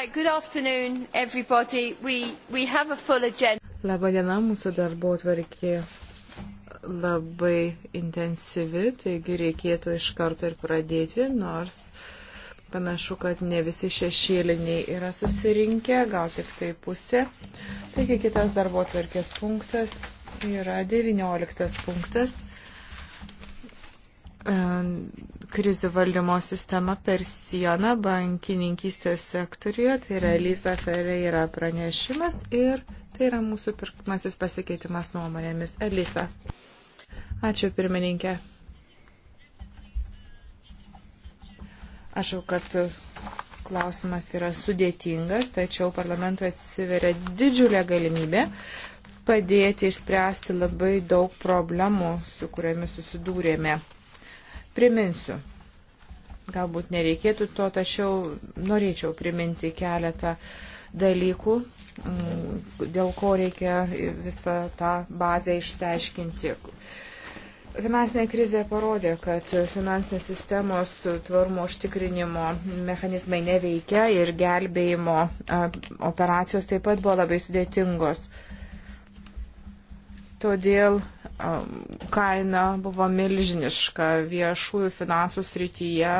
Right, good afternoon, everybody. We, we have a full agenda. Labadiena, mūsų darbo atvarkė labai intensyvi, taigi reikėtų iš karto ir pradėti, nors panašu, kad ne visi šešėliniai yra susirinkę, gal tik tai pusė. Taigi kitas darbo atvarkės punktas yra 19 punktas. Um, krizių valdymo sistema per sieną bankininkystės sektoriuje. Tai yra Elisa Ferreira pranešimas ir tai yra mūsų pirmasis pasikeitimas nuomonėmis. Elisa. Ačiū pirmininkė. Aš jau, kad klausimas yra sudėtingas, tačiau parlamentui atsiveria didžiulė galimybė padėti išspręsti labai daug problemų, su kuriamis susidūrėme. Priminsiu, galbūt nereikėtų to, tačiau norėčiau priminti keletą dalykų, mm, dėl ko reikia visą tą bazę išsiaiškinti. Finansinė krizė parodė, kad finansinės sistemos tvarumo užtikrinimo mechanizmai neveikia ir gelbėjimo operacijos taip pat buvo labai sudėtingos. Todėl kaina buvo milžiniška viešųjų finansų srityje,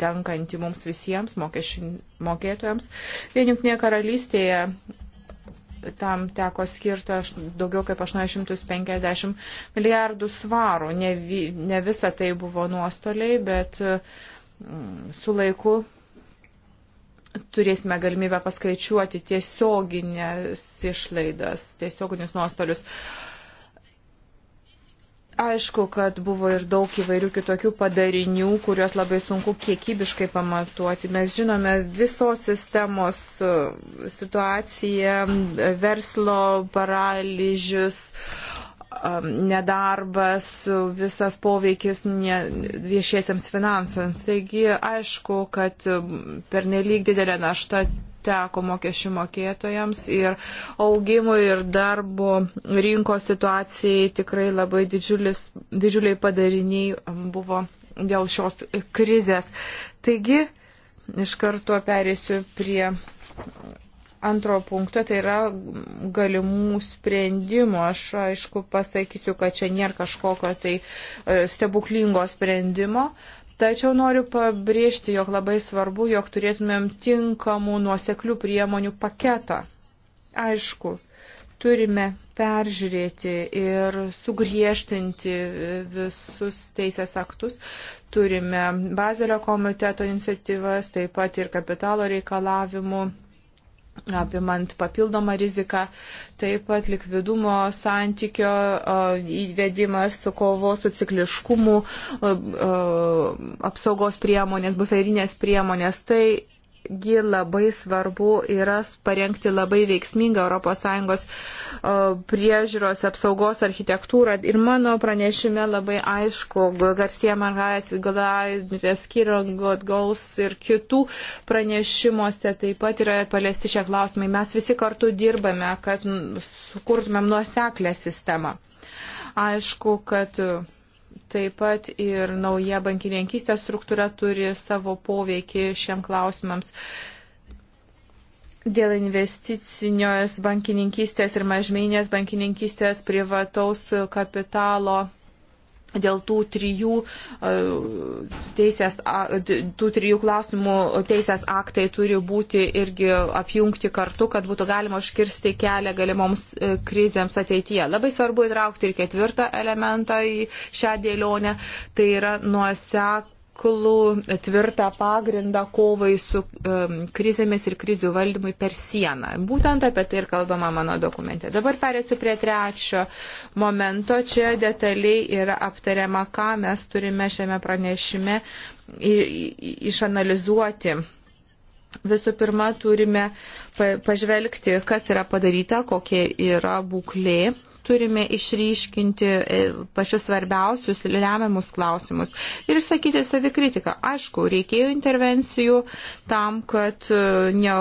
tenkanti mums visiems mokesčių mokėtojams. Vien jungtinėje karalystėje tam teko skirti daugiau kaip 850 milijardų svarų. Ne, ne visa tai buvo nuostoliai, bet su laiku turėsime galimybę paskaičiuoti tiesioginės išlaidas, tiesioginius nuostolius. Uh, Aišku, kad buvo ir daug įvairių kitokių padarinių, kuriuos labai sunku kiekybiškai pamatuoti. Mes žinome visos sistemos e, situaciją, verslo paralyžius, e, nedarbas, visas poveikis ne, viešiesiams finansams. Taigi, aišku, kad per nelik didelė našta teko mokesčių mokėtojams ir augimui ir darbo rinkos situacijai tikrai labai didžiulis, didžiuliai padariniai buvo dėl šios krizės. Taigi, iš karto perėsiu prie antro punkto, tai yra galimų sprendimų. Aš aišku pasakysiu, kad čia nėra kažkokio tai e, stebuklingo sprendimo. Uh, Tačiau noriu pabrėžti, jog labai svarbu, jog turėtumėm tinkamų nuoseklių priemonių paketą. Aišku, turime peržiūrėti ir sugriežtinti visus teisės aktus. Turime Bazelio komiteto iniciatyvas, taip pat ir kapitalo reikalavimų apimant papildomą riziką, taip pat likvidumo santykio įvedimas, kovos su cikliškumu, apsaugos priemonės, buferinės priemonės. Tai gi labai svarbu yra parengti labai veiksmingą ES e, priežiūros apsaugos architektūrą. Ir mano pranešime labai aišku, Garcia Margaras, Vigalaitis, Kiron, Godgaus ir kitų pranešimuose taip pat yra paliesti šie klausimai. Mes visi kartu dirbame, kad sukurtumėm nuoseklę sistemą. Aišku, kad Taip pat ir nauja bankininkystės struktūra turi savo poveikį šiem klausimams. Dėl investicinės bankininkystės ir mažmeinės bankininkystės privataus kapitalo dėl tų trijų, e, teisės, tų trijų klausimų teisės aktai turi būti irgi apjungti kartu, kad būtų galima užkirsti kelią galimoms e, krizėms ateityje. Labai svarbu įtraukti ir ketvirtą elementą į šią dėlionę, tai yra nuosek nuoseklų, tvirtą pagrindą kovai su um, krizėmis ir krizių valdymui per sieną. Būtent apie tai ir kalbama mano dokumente. Dabar perėsiu prie trečio momento. Čia detaliai yra aptariama, ką mes turime šiame pranešime išanalizuoti. Visų pirma, turime pažvelgti, kas yra padaryta, kokia yra būklė, turime išryškinti e, pačius svarbiausius lemiamus klausimus ir išsakyti savikritiką. Aišku, reikėjo intervencijų tam, kad e, ne,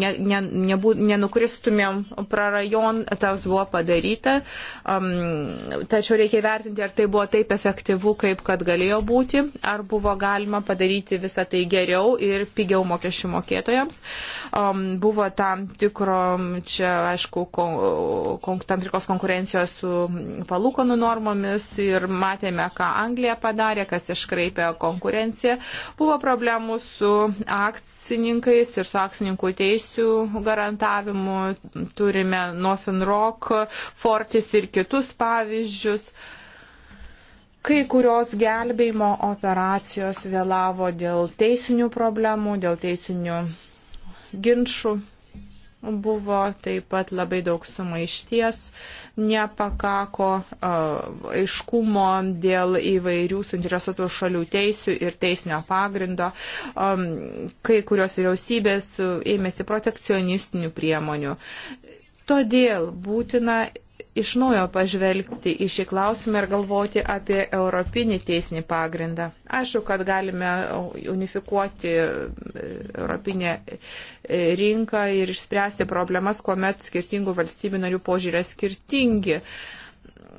ne, ne, nebū, nenukristumėm prarajon, tas buvo padaryta, um, tačiau reikia vertinti, ar tai buvo taip efektyvu, kaip kad galėjo būti, ar buvo galima padaryti visą tai geriau ir pigiau mokesčių mokėtojams. Um, buvo tam tikro, čia aišku, kon, kon, tam tikros konkurencijos konkurencijos su palūkanų normomis ir matėme, ką Anglija padarė, kas iškraipė konkurenciją. Buvo problemų su akcininkais ir su akcininkų teisių garantavimu. Turime Northern Rock, Fortis ir kitus pavyzdžius. Kai kurios gelbėjimo operacijos vėlavo dėl teisinių problemų, dėl teisinių ginčių buvo, taip pat labai daug sumaišties, nepakako aiškumo dėl įvairių suinteresuotų šalių teisių ir teisinio pagrindo. Kai kurios vyriausybės ėmėsi protekcionistinių priemonių. Todėl būtina iš naujo pažvelgti į šį klausimą ir galvoti apie europinį teisinį pagrindą. Aišku, kad galime unifikuoti e, europinę e, rinką ir išspręsti problemas, kuomet skirtingų valstybių narių požiūrė skirtingi.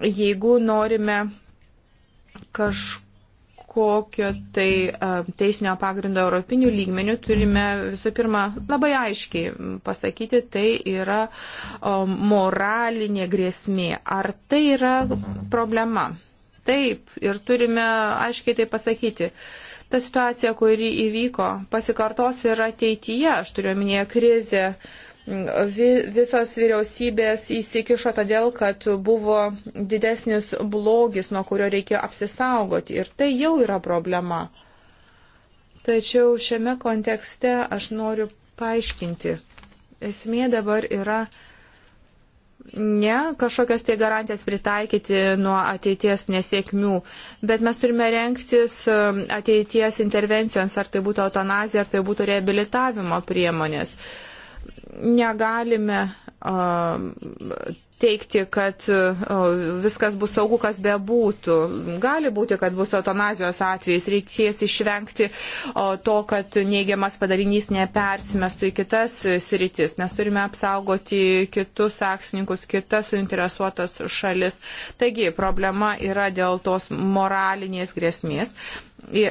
Jeigu norime kažko kokio tai teisinio pagrindo europinių lygmenių turime visų pirma labai aiškiai pasakyti, tai yra moralinė grėsmė. Ar tai yra problema? Taip, ir turime aiškiai tai pasakyti. Ta situacija, kuri įvyko, pasikartos ir ateityje, aš turiu minėję krizę Visos vyriausybės įsikišo todėl, kad buvo didesnis blogis, nuo kurio reikėjo apsisaugoti. Ir tai jau yra problema. Tačiau šiame kontekste aš noriu paaiškinti. Esmė dabar yra ne kažkokias tai garantijas pritaikyti nuo ateities nesėkmių, bet mes turime renktis um, ateities intervencijoms, ar tai būtų eutanazija, ar tai būtų reabilitavimo priemonės. Uh, negalime teikti, kad viskas bus saugu, kas bebūtų. Gali būti, kad bus eutanazijos atvejais, reikės išvengti to, kad neigiamas padarinys nepersimestų į kitas sritis. Mes turime apsaugoti kitus aksininkus, kitas suinteresuotas šalis. Taigi, problema yra dėl tos moralinės grėsmės.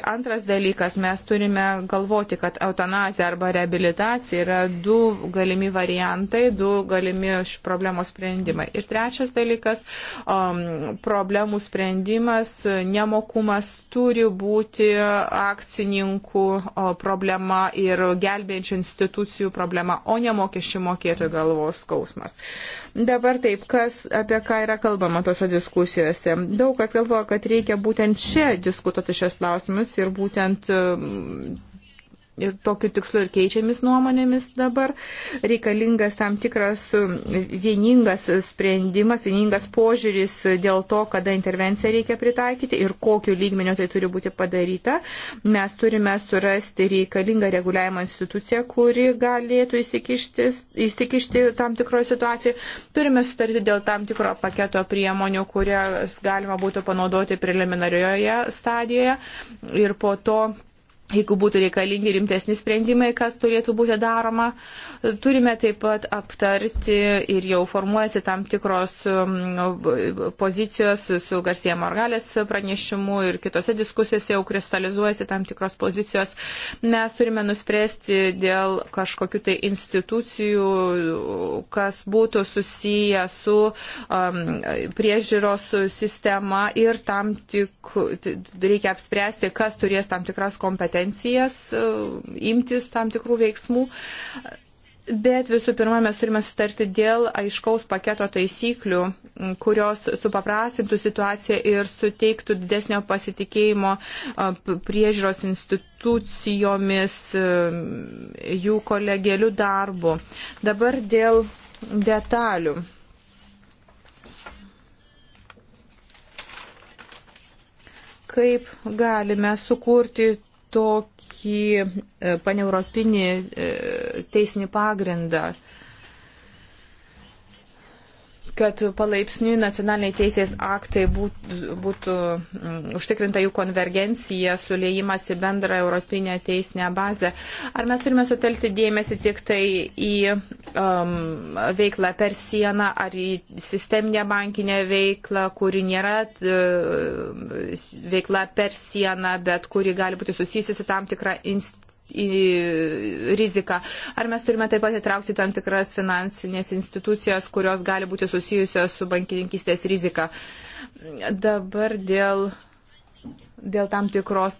Antras dalykas, mes turime galvoti, kad eutanazija arba rehabilitacija yra du galimi variantai, du galimi problemos sprendimai. Ir trečias dalykas, um, problemų sprendimas, nemokumas turi būti akcininkų problema ir gelbėjančių institucijų problema, o ne mokesčių mokėtojų galvos skausmas. Dabar taip, kas, apie ką yra kalbama tose diskusijose. Daug kas galvoja, kad reikia būtent čia diskutuoti šios klausimus klausimus ir būtent ir tokiu tikslu ir keičiamis nuomonėmis dabar, reikalingas tam tikras e, vieningas sprendimas, vieningas požiūris dėl to, kada intervenciją reikia pritaikyti ir kokiu lygmeniu tai turi būti padaryta. Mes turime surasti reikalingą reguliavimo instituciją, kuri galėtų įsikišti, įsikišti tam tikroje situacijoje. Turime sutarti dėl tam tikro paketo priemonių, kurias galima būtų panaudoti preliminarioje stadijoje ir po to Jeigu būtų reikalingi rimtesni sprendimai, kas turėtų būti daroma, turime taip pat aptarti ir jau formuojasi tam tikros um, pozicijos su Garcija Morgalės pranešimu ir kitose diskusijose jau kristalizuojasi tam tikros pozicijos. Mes turime nuspręsti dėl kažkokių tai institucijų, kas būtų susiję su um, priežiūros sistema ir tam tik reikia apspręsti, kas turės tam tikras kompetencijas kompetencijas e, imtis tam tikrų veiksmų. Bet visų pirma, mes turime sutarti dėl aiškaus paketo taisyklių, kurios supaprastintų situaciją ir suteiktų didesnio pasitikėjimo priežiūros institucijomis, e, jų kolegėlių darbu. Dabar dėl detalių. Kaip galime sukurti tokį e, paneuropinį e, teisinį pagrindą kad palaipsniui nacionaliniai teisės aktai būtų, būtų mm, užtikrinta jų konvergencija, sulėjimas į bendrą europinę teisinę bazę. Ar mes turime sutelkti dėmesį tik tai į um, veiklą per sieną ar į sisteminę bankinę veiklą, kuri nėra uh, veikla per sieną, bet kuri gali būti susijusi su tam tikra institucija? riziką. Ar mes turime taip pat įtraukti tam tikras finansinės institucijas, kurios gali būti susijusios su bankininkistės rizika. Dabar dėl, dėl tam tikros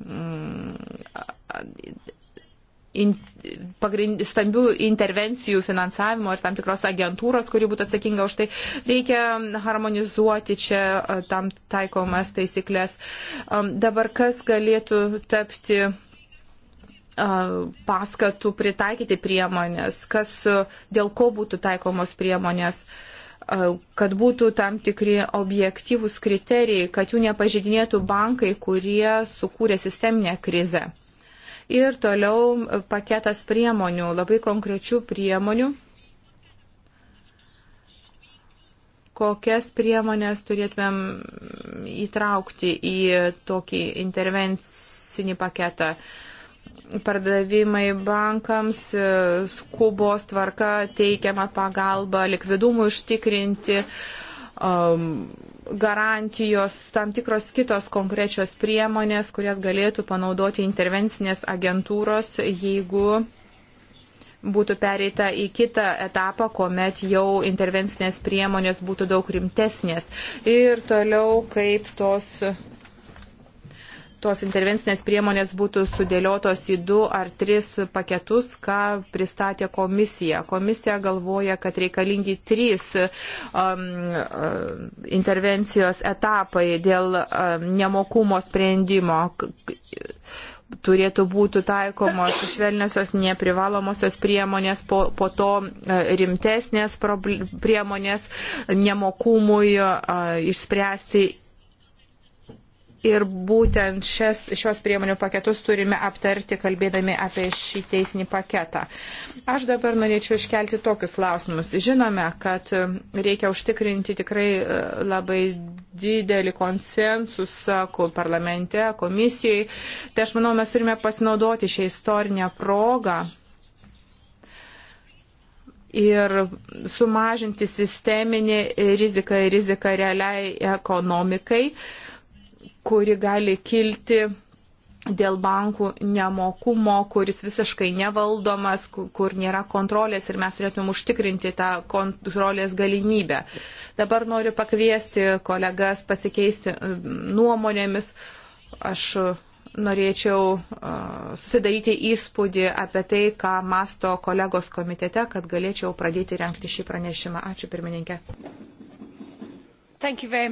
mm, in, pagrind, stambių intervencijų finansavimo ir tam tikros agentūros, kuri būtų atsakinga už tai, reikia harmonizuoti čia e, tam taikomas taisyklės. Dabar kas galėtų tapti paskatų pritaikyti priemonės, kas, dėl ko būtų taikomos priemonės kad būtų tam tikri objektyvūs kriterijai, kad jų nepažydinėtų bankai, kurie sukūrė sisteminę krizę. Ir toliau paketas priemonių, labai konkrečių priemonių, kokias priemonės turėtumėm įtraukti į tokį intervencinį paketą. Uh, pardavimai bankams, e, skubos tvarka teikiama pagalba, likvidumų užtikrinti, garantijos, tam tikros kitos konkrečios priemonės, kurias galėtų panaudoti intervencinės agentūros, jeigu būtų pereita į kitą etapą, kuomet jau intervencinės priemonės būtų daug rimtesnės. Ir toliau kaip tos tos intervencinės priemonės būtų sudėliotos į du ar tris paketus, ką pristatė komisija. Komisija galvoja, kad reikalingi trys um, uh, intervencijos etapai dėl um, nemokumo sprendimo turėtų būti taikomos švelniosios neprivalomosios priemonės, po, po to uh, rimtesnės priemonės nemokumui a, uh, išspręsti Ir būtent šias, šios priemonių paketus turime aptarti, kalbėdami apie šį teisinį paketą. Aš dabar norėčiau iškelti tokius klausimus. Žinome, kad e, reikia užtikrinti tikrai e, labai didelį konsensusą parlamente, komisijoje. Tai aš manau, mes turime pasinaudoti šią istorinę progą ir sumažinti sisteminį riziką ir riziką realiai ekonomikai. Uh, kuri gali kilti dėl bankų nemokumo, kuris visiškai nevaldomas, kur nėra kontrolės ir mes turėtumėm užtikrinti tą kontrolės galimybę. Dabar noriu pakviesti kolegas pasikeisti e, nuomonėmis. Aš norėčiau e, susidaryti įspūdį apie tai, ką masto kolegos komitete, kad galėčiau pradėti renkti šį pranešimą. Ačiū pirmininkė.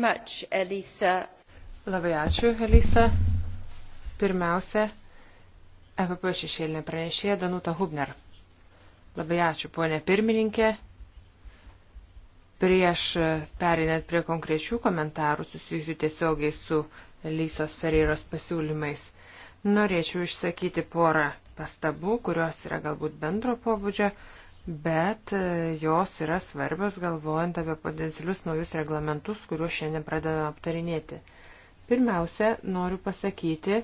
Much, Elisa. Labai ačiū, Elisa. Pirmiausia, EPP šešėlinė pranešėja Danuta Hubner. Labai ačiū, ponė pirmininkė. Prieš perinant prie konkrečių komentarų susijusių tiesiogiai su Lysos Ferreiros pasiūlymais, norėčiau išsakyti porą pastabų, kurios yra galbūt bendro pobūdžio, bet e, jos yra svarbios galvojant apie potencialius naujus reglamentus, kuriuos šiandien pradedame aptarinėti. Pirmiausia, noriu pasakyti,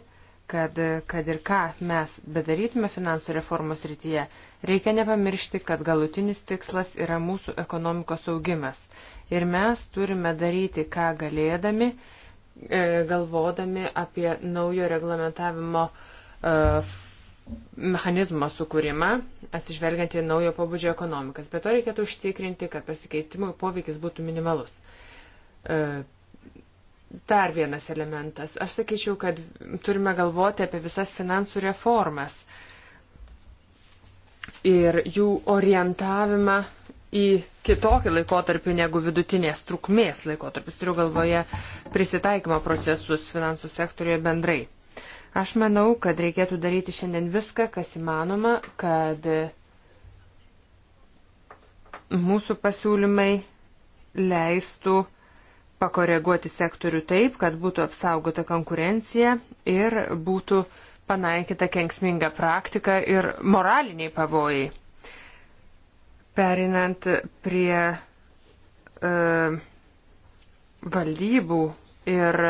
kad, kad ir ką mes bedarytume finansų reformos rytyje, reikia nepamiršti, kad galutinis tikslas yra mūsų ekonomikos augimas. Ir mes turime daryti, ką galėdami, e, galvodami apie naujo reglamentavimo e, mechanizmo sukūrimą, atsižvelgiant į naujo pabudžio ekonomikas. Bet to reikėtų užtikrinti, kad pasikeitimų poveikis būtų minimalus e, dar vienas elementas. Aš sakyčiau, kad turime galvoti apie visas finansų reformas ir jų orientavimą į kitokį laikotarpį negu vidutinės trukmės laikotarpis. Turiu galvoje prisitaikymo procesus finansų sektorijoje bendrai. Aš manau, kad reikėtų daryti šiandien viską, kas įmanoma, kad mūsų pasiūlymai leistų uh, pakoreguoti sektorių taip, kad būtų apsaugota konkurencija ir būtų panaikyta kenksminga praktika ir moraliniai pavojai. Perinant prie e, valdybų ir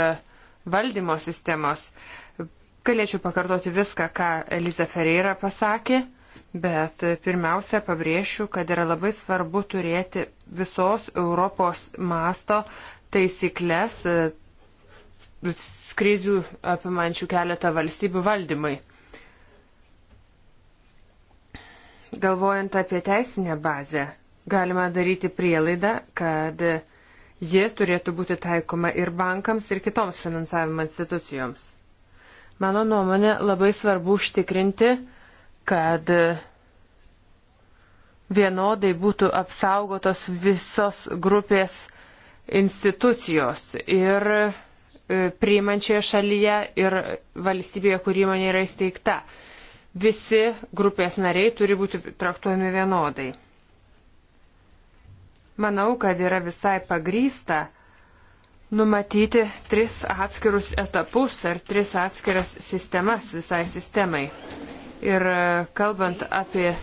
valdymo sistemos, galėčiau pakartoti viską, ką Eliza Ferreira pasakė, bet pirmiausia pabrėšiu, kad yra labai svarbu turėti visos Europos masto taisyklės e, krizių apimančių keletą valstybių valdymai. Galvojant apie teisinę bazę, galima daryti prielaidą, kad ji turėtų būti taikoma ir bankams, ir kitoms finansavimo institucijoms. Mano nuomonė labai svarbu užtikrinti, kad vienodai būtų apsaugotos visos grupės institucijos ir e, priimančioje šalyje ir valstybėje, kur įmonė yra įsteigta. Visi grupės nariai turi būti traktuojami vienodai. Manau, kad yra visai pagrysta numatyti tris atskirus etapus ar tris atskiras sistemas visai sistemai. Ir e, kalbant apie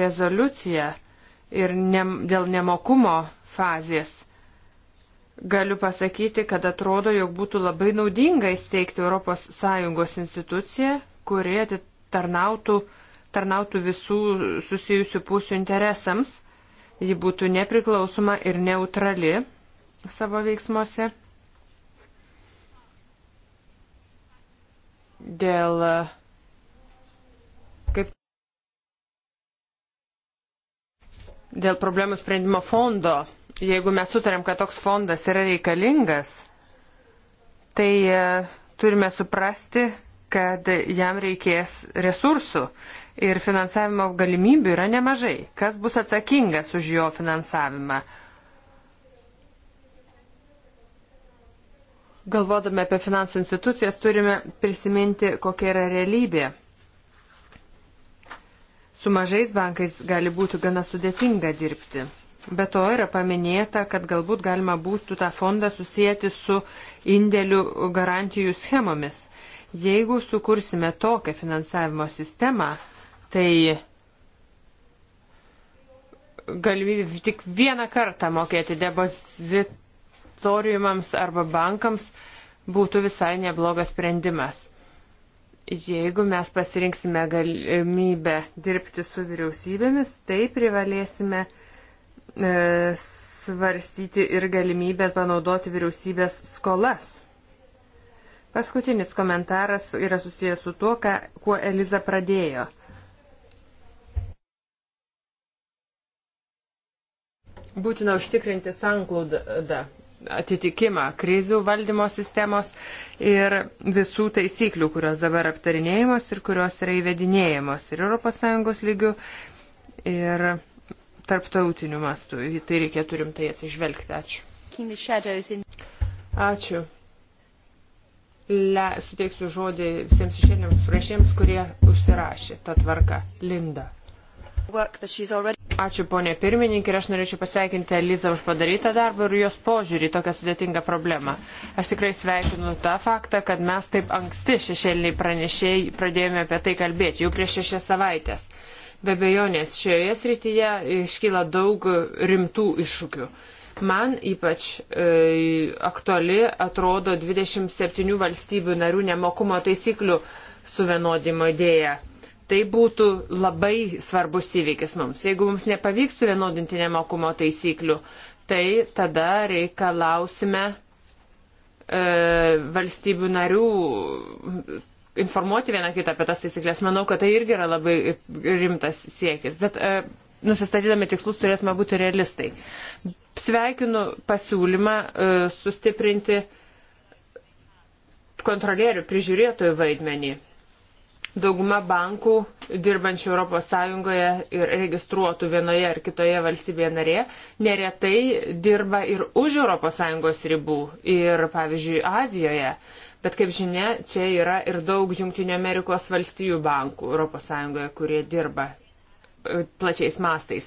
rezoliuciją ir ne, dėl nemokumo fazės, galiu pasakyti, kad atrodo, jog būtų labai naudinga įsteigti ES instituciją, kuri atitarnautų tarnautų visų susijusių pusių interesams, ji būtų nepriklausoma ir neutrali savo veiksmuose. Dėl kaip dėl problemų sprendimo fondo jeigu mes sutarėm, kad toks fondas yra reikalingas, tai e, turime suprasti, kad jam reikės resursų ir finansavimo galimybių yra nemažai. Kas bus atsakingas už jo finansavimą? Galvodami apie finansų institucijas turime prisiminti, kokia yra realybė. Su mažais bankais gali būti gana sudėtinga dirbti. Be to yra paminėta, kad galbūt galima būtų tą fondą susijęti su indėlių garantijų schemomis. Jeigu sukursime tokią finansavimo sistemą, tai galimybė tik vieną kartą mokėti depozitoriumams arba bankams būtų visai neblogas sprendimas. Jeigu mes pasirinksime galimybę dirbti su vyriausybėmis, tai privalėsime uh, E, svarstyti ir galimybę panaudoti vyriausybės skolas. Paskutinis komentaras yra susijęs su tuo, ką, kuo Eliza pradėjo. Būtina užtikrinti sanklaudą, atitikimą krizių valdymo sistemos ir visų taisyklių, kurios dabar aptarinėjamos ir kurios yra įvedinėjamos ir ES lygių, ir tarptautiniu mastu. Į tai reikėtų rimtai atsižvelgti. Ačiū. Ačiū. Le, suteiksiu žodį visiems išėlėms rašėms, kurie užsirašė tą tvarką. Linda. Ačiū ponė pirmininkė ir aš norėčiau pasveikinti Elizą už padarytą darbą ir jos požiūrį į tokią sudėtingą problemą. Aš tikrai sveikinu tą faktą, kad mes taip anksti šešėliniai pranešėjai pradėjome apie tai kalbėti, jau prieš šešias savaitės. Be bejonės šioje srityje iškyla daug rimtų iššūkių. Man ypač e, aktuali atrodo 27 valstybių narių nemokumo taisyklių suvienodimo idėja. Tai būtų labai svarbus įvykis mums. Jeigu mums nepavyks suvienodinti nemokumo taisyklių, tai tada reikalausime e, valstybių narių informuoti vieną kitą apie tas taisyklės. Manau, kad tai irgi yra labai rimtas siekis. Bet e, nusistatydami tikslus turėtume būti realistai. Sveikinu pasiūlymą e, sustiprinti kontrolierių prižiūrėtojų vaidmenį. Dauguma bankų dirbančių ES ir registruotų vienoje ar kitoje valstybėje narėje neretai dirba ir už ES ribų ir, pavyzdžiui, Azijoje. Bet kaip žinia, čia yra ir daug Junktinio Amerikos valstijų bankų ES, kurie dirba e, plačiais mastais.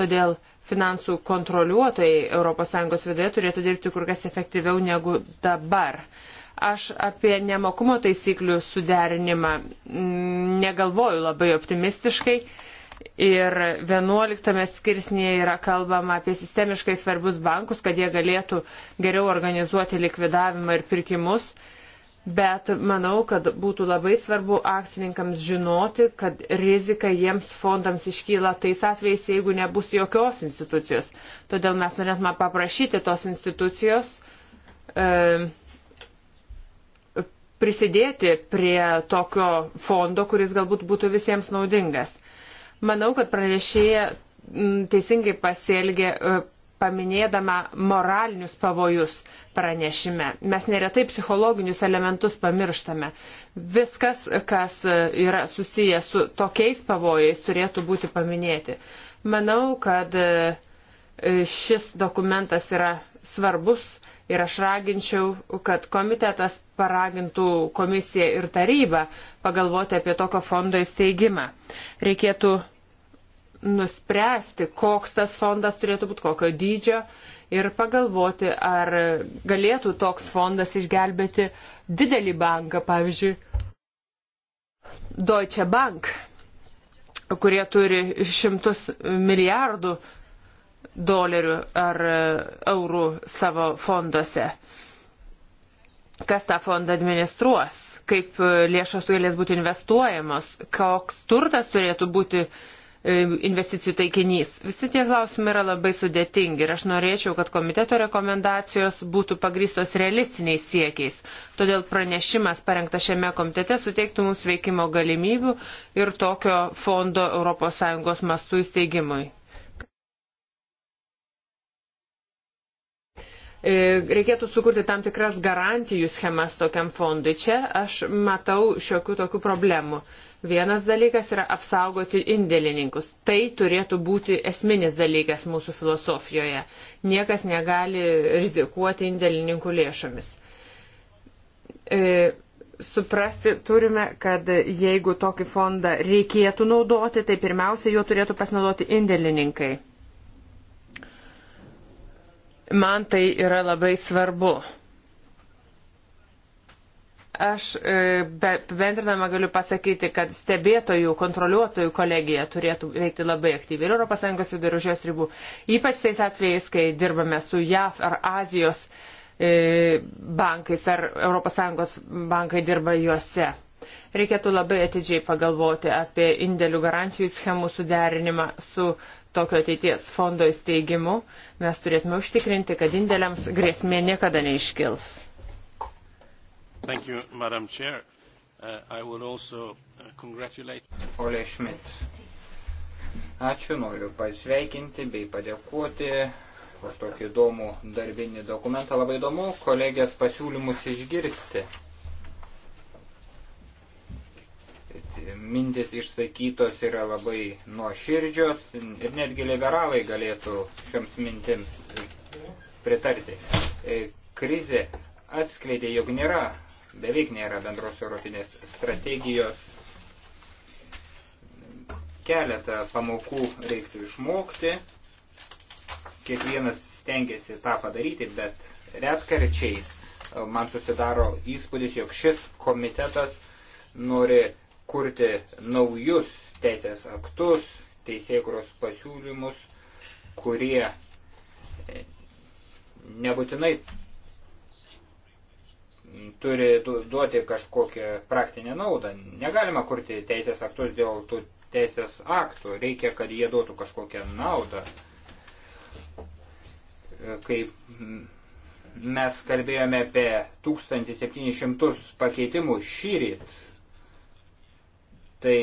Todėl finansų kontroliuotojai ES viduje turėtų dirbti kur kas efektyviau negu dabar. Aš apie nemokumo taisyklių suderinimą mm, negalvoju labai optimistiškai. Ir 11 skirsnėje yra kalbama apie sistemiškai svarbius bankus, kad jie galėtų geriau organizuoti likvidavimą ir pirkimus. Uh, Bet manau, kad būtų labai svarbu akcininkams žinoti, kad rizika jiems fondams iškyla tais atvejais, jeigu nebus jokios institucijos. Todėl mes norėtume paprašyti tos institucijos e, prisidėti prie tokio fondo, kuris galbūt būtų visiems naudingas. Manau, kad pranešėja teisingai pasielgė e, paminėdama moralinius pavojus pranešime. Mes neretai psichologinius elementus pamirštame. Viskas, kas e, yra susijęs su tokiais pavojais, turėtų būti paminėti. Manau, kad e, e, šis dokumentas yra svarbus ir aš raginčiau, kad komitetas paragintų komisiją ir tarybą pagalvoti apie tokio fondo įsteigimą. Reikėtų nuspręsti, koks tas fondas turėtų būti, kokio dydžio ir pagalvoti, ar galėtų toks fondas išgelbėti didelį banką, pavyzdžiui, Deutsche Bank, kurie turi šimtus milijardų dolerių ar eurų savo fonduose. Kas tą fondą administruos, kaip lėšos galės būti investuojamos, koks turtas turėtų būti uh, E, investicijų taikinys. Visi tie klausimai yra labai sudėtingi ir aš norėčiau, kad komiteto rekomendacijos būtų pagristos realistiniais siekiais. Todėl pranešimas parengta šiame komitete suteiktų mums veikimo galimybių ir tokio fondo ES mastų įsteigimui. E, reikėtų sukurti tam tikras garantijų schemas tokiam fondui. Čia aš matau šiokių tokių problemų. Vienas dalykas yra apsaugoti indėlininkus. Tai turėtų būti esminis dalykas mūsų filosofijoje. Niekas negali rizikuoti indėlininkų lėšomis. E, suprasti turime, kad jeigu tokį fondą reikėtų naudoti, tai pirmiausia, juo turėtų pasinaudoti indėlininkai. Man tai yra labai svarbu. Aš e, bendrinama galiu pasakyti, kad stebėtojų, kontroliuotojų kolegija turėtų veikti labai aktyviai ir ES vidurių žios ribų. Ypač tais atvejais, kai dirbame su JAV ar Azijos e, bankais ar ES bankai dirba juose. Reikėtų labai atidžiai pagalvoti apie indėlių garantijų schemų suderinimą su tokio ateities fondo įsteigimu. Mes turėtume užtikrinti, kad indėliams grėsmė niekada neiškils. Thank you, Madam Chair. Uh, I would also uh, congratulate... Ole Schmidt. Ačiū, noriu pasveikinti bei padėkoti už tokį įdomų darbinį dokumentą. Labai įdomu kolegės pasiūlymus išgirsti. Mintis išsakytos yra labai nuoširdžios ir netgi liberalai galėtų šioms mintims pritarti. E, krizė atskleidė, jog nėra beveik nėra bendros europinės strategijos. Keletą pamokų reiktų išmokti. Kiekvienas stengiasi tą padaryti, bet retkarčiais e, man susidaro įspūdis, jog šis komitetas nori kurti naujus teisės aktus, teisėkuros pasiūlymus, kurie e, nebūtinai turi duoti kažkokią praktinę naudą. Negalima kurti teisės aktus dėl tų teisės aktų, reikia, kad jie duotų kažkokią naudą. Kaip mes kalbėjome apie 1700 pakeitimų šyryt, tai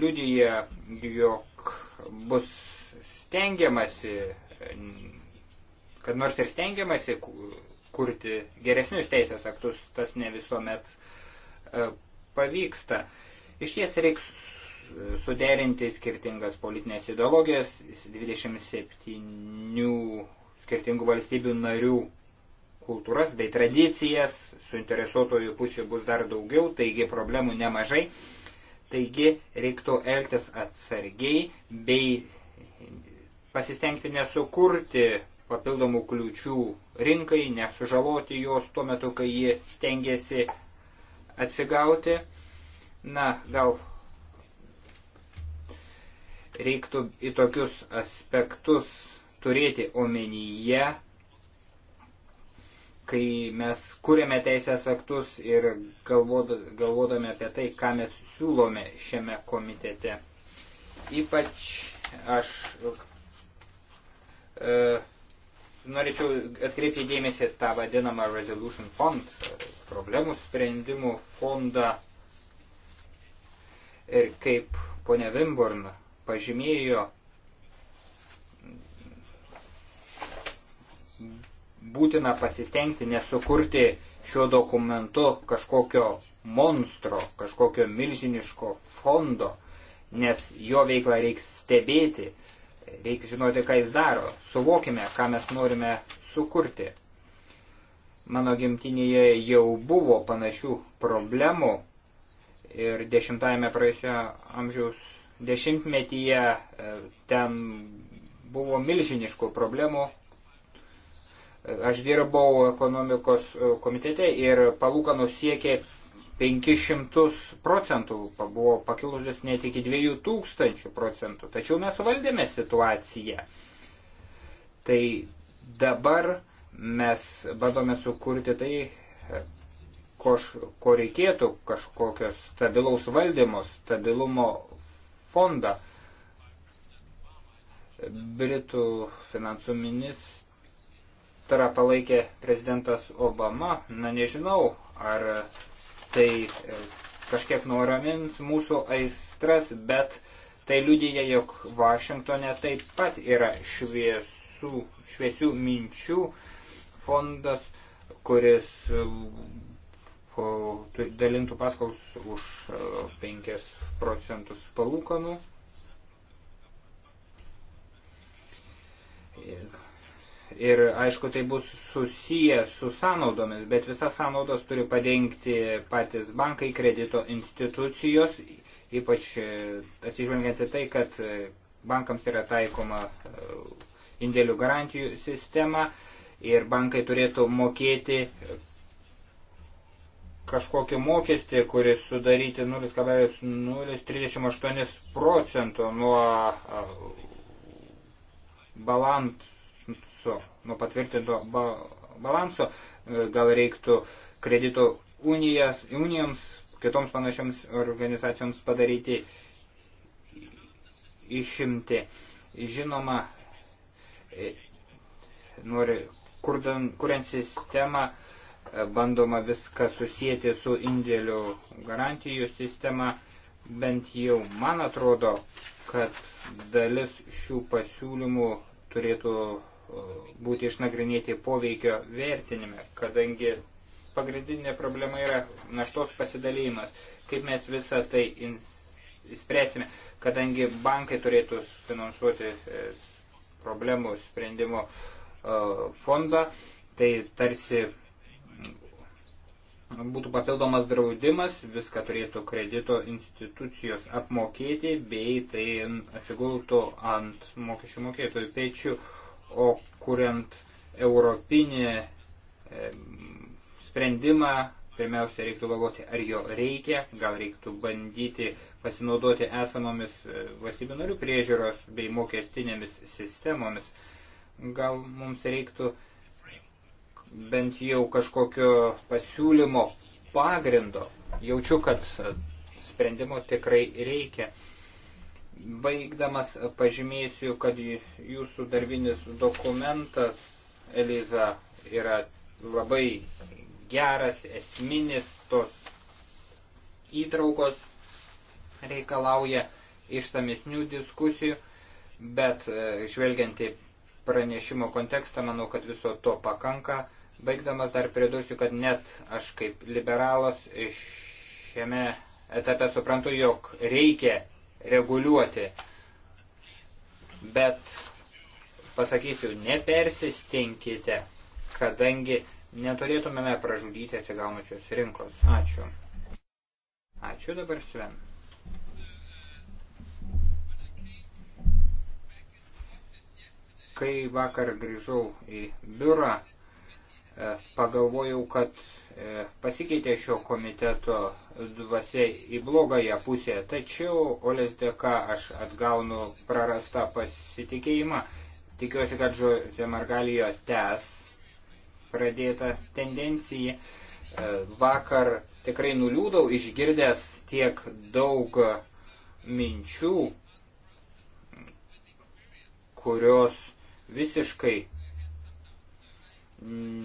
liudyje, jog bus stengiamasi kad nors ir stengiamasi kurti geresnius teisės aktus, tas ne visuomet e, pavyksta. Iš ties reiks suderinti skirtingas politinės ideologijas 27 skirtingų valstybių narių kultūras bei tradicijas, suinteresuotojų pusių bus dar daugiau, taigi problemų nemažai. Taigi reiktų elgtis atsargiai bei pasistengti nesukurti papildomų kliučių rinkai, nesužaloti jos tuo metu, kai ji stengiasi atsigauti. Na, gal reiktų į tokius aspektus turėti omenyje, kai mes kūrėme teisės aktus ir galvodame apie tai, ką mes siūlome šiame komitete. Ypač aš e, norėčiau atkreipti dėmesį tą vadinamą Resolution Fund, problemų sprendimų fondą. Ir kaip ponia Wimborn pažymėjo, būtina pasistengti nesukurti šiuo dokumentu kažkokio monstro, kažkokio milžiniško fondo, nes jo veiklą reiks stebėti reikia žinoti, ką jis daro, suvokime, ką mes norime sukurti. Mano gimtinėje jau buvo panašių problemų ir dešimtajame praėjusio amžiaus dešimtmetyje e, ten buvo milžiniškų problemų. E, aš dirbau ekonomikos e, komitete ir palūkanų siekė 500 procentų buvo pakilusios net iki 2000 procentų. Tačiau mes suvaldėme situaciją. Tai dabar mes bandome sukurti tai, ko, ko reikėtų kažkokios stabilaus valdymo, stabilumo fondą. Britų finansų ministrą palaikė prezidentas Obama. Na nežinau, ar tai e, kažkiek nuramins mūsų aistras, bet tai liudyja, jog Vašingtonė taip pat yra šviesų, šviesių minčių fondas, kuris e, dalintų paskolus už 5 e, procentus palūkanų. Ir aišku, tai bus susiję su sąnaudomis, bet visas sąnaudos turi padengti patys bankai, kredito institucijos, ypač e, atsižvelgiant į tai, kad e, bankams yra taikoma e, indėlių garantijų sistema ir bankai turėtų mokėti kažkokį mokestį, kuris sudaryti 0,038 procento nuo balans, balanso, nuo patvirtinto ba balanso, e, gal reiktų kredito unijas, unijams, kitoms panašioms organizacijoms padaryti išimti. Žinoma, e, nori, kurdan, kuriant sistemą, e, bandoma viską susijęti su indėlių garantijų sistema, bent jau man atrodo, kad dalis šių pasiūlymų turėtų būti išnagrinėti poveikio vertinime, kadangi pagrindinė problema yra naštos pasidalymas, kaip mes visą tai spręsime, kadangi bankai turėtų finansuoti e, problemų sprendimo e, fondą, tai tarsi būtų papildomas draudimas, viską turėtų kredito institucijos apmokėti, bei tai atsigultų ant mokesčių mokėtojų pečių. Uh, o kuriant europinį sprendimą, pirmiausia, reiktų galvoti, ar jo reikia, gal reiktų bandyti pasinaudoti esamomis e, valstybių narių priežiūros bei mokestinėmis sistemomis. Gal mums reiktų bent jau kažkokio pasiūlymo pagrindo. Jaučiu, kad e, sprendimo tikrai reikia. Baigdamas pažymėsiu, kad jūsų darbinis dokumentas, Eliza, yra labai geras, esminis tos įtraukos reikalauja išsamesnių diskusijų, bet e, žvelgiant į pranešimo kontekstą, manau, kad viso to pakanka. Baigdamas dar pridursiu, kad net aš kaip liberalas šiame etape suprantu, jog reikia reguliuoti. Bet pasakysiu, nepersistenkite, kadangi neturėtumėme pražudyti atsigaunačios rinkos. Ačiū. Ačiū dabar Sven. Kai vakar grįžau į biurą, e, pagalvojau, kad E, pasikeitė šio komiteto dvasia į blogąją pusę, tačiau Olės dėka aš atgaunu prarastą pasitikėjimą. Tikiuosi, kad Žozė Margalijo tęs pradėtą tendenciją. E, vakar tikrai nuliūdau išgirdęs tiek daug minčių, kurios visiškai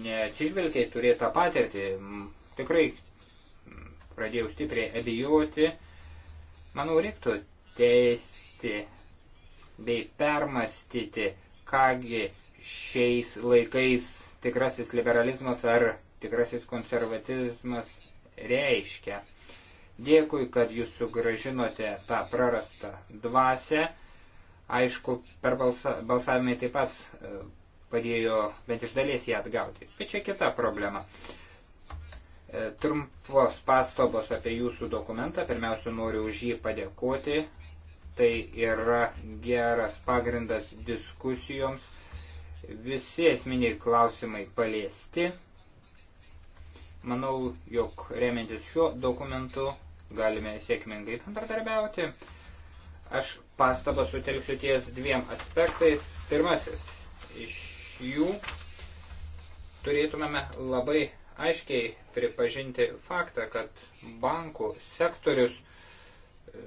neatsižvelgia į turėtą patirtį. Tikrai pradėjau stipriai abijoti. Manau, reiktų teisti bei permastyti, kągi šiais laikais tikrasis liberalizmas ar tikrasis konservatizmas reiškia. Dėkui, kad jūs sugražinote tą prarastą dvasę. Aišku, per balsa, balsavimai taip pat e, padėjo bent iš dalies ją atgauti. Bet tai čia kita problema. E, trumpos pastabos apie jūsų dokumentą. Pirmiausia, noriu už jį padėkoti. Tai yra geras pagrindas diskusijoms. Visi esminiai klausimai paliesti. Manau, jog remiantis šiuo dokumentu galime sėkmingai bendradarbiauti. Aš pastabą sutelksiu ties dviem aspektais. Pirmasis iš jų turėtumėme labai aiškiai pripažinti faktą, kad bankų sektorius e,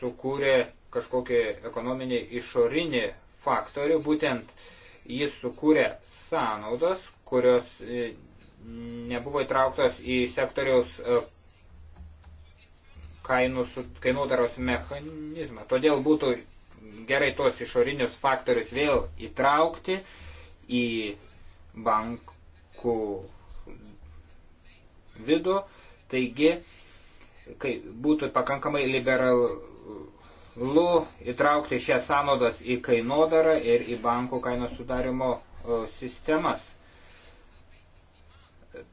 sukūrė kažkokį ekonominį išorinį faktorių, būtent jis sukūrė sąnaudas, kurios e, nebuvo įtrauktos į sektoriaus e, kainodaros mechanizmą. Todėl būtų gerai tuos išorinius faktorius vėl įtraukti į bankų vidų. Taigi, kai būtų pakankamai liberalu įtraukti šias sąnaudas į kainodarą ir į bankų kainos sudarimo sistemas.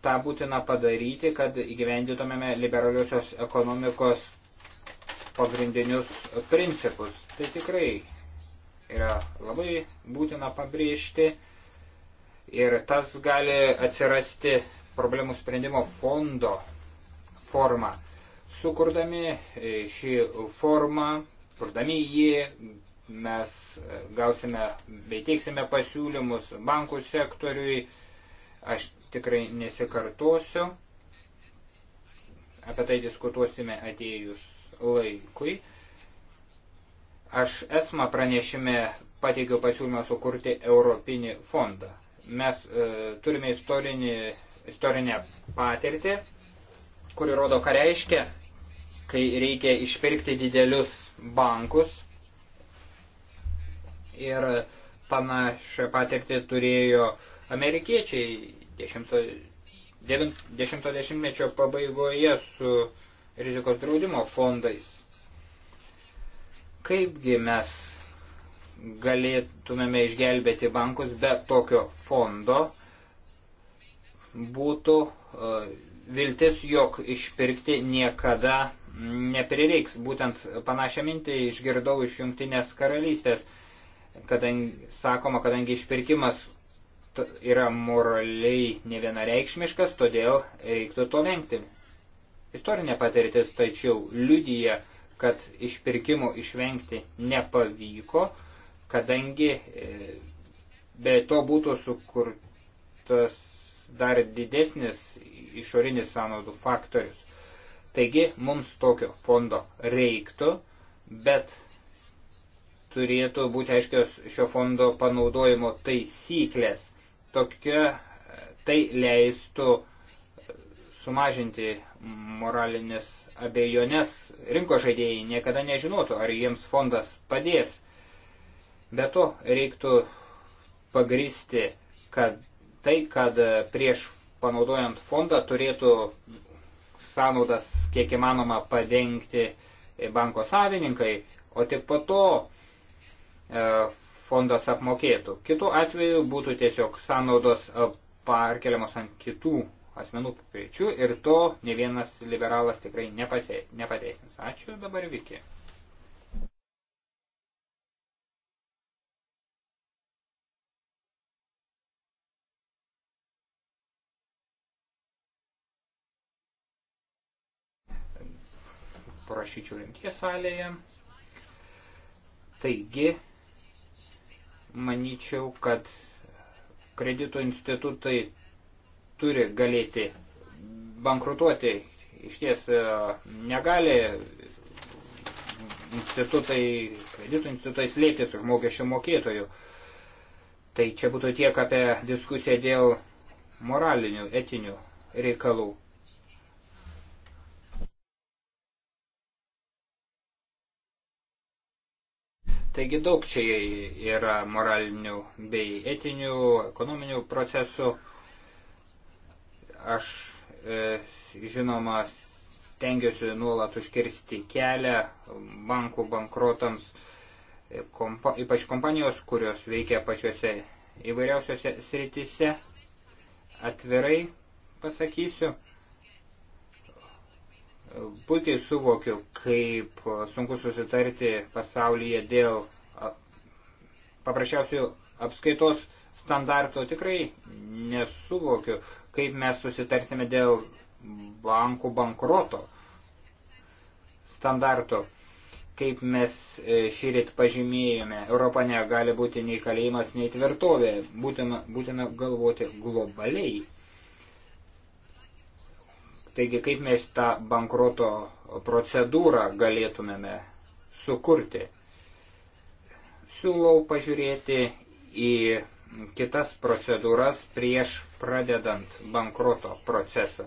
Ta būtina padaryti, kad įgyvendytumėme liberaliosios ekonomikos pagrindinius principus. Tai tikrai yra labai būtina pabrėžti ir tas gali atsirasti problemų sprendimo fondo formą. Sukurdami e, šį formą, kurdami jį, mes e, gausime bei teiksime pasiūlymus bankų sektoriui. Aš tikrai nesikartosiu. Apie tai diskutuosime atėjus laikui. Aš esmą pranešime pateikiau pasiūlymą sukurti Europinį fondą. Mes e, turime istorinį, istorinę patirtį, kuri rodo, ką reiškia, kai reikia išpirkti didelius bankus. Ir panašią patirtį turėjo amerikiečiai 10-mečio pabaigoje su rizikos draudimo fondais. Kaipgi mes galėtumėme išgelbėti bankus be tokio fondo, būtų e, viltis, jog išpirkti niekada neprireiks. Būtent panašią mintį išgirdau iš Junktinės karalystės, kadangi, sakoma, kadangi išpirkimas yra moraliai nevienareikšmiškas, todėl reiktų to vengti istorinė patirtis, tačiau liudyja, kad išpirkimų išvengti nepavyko, kadangi e, be to būtų sukurtas dar didesnis išorinis sąnaudų faktorius. Taigi mums tokio fondo reiktų, bet turėtų būti aiškios šio fondo panaudojimo taisyklės. Tokia e, tai leistų uh, sumažinti moralinės abejonės. Rinko žaidėjai niekada nežinotų, ar jiems fondas padės. Be to reiktų pagristi, kad tai, kad prieš panaudojant fondą turėtų sąnaudas kiek įmanoma padengti banko savininkai, o tik po to e, fondas apmokėtų. Kitu atveju būtų tiesiog sąnaudos perkeliamos ant kitų asmenų pečių ir to ne vienas liberalas tikrai nepase, nepateisins. Ačiū dabar Viki. Prašyčiau rimties salėje. Taigi, manyčiau, kad kredito institutai turi galėti bankrutuoti. Iš ties e, negali institutai, kreditų institutai slėptis už mokesčių mokėtojų. Tai čia būtų tiek apie diskusiją dėl moralinių, etinių reikalų. Taigi daug čia yra moralinių bei etinių, ekonominių procesų. Aš e, žinoma stengiuosi nuolat užkirsti kelią bankų bankrotams, e, kompa, ypač kompanijos, kurios veikia pačiose įvairiausiose sritise. Atvirai pasakysiu, puikiai suvokiu, kaip sunku susitarti pasaulyje dėl paprasčiausių apskaitos standartų. Tikrai nesuvokiu, kaip mes susitarsime dėl bankų bankroto standarto. Kaip mes e, šįryt pažymėjome, Europa negali būti nei kalėjimas, nei tvirtovė. Būtina, būtina galvoti globaliai. Taigi, kaip mes tą bankroto procedūrą galėtumėme sukurti. Siūlau pažiūrėti į kitas procedūras prieš pradedant bankroto procesą.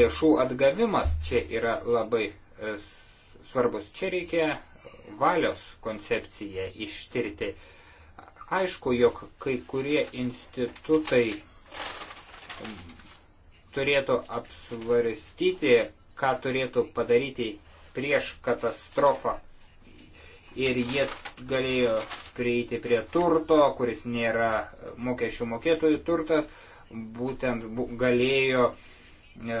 Lėšų atgavimas čia yra labai e, svarbus. Čia reikia valios koncepciją ištirti. Aišku, jog kai kurie institutai turėtų apsvarstyti, ką turėtų padaryti prieš katastrofą, ir jie galėjo prieiti prie turto, kuris nėra mokesčių mokėtojų turtas, būtent galėjo e,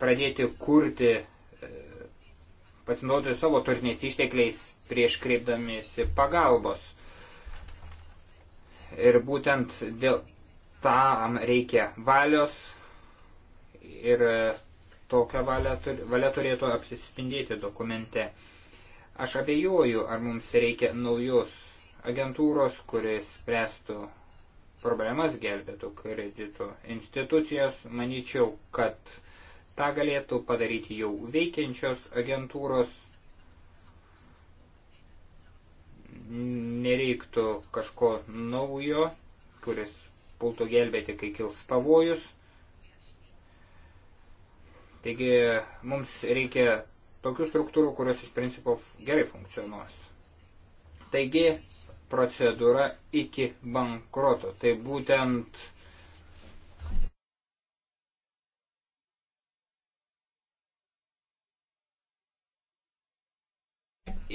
pradėti kurti, e, pasinaudoti savo turtiniais ištekliais prieš kreipdamiesi pagalbos. Ir būtent dėl tam reikia valios ir e, tokią valią, valią turėtų apsispindėti dokumente. Aš abejoju, ar mums reikia naujos agentūros, kuris spręstų problemas, gelbėtų kredito institucijas. Manyčiau, kad tą galėtų padaryti jau veikiančios agentūros. Nereiktų kažko naujo, kuris pultų gelbėti, kai kils pavojus. Taigi mums reikia tokių struktūrų, kurios iš principo gerai funkcionuos. Taigi, procedūra iki bankroto. Tai būtent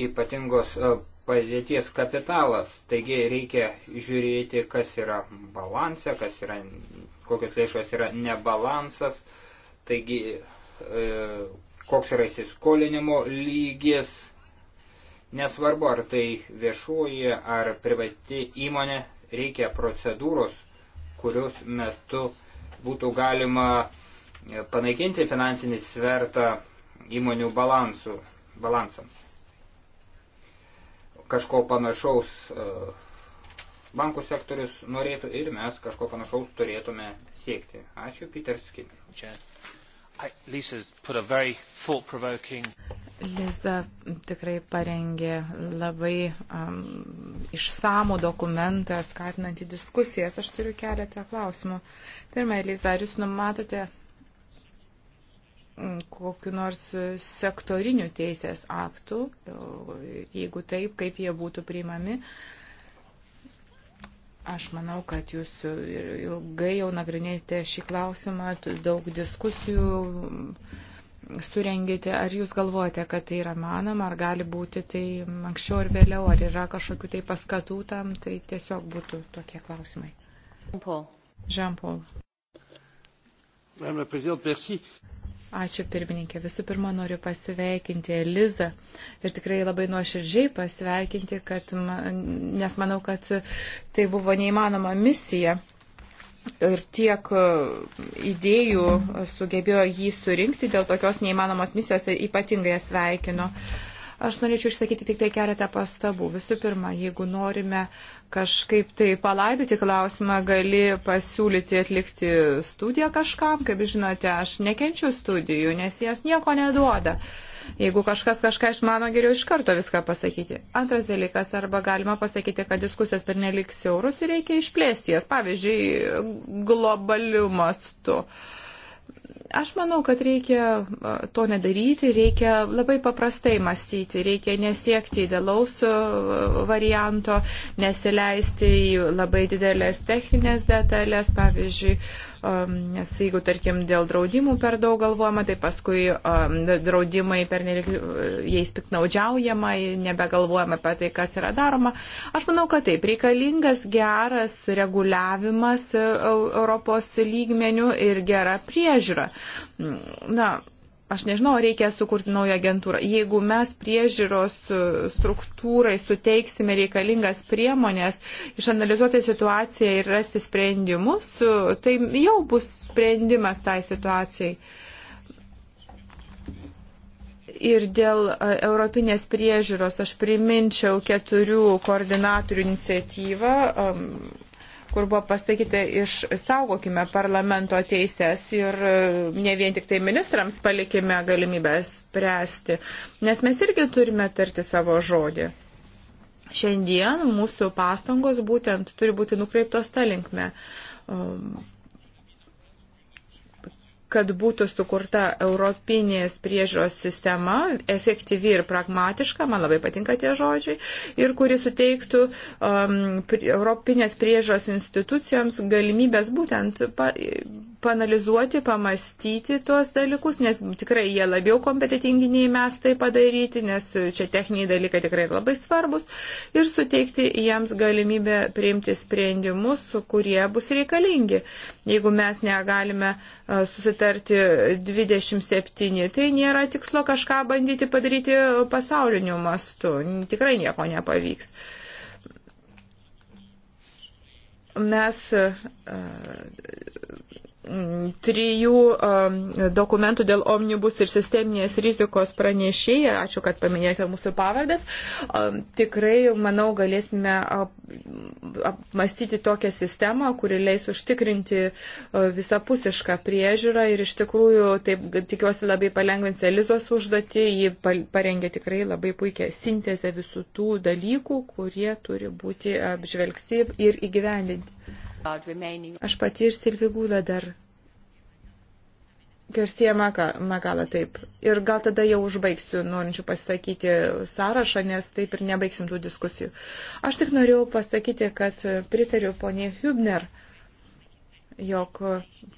ypatingos e, padėties kapitalas. Taigi reikia žiūrėti, kas yra balanse, kas yra, kokios lėšos yra nebalansas. Taigi, e, koks yra įsiskolinimo lygis, nesvarbu ar tai viešuoji ar privati įmonė, reikia procedūros, kurios metu būtų galima panaikinti finansinį svertą įmonių balansų, balansams. Kažko panašaus e, bankų sektorius norėtų ir mes kažko panašaus turėtume siekti. Ačiū, Peter Skinner. Čia. Lisa's put a very thought-provoking Liza tikrai parengė labai um, išsamų dokumentą, skatinantį diskusijas. Aš turiu keletą klausimų. Pirmą, Liza, ar jūs numatote mm, kokiu nors sektoriniu teisės aktų, jeigu taip, kaip jie būtų priimami? Uh, Aš manau, kad jūs ilgai jau nagrinėjate šį klausimą, daug diskusijų surengėte. Ar jūs galvojate, kad tai yra manoma, ar gali būti tai anksčiau ir vėliau, ar yra kažkokių tai paskatų tam, tai tiesiog būtų tokie klausimai. Jean-Paul. Jean-Paul. Ačiū pirmininkė. Visų pirma, noriu pasveikinti Elizą ir tikrai labai nuoširdžiai pasveikinti, kad, nes manau, kad tai buvo neįmanoma misija. Ir tiek e, idėjų sugebėjo jį surinkti dėl tokios neįmanomos misijos, tai ypatingai sveikinu. Uh, Aš norėčiau išsakyti tik tai keletą pastabų. Visų pirma, jeigu norime kažkaip tai palaidoti klausimą, gali pasiūlyti atlikti studiją kažkam. Kaip žinote, aš nekenčiu studijų, nes jas nieko neduoda. Jeigu kažkas kažką išmano, geriau iš karto viską pasakyti. Antras dalykas, arba galima pasakyti, kad diskusijos per neliks siaurus ir reikia išplėsti jas, pavyzdžiui, globaliu mastu. Uh, Aš manau, kad reikia to nedaryti, reikia labai paprastai mąstyti, reikia nesiekti idealaus varianto, nesileisti į labai didelės techninės detalės, pavyzdžiui, nes jeigu, tarkim, dėl draudimų per daug galvojama, tai paskui draudimai per nelik, e, jais piknaudžiaujama, nebegalvojama apie tai, kas yra daroma. Aš manau, kad taip, reikalingas geras reguliavimas e, Europos lygmenių ir gera priežiūra. Na, Aš nežinau, ar reikia sukurti naują agentūrą. Jeigu mes priežiūros struktūrai suteiksime reikalingas priemonės, išanalizuoti situaciją ir rasti sprendimus, tai jau bus sprendimas tai situacijai ir dėl e, Europinės priežiūros aš priminčiau keturių koordinatorių iniciatyvą. Um, kur buvo pasakyta išsaugokime parlamento teisės ir e, ne vien tik tai ministrams palikime galimybę spręsti, nes mes irgi turime tarti savo žodį. Šiandien mūsų pastangos būtent turi būti nukreiptos tą linkmę um, kad būtų sukurta europinės priežiūros sistema, efektyvi ir pragmatiška, man labai patinka tie žodžiai, ir kuri suteiktų um, europinės priežiūros institucijoms galimybės būtent pa, panalizuoti, pamastyti tuos dalykus, nes tikrai jie labiau kompetitingi nei mes tai padaryti, nes čia techniniai dalykai tikrai labai svarbus ir suteikti jiems galimybę priimti sprendimus, kurie bus reikalingi. Jeigu mes negalime susitarti 27, tai nėra tikslo kažką bandyti padaryti pasauliniu mastu. Tikrai nieko nepavyks mes trijų um, dokumentų dėl omnibus ir sisteminės rizikos pranešėja, ačiū, kad paminėjote mūsų pavardas, um, tikrai, manau, galėsime apmastyti tokią sistemą, kuri leis užtikrinti uh, visapusišką priežiūrą ir iš tikrųjų, taip tikiuosi, labai palengvins Elizos užduotį, ji parengė tikrai labai puikią sintezę visų tų dalykų, kurie turi būti apžvelgsi ir įgyvendinti. Aš pati ir Silvigūda dar. Garsie Magala, taip. Ir gal tada jau užbaigsiu norinčių pasakyti sąrašą, nes taip ir nebaigsim tų diskusijų. Aš tik norėjau pasakyti, kad pritariu poniai Hübner, jog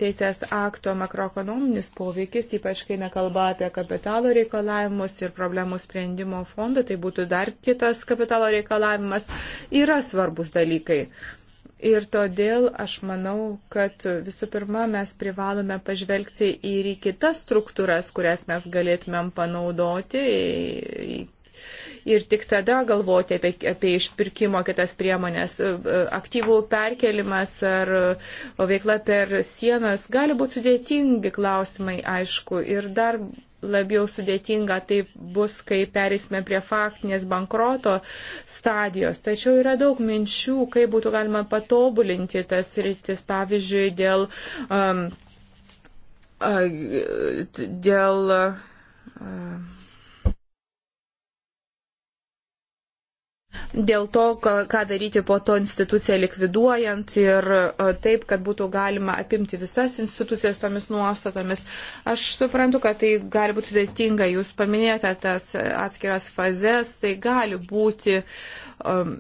teisės akto makroekonominis poveikis, ypač kai nekalba apie kapitalo reikalavimus ir problemų sprendimo fondą, tai būtų dar kitas kapitalo reikalavimas, yra svarbus dalykai. Ir todėl aš manau, kad visų pirma mes privalome pažvelgti ir į kitas struktūras, kurias mes galėtumėm panaudoti. Ir tik tada galvoti apie, apie išpirkimo kitas priemonės. Aktyvų perkelimas ar veikla per sienas gali būti sudėtingi klausimai, aišku. Ir dar labiau sudėtinga tai bus, kai perėsime prie faktinės bankroto stadijos. Tačiau yra daug minčių, kaip būtų galima patobulinti tas rytis, pavyzdžiui, dėl. Um, dėl uh, Dėl to, ką daryti po to instituciją likviduojant ir e, taip, kad būtų galima apimti visas institucijas tomis nuostatomis. Aš suprantu, kad tai gali būti sudėtinga. Jūs paminėjote tas atskiras fazes, tai gali būti um,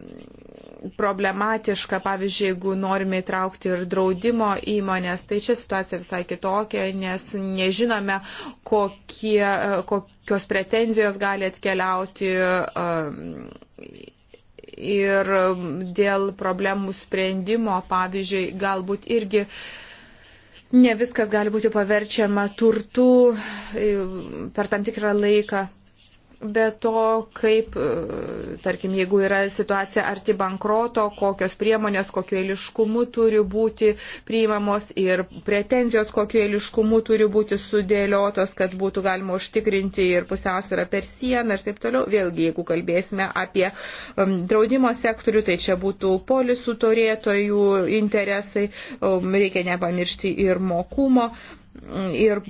problematiška, pavyzdžiui, jeigu norime įtraukti ir draudimo įmonės, tai čia situacija visai kitokia, nes nežinome, kokie, e, kokios pretenzijos gali atkeliauti. Um, ir um, dėl problemų sprendimo, pavyzdžiui, galbūt irgi ne viskas gali būti paverčiama turtu e, per tam tikrą laiką. Be to, kaip, e, tarkim, jeigu yra situacija arti bankroto, kokios priemonės, kokiu eiliškumu turi būti priimamos ir pretenzijos, kokiu eiliškumu turi būti sudėliotos, kad būtų galima užtikrinti ir pusiausvyrą per sieną ir taip toliau. Vėlgi, jeigu kalbėsime apie um, draudimo sektorių, tai čia būtų polisų turėtojų interesai, um, reikia nepamiršti ir mokumo. Ir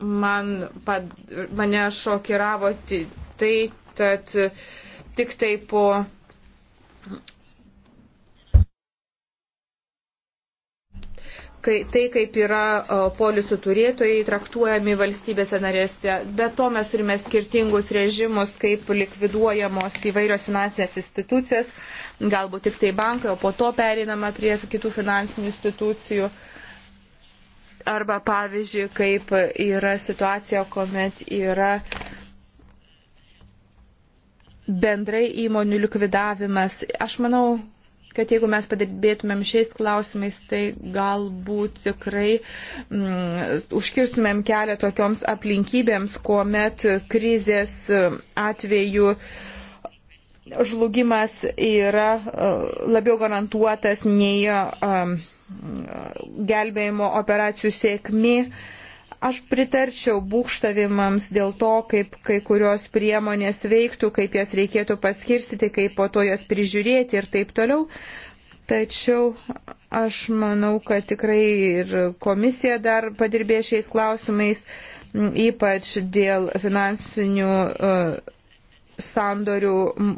man pad, mane šokiravo tai, kad tik tai po. Kai, tai kaip yra polisų turėtojai traktuojami valstybėse narėse. Be to mes turime skirtingus režimus, kaip likviduojamos įvairios finansinės institucijas, galbūt tik tai bankai, o po to perinama prie kitų finansinių institucijų. Uh, arba pavyzdžiui, kaip yra situacija, kuomet yra bendrai įmonių likvidavimas. Aš manau, kad jeigu mes padirbėtumėm šiais klausimais, tai galbūt tikrai mm, užkirstumėm kelią tokioms aplinkybėms, kuomet krizės atveju žlugimas yra e, labiau garantuotas nei. Mm, gelbėjimo operacijų sėkmė. Aš pritarčiau būkštavimams dėl to, kaip kai kurios priemonės veiktų, kaip jas reikėtų paskirstyti, kaip po to jas prižiūrėti ir taip toliau. Tačiau aš manau, kad tikrai ir komisija dar padirbė šiais klausimais, ypač dėl finansinių uh, sandorių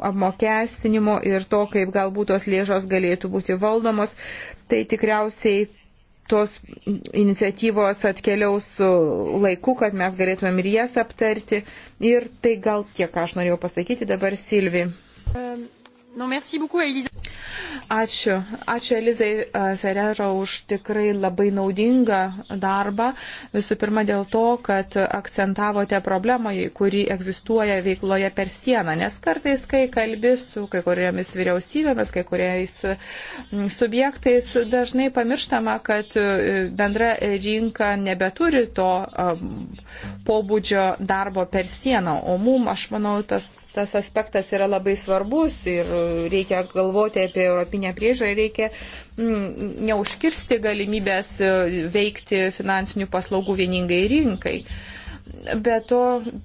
apmokestinimo ir to, kaip galbūt tos lėšos galėtų būti valdomos, tai tikriausiai tos iniciatyvos atkeliaus laiku, kad mes galėtumėm ir jas aptarti. Ir tai gal tiek, ką aš norėjau pasakyti dabar Silvi. Um. No, nu, merci beaucoup, Elisa. Ačiū. Ačiū Elizai e, Ferrero už tikrai labai naudingą darbą. Visų pirma dėl to, kad akcentavote problemą, kuri egzistuoja veikloje per sieną. Nes kartais, kai kalbi su kai kuriomis vyriausybėmis, kai kuriais subjektais, dažnai pamirštama, kad e, bendra rinka nebeturi to e, pobūdžio darbo per sieną. O mum, aš manau, tas tas aspektas yra labai svarbus ir reikia galvoti apie europinę priežą, reikia mm, neužkirsti galimybės e, veikti finansinių paslaugų vieningai rinkai. Uh, Be to,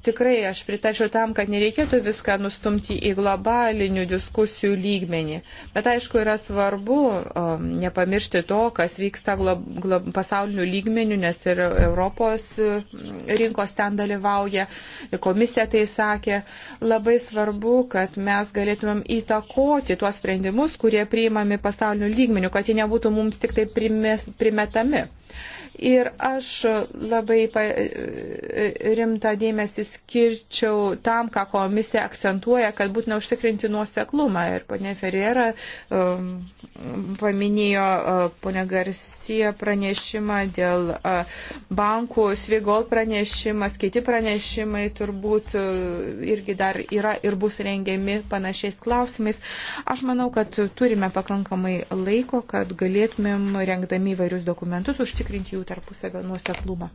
tikrai aš pritačiau tam, kad nereikėtų viską nustumti į globalinių diskusijų lygmenį. Bet aišku, yra svarbu o, um, nepamiršti to, kas vyksta glo, glo, pasaulinių lygmenių, nes ir Europos mm, rinkos ten dalyvauja, komisija tai sakė. Labai svarbu, kad mes galėtumėm įtakoti tuos sprendimus, kurie priimami pasaulinių lygmenių, kad jie nebūtų mums tik tai primes, primetami. Ir aš labai rimtą dėmesį skirčiau tam, ką komisija akcentuoja, kad būtina užtikrinti nuoseklumą. Ir ponė Ferrera um, paminėjo uh, ponė Garcia pranešimą dėl uh, bankų, Svigol pranešimas, kiti pranešimai turbūt uh, irgi dar yra ir bus rengiami panašiais klausimais. Aš manau, kad turime pakankamai laiko, kad galėtumėm rengdami įvairius dokumentus užtikrinti jų jų tarpusavio nuoseklumą.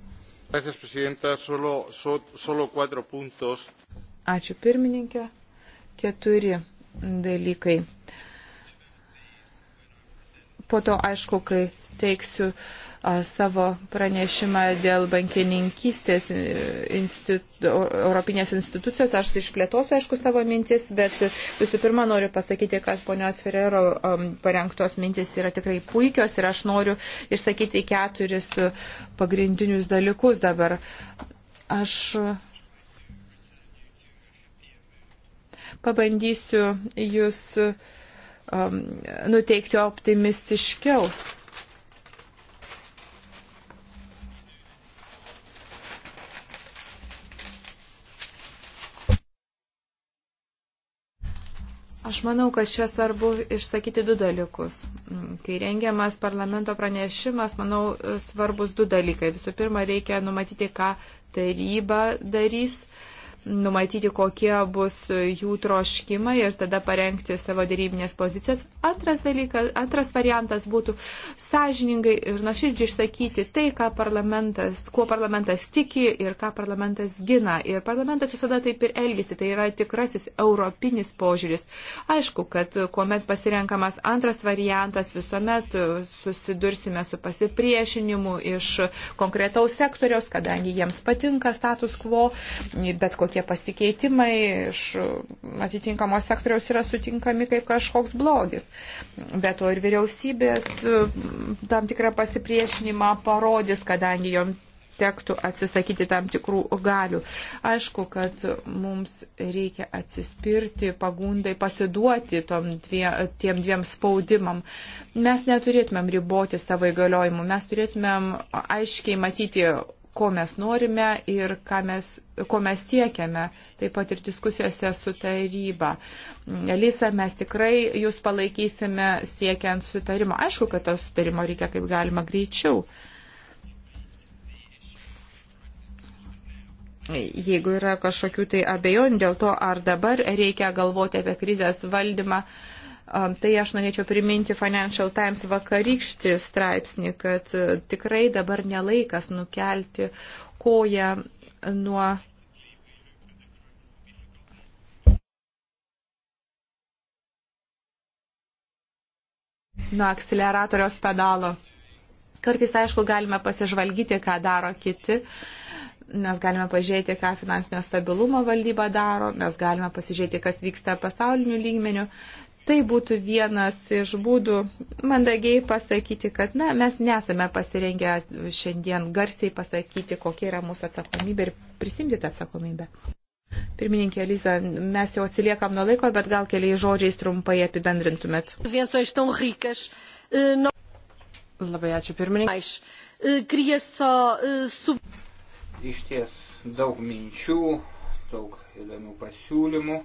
Ačiū pirmininkė. Keturi dalykai. Po to, aišku, kai teiksiu uh, savo pranešimą dėl bankininkystės e, institu, Europinės institucijos. Aš išplėtosiu, aišku, savo mintis, bet visų pirma noriu pasakyti, kad ponios Ferrero parengtos mintis yra tikrai puikios ir aš noriu išsakyti keturis pagrindinius dalykus dabar. Aš pabandysiu jūs um, nuteikti optimistiškiau Aš manau, kad čia svarbu išsakyti du dalykus. Kai rengiamas parlamento pranešimas, manau, svarbus du dalykai. Visų pirma, reikia numatyti, ką taryba darys. Uh, numatyti, kokie bus jų troškimai ir tada parengti savo dėrybinės pozicijas. Antras, dalykas, antras variantas būtų sąžiningai ir nuoširdžiai išsakyti tai, parlamentas, kuo parlamentas tiki ir ką parlamentas gina. Ir parlamentas visada taip ir elgesi. Tai yra tikrasis europinis požiūris. Aišku, kad kuomet pasirenkamas antras variantas, visuomet susidursime su pasipriešinimu iš konkretaus sektoriaus, kadangi jiems patinka status quo, bet kokie tie pasikeitimai iš atitinkamos sektoriaus yra sutinkami kaip kažkoks blogis. Bet to ir vyriausybės tam tikrą pasipriešinimą parodys, kadangi jom tektų atsisakyti tam tikrų galių. Aišku, kad mums reikia atsispirti pagundai pasiduoti dvie, tiem dviem spaudimam. Mes neturėtumėm riboti savo įgaliojimų, mes turėtumėm aiškiai matyti, ko mes norime ir ką mes ko mes siekiame, taip pat ir diskusijose su taryba. Elisa, mes tikrai jūs palaikysime siekiant sutarimo. Aišku, kad to sutarimo reikia kaip galima greičiau. Jeigu yra kažkokių tai abejonių dėl to, ar dabar reikia galvoti apie krizės valdymą, um, tai aš norėčiau priminti Financial Times vakarykštį straipsnį, kad uh, tikrai dabar nelaikas nukelti koją nuo nuo akceleratoriaus pedalo. Kartais, aišku, galime pasižvalgyti, ką daro kiti. Mes galime pažiūrėti, ką finansinio stabilumo valdyba daro, mes galime pasižiūrėti, kas vyksta pasauliniu lygmeniu. Tai būtų vienas iš būdų mandagiai pasakyti, kad na, mes nesame pasirengę šiandien garsiai pasakyti, kokia yra mūsų atsakomybė ir prisimti tą atsakomybę. Pirmininkė Liza, mes jau atsiliekam nuo laiko, bet gal keliais žodžiais trumpai apibendrintumėt. E, nu- Labai ačiū pirmininkė. E, e, Iš ties daug minčių, daug įdomių pasiūlymų.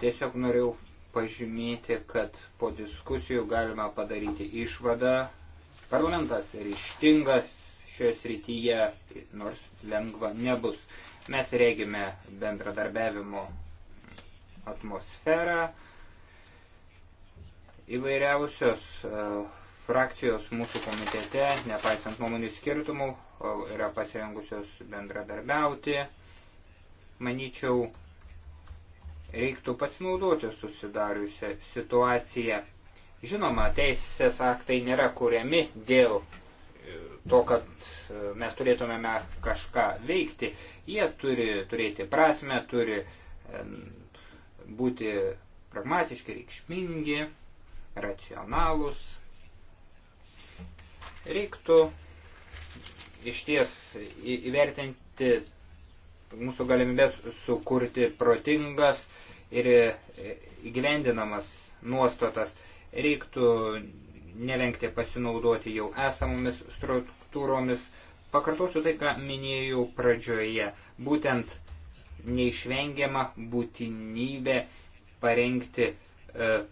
Tiesiog norėjau pažymėti, kad po diskusijų galima padaryti išvadą. Parlamentas ryštingas šioje srityje, nors lengva nebus. Mes regime bendradarbiavimo atmosferą. Įvairiausios e, frakcijos mūsų komitete, nepaisant nuomonių skirtumų, yra pasirengusios bendradarbiauti. Manyčiau, reiktų pasinaudoti susidariusią situaciją. Žinoma, teisės aktai nėra kuriami dėl to, kad e, mes turėtumėme kažką veikti, jie turi turėti prasme, turi e, būti pragmatiški, reikšmingi, racionalūs. Reiktų iš ties įvertinti mūsų galimybės sukurti protingas ir e, įgyvendinamas nuostatas. Reiktų nevengti pasinaudoti jau esamomis struktūromis. Pakartosiu tai, ką minėjau pradžioje. Būtent neišvengiama būtinybė parengti e,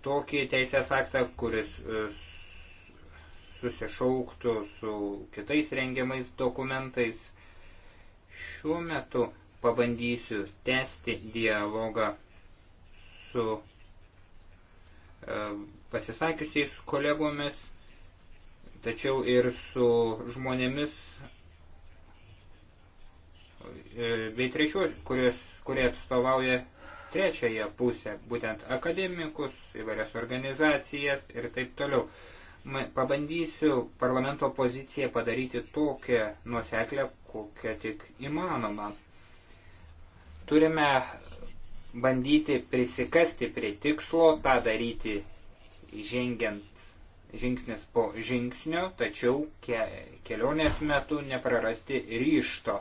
tokį teisės aktą, kuris e, susišauktų su kitais rengiamais dokumentais. Šiuo metu pabandysiu tęsti dialogą su e, pasisakiusiais kolegomis, tačiau ir su žmonėmis e, bei trečių, kurios, kurie atstovauja trečiąją pusę, būtent akademikus, įvairias organizacijas ir taip toliau. Pabandysiu parlamento poziciją padaryti tokią nuoseklę, kokią tik įmanoma. Turime bandyti prisikasti prie tikslo, tą daryti žengiant žingsnis po žingsnio, tačiau ke, kelionės metu neprarasti ryšto.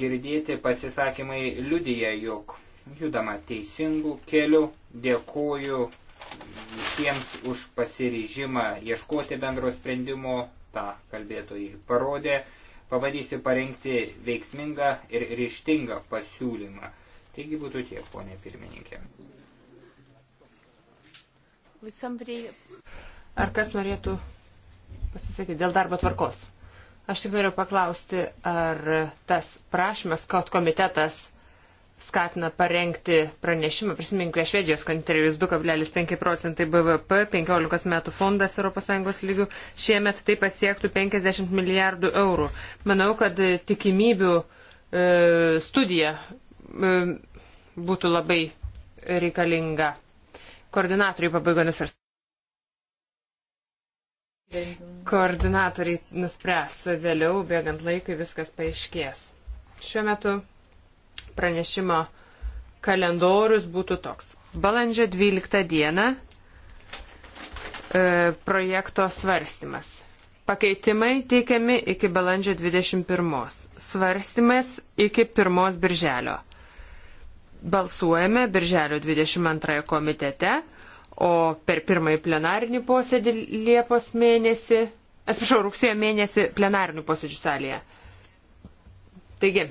Girdėti pasisakymai liudyja, jog judama teisingų kelių, dėkuoju visiems už pasiryžimą ieškoti bendro sprendimo, tą kalbėtojai parodė, pabandysiu parengti veiksmingą ir ryštingą pasiūlymą. Taigi būtų tiek, ponė pirmininkė. Somebody... Ar kas norėtų pasisakyti dėl darbo tvarkos? Aš tik noriu paklausti, ar tas prašymas, kad komitetas skatina parengti pranešimą, prisiminkime Švedijos kontervijus 2,5 procentai BVP, 15 metų fondas ES lygių, šiemet tai pasiektų 50 milijardų eurų. Manau, kad tikimybių e, studija e, būtų labai reikalinga. Koordinatoriai pabaigo nusvers. Koordinatoriai nuspręs vėliau, bėgant laikui viskas paaiškės. Šiuo metu pranešimo kalendorius būtų toks. Balandžio 12 diena e, projekto svarstymas. Pakeitimai teikiami iki balandžio 21. Svarstymas iki 1 birželio balsuojame Birželio 22 komitete, o per pirmąjį plenarinį posėdį Liepos mėnesį, atsiprašau, rugsėjo mėnesį plenarinių posėdžių salėje. Taigi,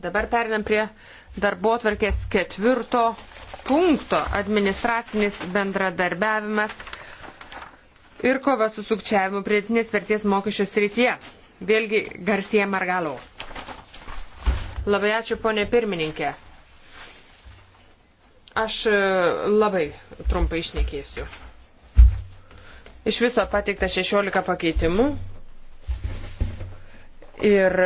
dabar perinam prie darbo atvarkės ketvirto punkto administracinis bendradarbiavimas ir kova su sukčiavimu prietinės vertės mokesčio srityje. Vėlgi Garcija Margalau. Labai ačiū, ponė pirmininkė. Aš e, labai trumpai išnekėsiu. Iš viso pateikta 16 pakeitimų ir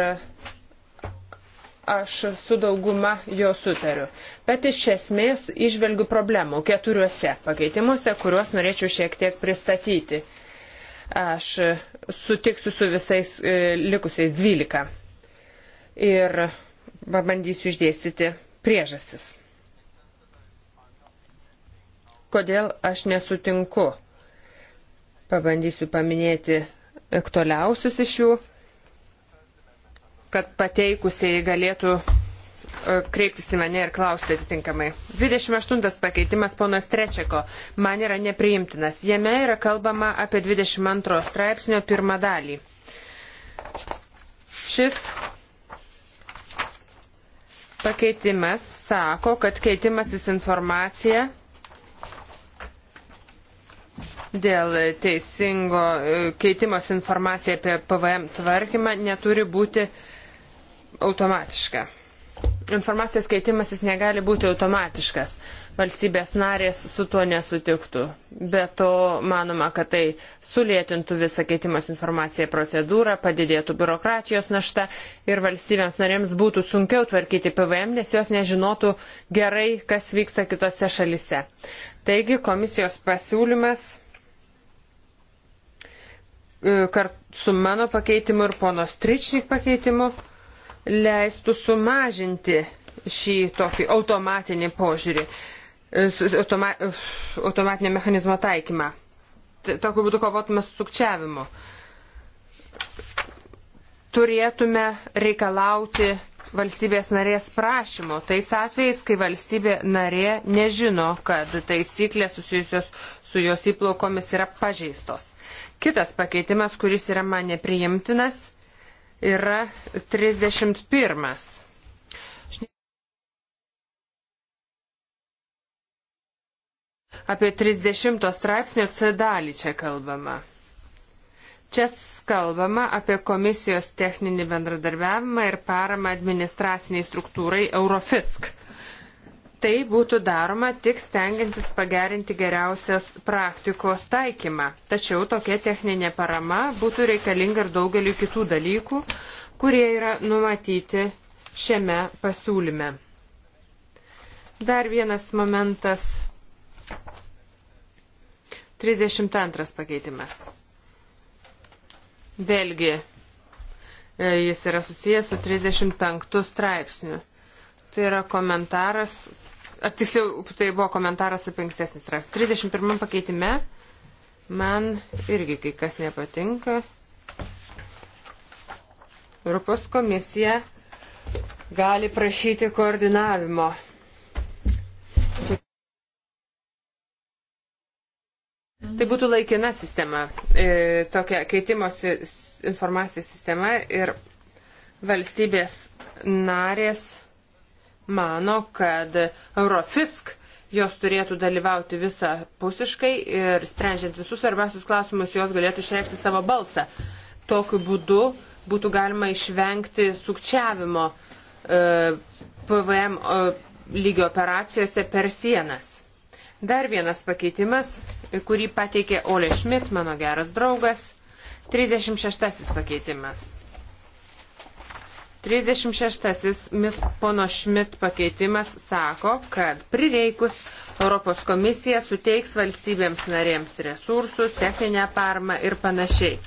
aš su dauguma jo sutariu. Bet iš esmės išvelgiu problemų keturiuose pakeitimuose, kuriuos norėčiau šiek tiek pristatyti. Aš sutiksiu su visais e, likusiais 12 ir pabandysiu išdėstyti priežastis kodėl aš nesutinku. Pabandysiu paminėti aktualiausius iš jų, kad pateikusiai galėtų e, kreiptis į mane ir klausti atitinkamai. 28 pakeitimas ponas Trečeko man yra nepriimtinas. Jame yra kalbama apie 22 straipsnio pirmą dalį. Šis pakeitimas sako, kad keitimasis informacija dėl teisingo e, keitimos informacija apie PVM tvarkymą neturi būti automatiška. Informacijos keitimasis negali būti automatiškas. Valstybės narės su tuo nesutiktų. Be to, manoma, kad tai sulėtintų visą keitimos informaciją procedūrą, padidėtų biurokratijos našta ir valstybėms narėms būtų sunkiau tvarkyti PVM, nes jos nežinotų gerai, kas vyksta kitose šalise. Taigi, komisijos pasiūlymas E, su mano pakeitimu ir pono Stričnik pakeitimu leistų sumažinti šį tokį automatinį požiūrį, e, automa, e, automatinio mechanizmo taikymą. Tokiu būdu kovotume su sukčiavimu. Turėtume reikalauti valstybės narės prašymo tais atvejais, kai valstybė narė nežino, kad taisyklės susijusios su jos įplaukomis yra pažeistos. Kitas pakeitimas, kuris yra man nepriimtinas, yra 31. Apie 30 straipsnio C dalį čia kalbama. Čia kalbama apie komisijos techninį bendradarbiavimą ir paramą administraciniai struktūrai Eurofisk tai būtų daroma tik stengiantis pagerinti geriausios praktikos taikymą. Tačiau tokia techninė parama būtų reikalinga ir daugeliu kitų dalykų, kurie yra numatyti šiame pasiūlyme. Dar vienas momentas. 32 pakeitimas. Vėlgi, e, jis yra susijęs su 35 straipsniu. Tai yra komentaras, Tiksliau, tai buvo komentaras apie ankstesnį straipsnį. 31 pakeitime man irgi kai kas nepatinka. Europos komisija gali prašyti koordinavimo. Tai būtų laikina sistema, e, tokia keitimosi informacijos sistema ir valstybės narės mano, kad Eurofisk jos turėtų dalyvauti visapusiškai ir sprendžiant visus svarbiausius klausimus jos galėtų išreikšti savo balsą. Tokiu būdu būtų galima išvengti sukčiavimo e, PVM e, lygio operacijose per sienas. Dar vienas pakeitimas, e, kurį pateikė Ole Schmidt, mano geras draugas. 36 pakeitimas. 36 mis pono Šmit pakeitimas sako, kad prireikus Europos komisija suteiks valstybėms narėms resursus, techninę parmą ir panašiai.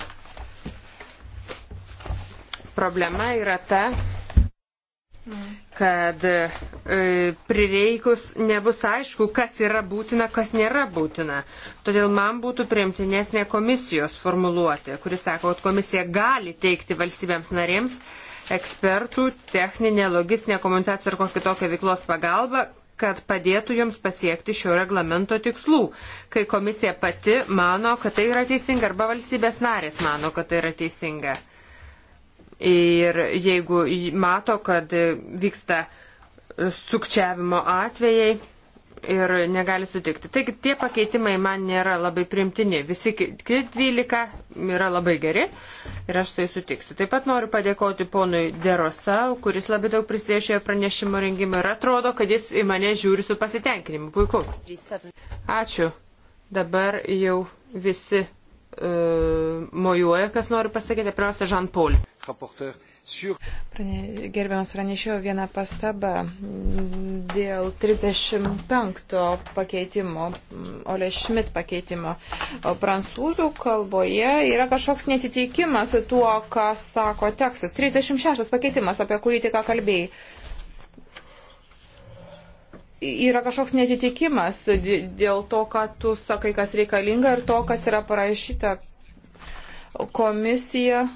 Problema yra ta, kad e, prireikus nebus aišku, kas yra būtina, kas nėra būtina. Todėl man būtų priimtinesnė komisijos formuluoti, kuris sako, kad komisija gali teikti valstybėms narėms ekspertų techninė, logistinė, komunikacija ir kitokia veiklos pagalba, kad padėtų jums pasiekti šio reglamento tikslų, kai komisija pati mano, kad tai yra teisinga, arba valstybės narės mano, kad tai yra teisinga. Ir jeigu mato, kad vyksta sukčiavimo atvejai, ir negali sutikti. Taigi tie pakeitimai man nėra labai primtini. Visi kiti 12 yra labai geri ir aš tai sutiksiu. Taip pat noriu padėkoti ponui Derosau, kuris labai daug prisidėjo šioje pranešimo rengime ir atrodo, kad jis į mane žiūri su pasitenkinimu. Puiku. Ačiū. Dabar jau visi uh, mojuoja, kas nori pasakyti. Pirmiausia, Žan Paul. Raporteur. Gerbiamas pranešėjo vieną pastabą dėl 35 pakeitimo, Ole Schmidt pakeitimo. Prancūzų kalboje yra kažkoks netitikimas su tuo, ką sako tekstas. 36 pakeitimas, apie kurį tik kalbėjai. Yra kažkoks netitikimas dėl to, ką tu sakai, kas reikalinga ir to, kas yra parašyta. Komisija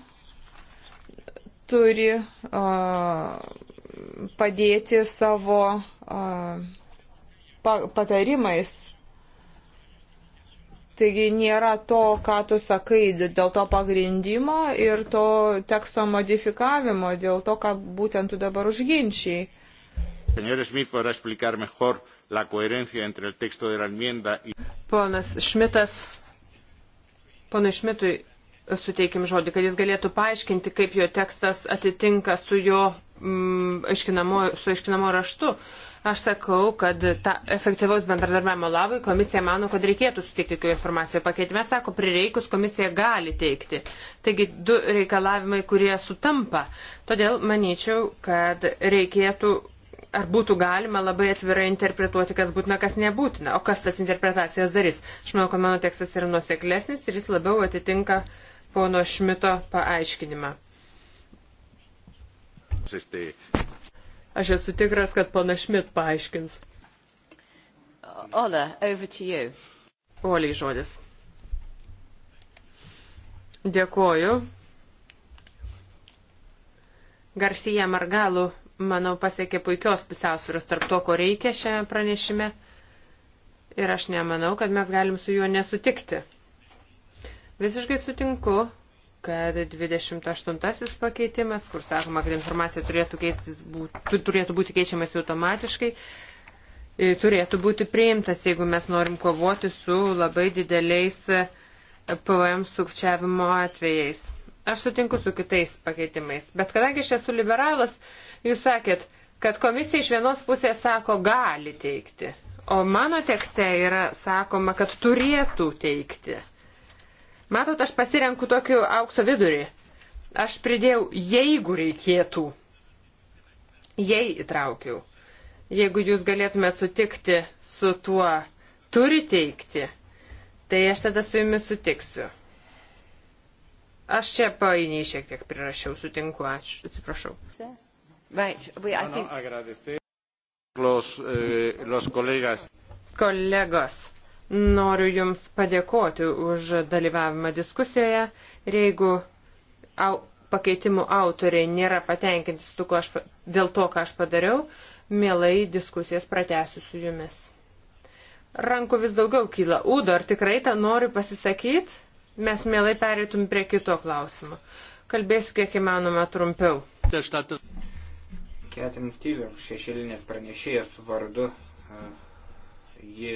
turi padėti savo patarimais. Taigi nėra to, ką tu sakai, dėl to pagrindimo ir to teksto modifikavimo, dėl to, ką būtent tu dabar užginčiai. Ponas Šmitas, ponai Šmitui suteikim žodį, kad jis galėtų paaiškinti, kaip jo tekstas atitinka su jo mm, aiškinamo, su aiškinamo raštu. Aš sakau, kad ta efektyvaus bendradarbiavimo lavai komisija mano, kad reikėtų suteikti tokių informacijų pakeitime, sako, prireikus komisija gali teikti. Taigi du reikalavimai, kurie sutampa. Todėl manyčiau, kad reikėtų ar būtų galima labai atvirai interpretuoti, kas būtina, kas nebūtina, o kas tas interpretacijas darys. Aš manau, kad mano tekstas yra nuoseklesnis ir jis labiau atitinka uh, pono Šmito paaiškinimą. Aš esu tikras, kad pana Šmit paaiškins. Ola, over to you. Oliai žodis. Dėkoju. Garsija Margalų, manau, pasiekė puikios pusiausvėros tarp to, ko reikia šiame pranešime. Ir aš nemanau, kad mes galim su juo nesutikti. Visiškai sutinku, kad 28 pakeitimas, kur sakoma, kad informacija turėtų, keistis, būt, turėtų būti keičiamas automatiškai, turėtų būti priimtas, jeigu mes norim kovoti su labai dideliais e, PVM sukčiavimo atvejais. Aš sutinku su kitais pakeitimais, bet kadangi aš esu liberalas, jūs sakėt, kad komisija iš vienos pusės sako gali teikti, o mano tekste yra sakoma, kad turėtų teikti. Matot, aš pasirenku tokiu aukso vidurį. Aš pridėjau, jeigu reikėtų, jei įtraukiau. Jeigu jūs galėtumėt sutikti su tuo turi teikti, tai aš tada su jumis sutiksiu. Aš čia painiai šiek tiek prirašiau, sutinku, aš atsiprašau. Right. We, think... Eh, Kolegos. Noriu Jums padėkoti už dalyvavimą diskusijoje ir jeigu au, pakeitimų autoriai nėra patenkinti tu, aš, dėl to, ką aš padariau, mielai diskusijas pratęsiu su Jumis. Rankų vis daugiau kyla. Udo, ar tikrai tą noriu pasisakyti? Mes mielai perėtum prie kito klausimo. Kalbėsiu kiek įmanoma trumpiau. Ketrin Tyler šešėlinės pranešėjas vardu uh, ji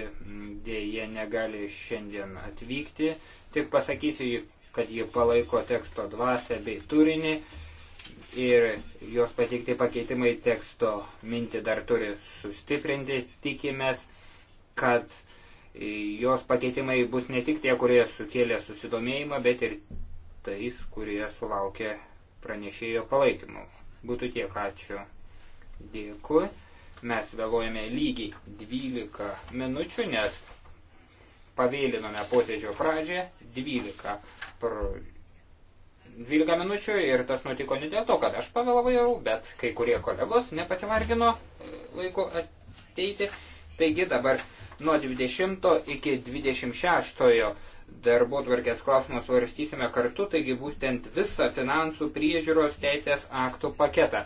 dėje negali šiandien atvykti. Tik pasakysiu, kad ji palaiko teksto dvasę bei turinį ir jos pateikti pakeitimai teksto mintį dar turi sustiprinti. Tikimės, kad jos pakeitimai bus ne tik tie, kurie sukėlė susidomėjimą, bet ir tais, kurie sulaukė pranešėjo palaikymo. Būtų tiek, ačiū. Dėkui. Mes vėluojame lygiai 12 minučių, nes pavėlinome posėdžio pradžią 12, pr... 12 minučių ir tas nutiko ne dėl to, kad aš pavėlavau, bet kai kurie kolegos nepativargino e, laiko ateiti. Taigi dabar nuo 20 iki 26 darbo tvarkės klausimą svarstysime kartu, taigi būtent visą finansų priežiūros teisės aktų paketą.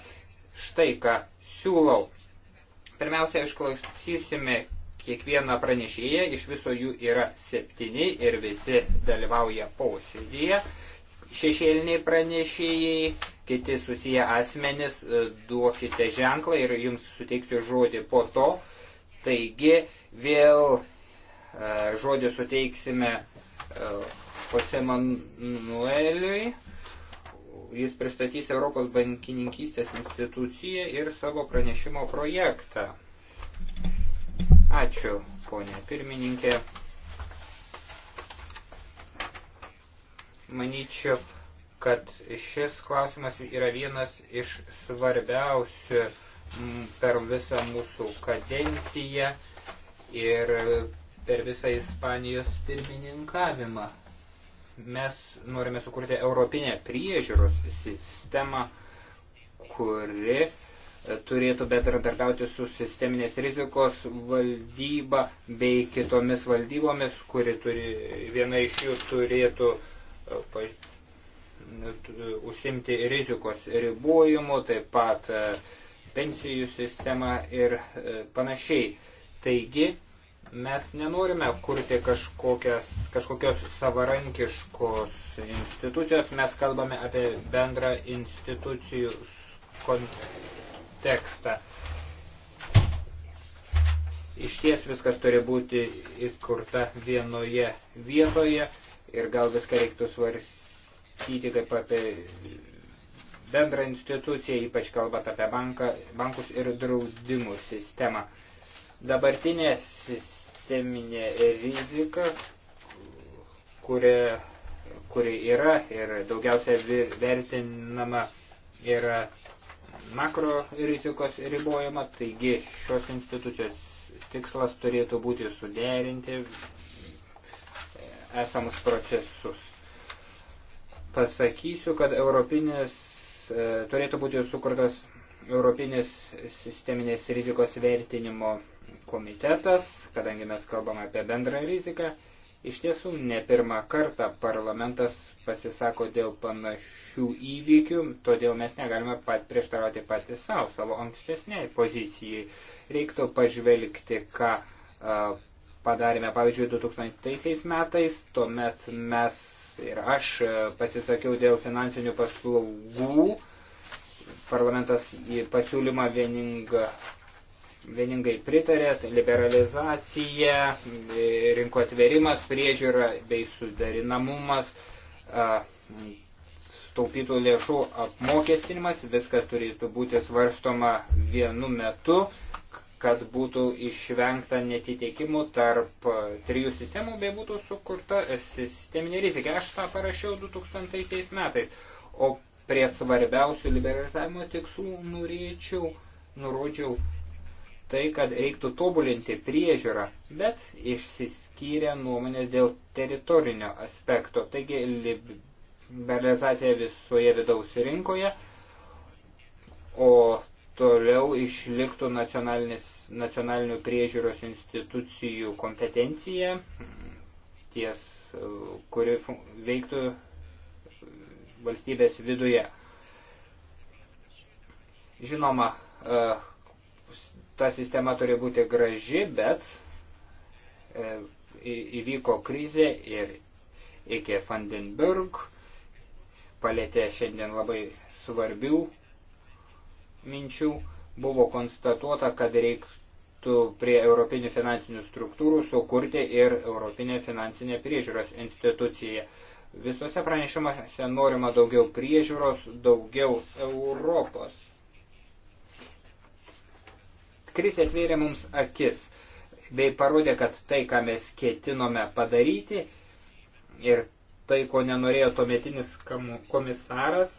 Štai ką siūlau. Pirmiausia, išklausysime kiekvieną pranešėją, iš viso jų yra septyni ir visi dalyvauja posėdėje. Šešėliniai pranešėjai, kiti susiję asmenys, e, duokite ženklą ir jums suteiksiu žodį po to. Taigi vėl e, žodį suteiksime e, Jose Manueliui. Jis pristatys Europos bankininkystės instituciją ir savo pranešimo projektą. Ačiū, ponė pirmininkė. Manyčiau, kad šis klausimas yra vienas iš svarbiausių per visą mūsų kadenciją ir per visą Ispanijos pirmininkavimą mes norime sukurti europinę priežiūros sistemą, kuri e, turėtų bendradarbiauti su sisteminės rizikos valdyba bei kitomis valdybomis, kuri turi, viena iš jų turėtų e, e, užsimti rizikos ribojimu, taip pat pensijų sistema ir panašiai. Taigi, Mes nenorime kurti kažkokios, kažkokios savarankiškos institucijos, mes kalbame apie bendrą institucijų kontekstą. Iš ties viskas turi būti įkurta vienoje vietoje ir gal viską reiktų svarstyti kaip apie bendrą instituciją, ypač kalbant apie banką, bankus ir draudimų sistemą. Dabartinė sisteminė rizika, kuri, kuri yra ir daugiausia vertinama yra makro rizikos ribojama, taigi šios institucijos tikslas turėtų būti suderinti esamus procesus. Pasakysiu, kad europinis, e, turėtų būti sukurtas europinis sisteminės rizikos vertinimo komitetas, kadangi mes kalbame apie bendrą riziką, iš tiesų ne pirmą kartą parlamentas pasisako dėl panašių įvykių, todėl mes negalime pat prieštarauti patys savo, savo ankstesniai pozicijai. Reiktų pažvelgti, ką a, padarėme, pavyzdžiui, 2000 metais, tuomet mes ir aš pasisakiau dėl finansinių paslaugų, parlamentas į pasiūlymą vieningą vieningai pritarė, tai liberalizacija, rinko atverimas, priežiūra bei sudarinamumas, taupytų lėšų apmokestinimas, viskas turėtų būti svarstoma vienu metu, kad būtų išvengta netitikimų tarp trijų sistemų bei būtų sukurta sisteminė rizika. Aš tą parašiau 2000 metais, o prie svarbiausių liberalizavimo tikslų norėčiau, nurodžiau tai, kad reiktų tobulinti priežiūrą, bet išsiskyrė nuomonės dėl teritorinio aspekto. Taigi liberalizacija visoje vidaus rinkoje, o toliau išliktų nacionalinių priežiūros institucijų kompetencija, ties, kuri veiktų valstybės viduje. Žinoma, eh, ta sistema turi būti graži, bet e, įvyko krizė ir iki Vandenburg palėtė šiandien labai svarbių minčių. Buvo konstatuota, kad reiktų prie Europinių finansinių struktūrų sukurti ir Europinę finansinę priežiūros instituciją. Visose pranešimuose norima daugiau priežiūros, daugiau Europos. Krizė atvėrė mums akis bei parodė, kad tai, ką mes ketinome padaryti ir tai, ko nenorėjo tuometinis komisaras,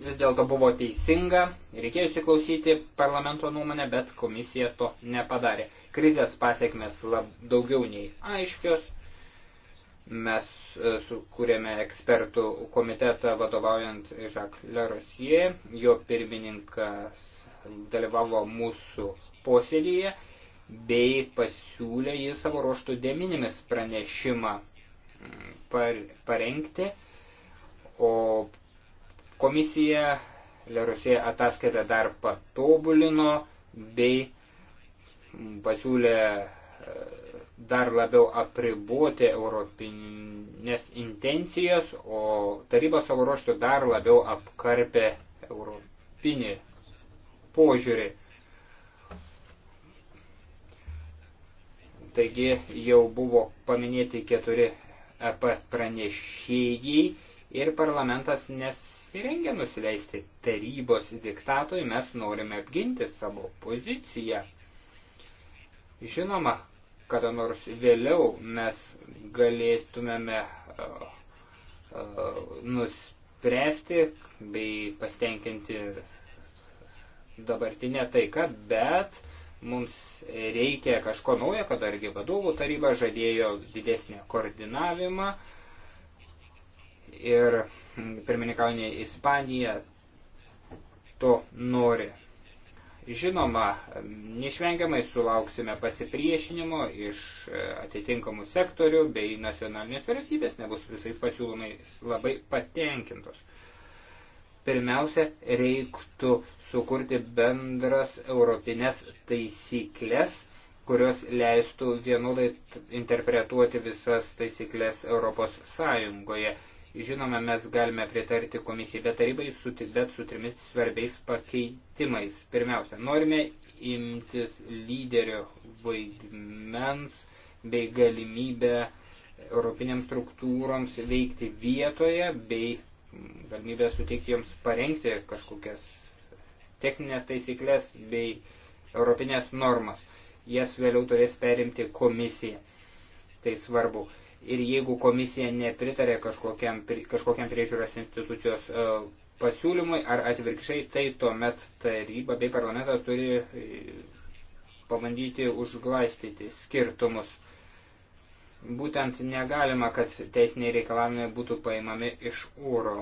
vis dėlto buvo teisinga, reikėjo įsiklausyti parlamento nuomonę, bet komisija to nepadarė. Krizės pasiekmes lab, daugiau nei aiškios. Mes e, sukūrėme ekspertų komitetą vadovaujant Jacques Lerosie, jo pirmininkas dalyvavo mūsų posėdėje bei pasiūlė jį savo ruoštų dėminimis pranešimą mm, par, parengti, o komisija Lerusėje ataskaitą dar patobulino bei mm, pasiūlė e, dar labiau apriboti europinės intencijas, o taryba savo ruoštų dar labiau apkarpė europinį požiūrį. Taigi jau buvo paminėti keturi EP pranešėjai ir parlamentas nesirengia nusileisti tarybos diktatui, mes norime apginti savo poziciją. Žinoma, kada nors vėliau mes galėtumėme uh, uh, nuspręsti bei pastenkinti dabartinė taika, bet mums reikia kažko naujo, kadangi vadovų taryba žadėjo didesnį koordinavimą ir pirmininkaunė Ispanija to nori. Žinoma, neišvengiamai sulauksime pasipriešinimo iš e, atitinkamų sektorių bei nacionalinės vyriausybės nebus visais pasiūlymais labai patenkintos pirmiausia, reiktų sukurti bendras europinės taisyklės, kurios leistų vienodai interpretuoti visas taisyklės Europos Sąjungoje. Žinoma, mes galime pritarti komisijai, bet tarybai su, bet su trimis svarbiais pakeitimais. Pirmiausia, norime imtis lyderio vaidmens bei galimybę europinėms struktūroms veikti vietoje bei galimybę suteikti jiems parengti kažkokias techninės taisyklės bei europinės normas. Jas vėliau turės perimti komisija. Tai svarbu. Ir jeigu komisija nepritarė kažkokiam, kažkokiam priežiūros institucijos e, pasiūlymui ar atvirkščiai, tai tuomet taryba bei parlamentas turi e, pabandyti užglaistyti skirtumus. Būtent negalima, kad teisiniai reikalavimai būtų paimami iš oro.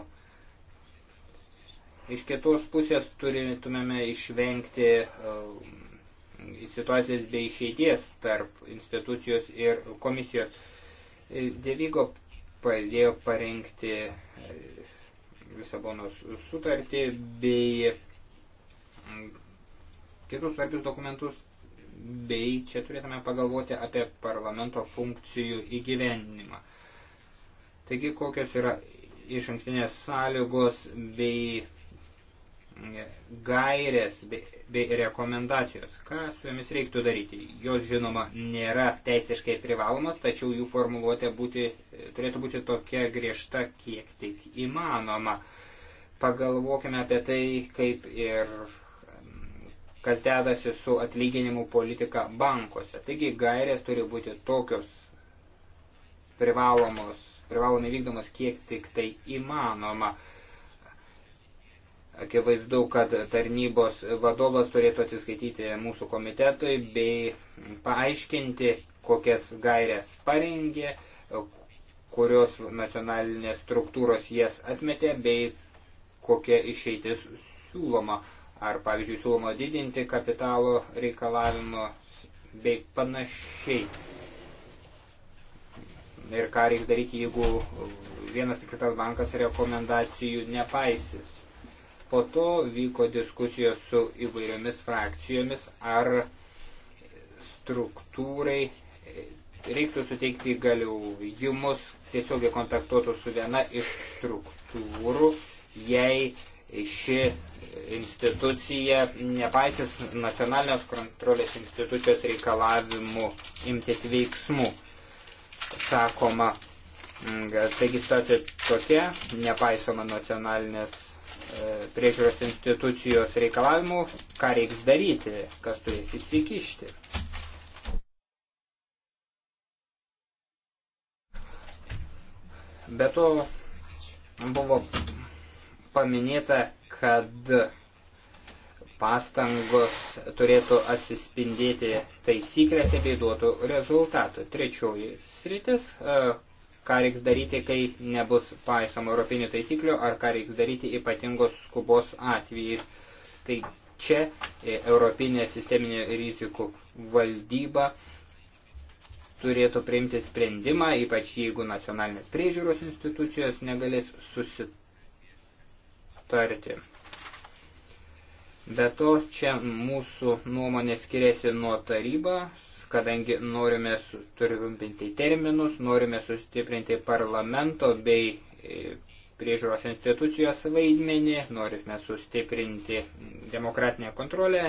Iš kitos pusės turėtumėme išvengti uh, situacijas bei išeities tarp institucijos ir komisijos. Devygo padėjo parengti uh, Lisabonos sutartį bei um, kitus svarbius dokumentus bei čia turėtume pagalvoti apie parlamento funkcijų įgyvenimą. Taigi, kokios yra iš ankstinės sąlygos bei e, gairės bei, bei rekomendacijos, ką su jomis reiktų daryti. Jos, žinoma, nėra teisiškai privalomas, tačiau jų formuluotė būti, e, turėtų būti tokia griežta, kiek tik įmanoma. Pagalvokime apie tai, kaip ir kas dedasi su atlyginimų politika bankuose. Taigi gairės turi būti tokios privalomos, privalomai vykdomos kiek tik tai įmanoma. Akivaizdu, kad tarnybos vadovas turėtų atsiskaityti mūsų komitetui bei paaiškinti, kokias gairias parengė, kurios nacionalinės struktūros jas atmetė bei kokia išeitis siūloma ar, pavyzdžiui, siūloma didinti kapitalo reikalavimo bei panašiai. Ir ką reiks daryti, jeigu vienas tik kitas bankas rekomendacijų nepaisys. Po to vyko diskusijos su įvairiomis frakcijomis, ar struktūrai reiktų suteikti įgaliojimus tiesiogiai kontaktuotų su viena iš struktūrų, jei ši institucija nepaisys nacionalinės kontrolės institucijos reikalavimų imtis veiksmų. Sakoma, taigi situacija tokia, nepaisoma nacionalinės e, priežiūros institucijos reikalavimų, ką reiks daryti, kas turės įsikišti. Be to buvo paminėta, kad pastangos turėtų atsispindėti taisyklėse bei duotų rezultatų. Trečioji sritis, e, ką reiks daryti, kai nebus paisoma europinių taisyklių, ar ką reiks daryti ypatingos skubos atvejais. Tai čia e, Europinė sisteminė rizikų valdyba turėtų priimti sprendimą, ypač jeigu nacionalinės priežiūros institucijos negalės susitikti aptarti. Be to, čia mūsų nuomonė skiriasi nuo tarybos, kadangi norime sutrumpinti terminus, norime sustiprinti parlamento bei e, priežiūros institucijos vaidmenį, norime sustiprinti demokratinę kontrolę,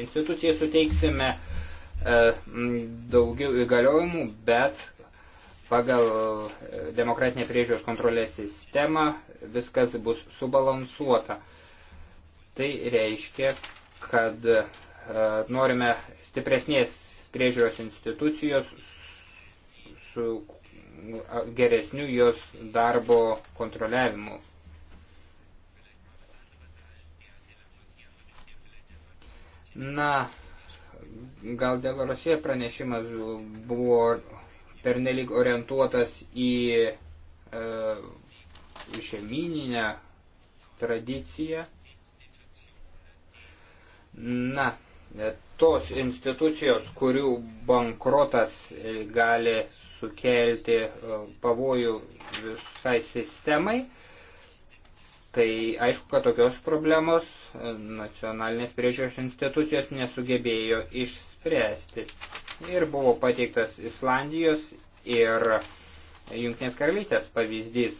institucijai suteiksime e, daugiau įgaliojimų, bet pagal e, demokratinę priežiūros kontrolės sistemą viskas bus subalansuota. Tai reiškia, kad e, norime stipresnės priežiūros institucijos su geresniu jos darbo kontroliavimu. Na, gal dėl Rusija pranešimas buvo pernelik orientuotas į e, žemyninę tradiciją. Na, e, tos institucijos, kurių bankrotas e, gali sukelti e, pavojų visai sistemai, e, Tai aišku, kad tokios problemos e, nacionalinės priežiūros institucijos nesugebėjo išspręsti. Ir buvo pateiktas Islandijos ir Junktinės karalystės pavyzdys.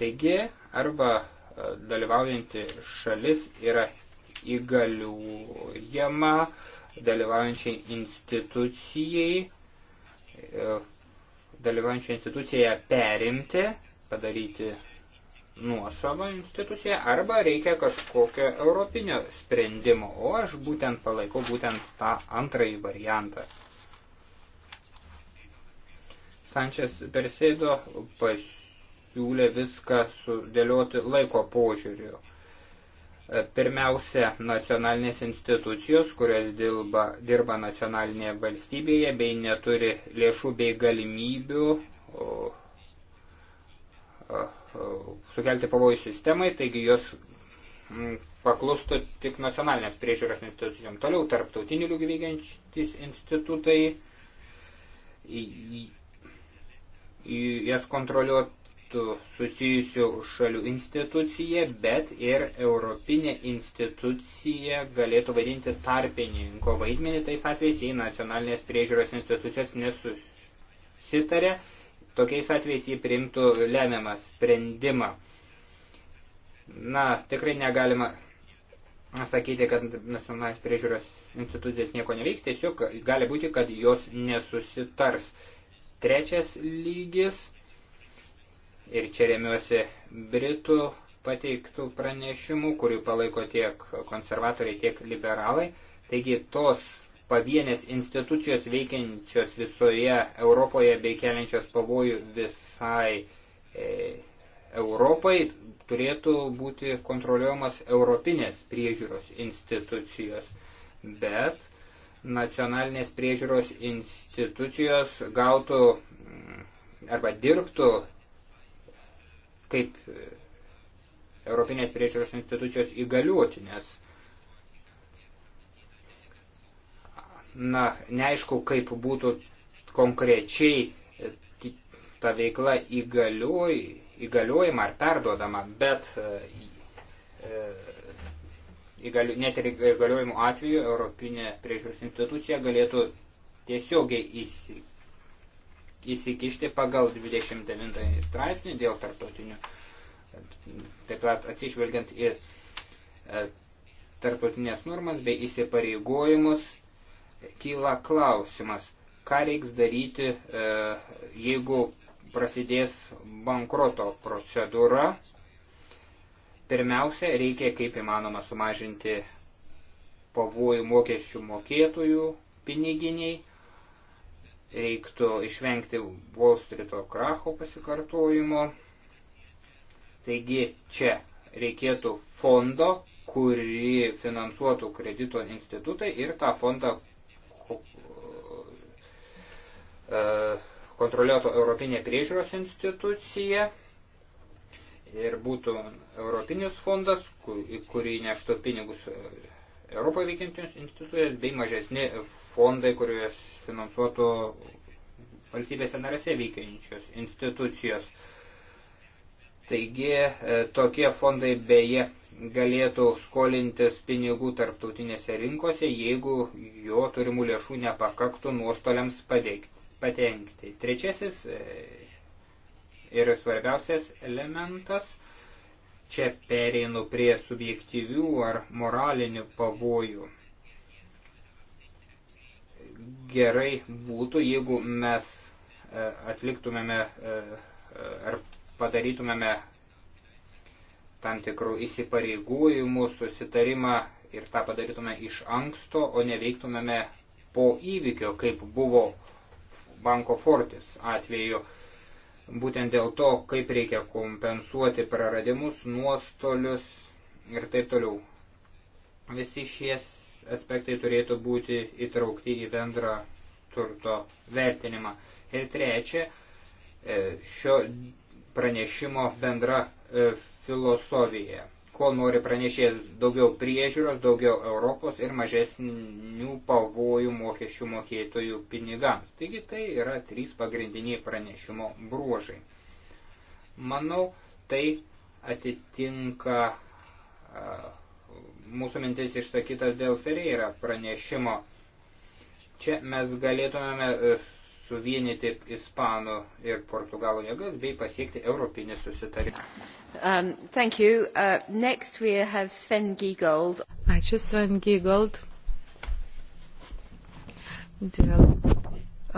Taigi, arba e, dalyvaujanti šalis yra įgaliujama dalyvaujančiai institucijai, e, dalyvaujančiai institucijai perimti, padaryti nuosavą instituciją arba reikia kažkokio europinio sprendimo, o aš būtent palaikau būtent tą antrąjį variantą. Sančias Perseido pasiūlė viską sudėlioti laiko požiūriu. Pirmiausia, nacionalinės institucijos, kurios dirba, dirba nacionalinėje valstybėje bei neturi lėšų bei galimybių o, o, E, sukelti pavojų sistemai, taigi jos paklustų tik nacionaliniams priežiūros institucijom. Toliau tarptautinių lygių veikiantys institutai, jas kontroliuotų susijusių šalių institucija, bet ir europinė institucija galėtų vaidinti tarpininko vaidmenį tais atvejais, jei nacionalinės priežiūros institucijos nesusitarė tokiais atvejais jį priimtų lemiamą sprendimą. Na, tikrai negalima sakyti, kad nacionalinės priežiūros institucijas nieko neveiks, tiesiog gali būti, kad jos nesusitars. Trečias lygis, ir čia remiuosi Britų pateiktų pranešimų, kurių palaiko tiek konservatoriai, tiek liberalai, taigi tos pavienės institucijos veikiančios visoje Europoje bei keliančios pavojų visai e, Europai turėtų būti kontroliuojamas europinės priežiūros institucijos, bet nacionalinės priežiūros institucijos gautų mm, arba dirbtų kaip e, europinės priežiūros institucijos įgaliuotinės nes na, neaišku, kaip būtų konkrečiai e, ta veikla įgaliuoj, įgaliuojama ar perduodama, bet e, e, įgaliu, net ir įgaliojimų atveju Europinė priežiūros institucija galėtų tiesiogiai įsikišti pagal 29 straipsnį dėl tarptautinių, taip pat atsižvelgiant į tarptautinės normas bei įsipareigojimus kyla klausimas, ką reiks daryti, e, jeigu prasidės bankroto procedūra. Pirmiausia, reikia kaip įmanoma sumažinti pavojų mokesčių mokėtojų piniginiai. Reiktų išvengti Wall Street kracho pasikartojimo. Taigi čia reikėtų fondo, kurį finansuotų kredito institutai ir tą fondą E, kontroliuotų Europinė priežiūros institucija ir būtų Europinis fondas, į kurį neštų pinigus e, Europoje veikiantis institucijas, bei mažesni fondai, kuriuos finansuotų valstybėse narėse veikiančios institucijos. Taigi e, tokie fondai beje galėtų skolintis pinigų tarptautinėse rinkose, jeigu jo turimų lėšų nepakaktų nuostoliams padeikti patenkti. Trečiasis ir e, svarbiausias elementas, čia pereinu prie subjektyvių ar moralinių pavojų. Gerai būtų, jeigu mes e, atliktumėme e, ar padarytumėme tam tikrų įsipareigojimų, susitarimą ir tą padarytume iš anksto, o neveiktumėme po įvykio, kaip buvo banko Fortis atveju. Būtent dėl to, kaip reikia kompensuoti praradimus, nuostolius ir taip toliau. Visi šie aspektai turėtų būti įtraukti į bendrą turto vertinimą. Ir trečia, e, šio pranešimo bendra e, filosofija ko nori pranešėjas daugiau priežiūros, daugiau Europos ir mažesnių pavojų mokesčių mokėtojų pinigams. Taigi tai yra trys pagrindiniai pranešimo bruožai. Manau, tai atitinka mūsų mintis išsakytas dėl Ferreira pranešimo. Čia mes galėtumėme suvienyti ispanų ir portugalų jėgas bei pasiekti europinį susitarimą. Um, uh, Sven Giegold. Ačiū Sven Gygold. Dėl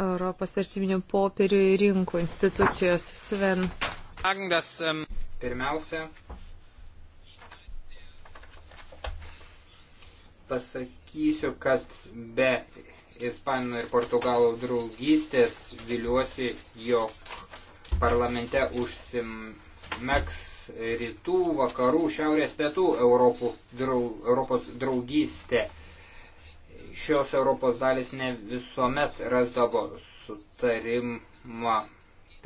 Europos vertybinių popierių rinkų institucijos Sven. Um, Pirmiausia, pasakysiu, kad be Ispanų ir Portugalų draugystės viliuosi, jog parlamente užsimeks rytų, vakarų, šiaurės, pietų Europų, draug, Europos draugystė. Šios Europos dalis ne visuomet rasdavo sutarimą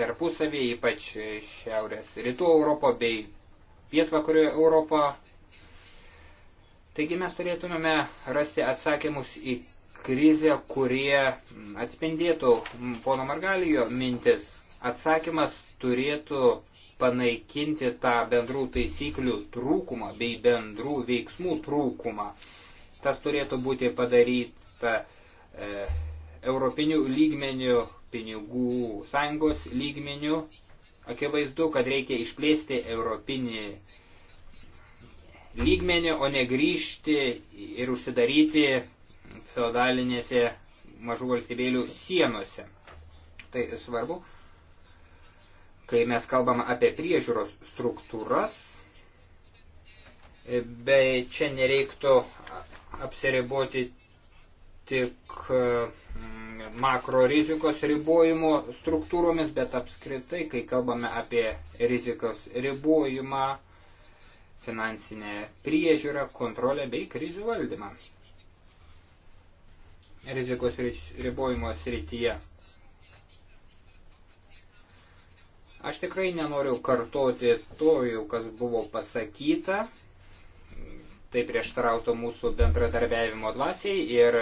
tarpusavį, ypač šiaurės rytų Europo bei pietvakarių Europą. Taigi mes turėtumėme rasti atsakymus į krizę, kurie atspindėtų pono Margalijo mintis. Atsakymas turėtų panaikinti tą bendrų taisyklių trūkumą bei bendrų veiksmų trūkumą. Tas turėtų būti padaryta e, europinių lygmenių, pinigų sąjungos lygmenių. Akivaizdu, kad reikia išplėsti europinį lygmenį, o ne grįžti ir užsidaryti feodalinėse mažų valstybėlių sienose. Tai svarbu, kai mes kalbam apie priežiūros struktūras, bei čia nereiktų apsiriboti tik mm, makro rizikos ribojimo struktūromis, bet apskritai, kai kalbame apie rizikos ribojimą, finansinę priežiūrą, kontrolę bei krizių valdymą rizikos ribojimo srityje. Aš tikrai nenoriu kartoti to, jau kas buvo pasakyta, tai prieštarauto mūsų bendradarbiavimo dvasiai ir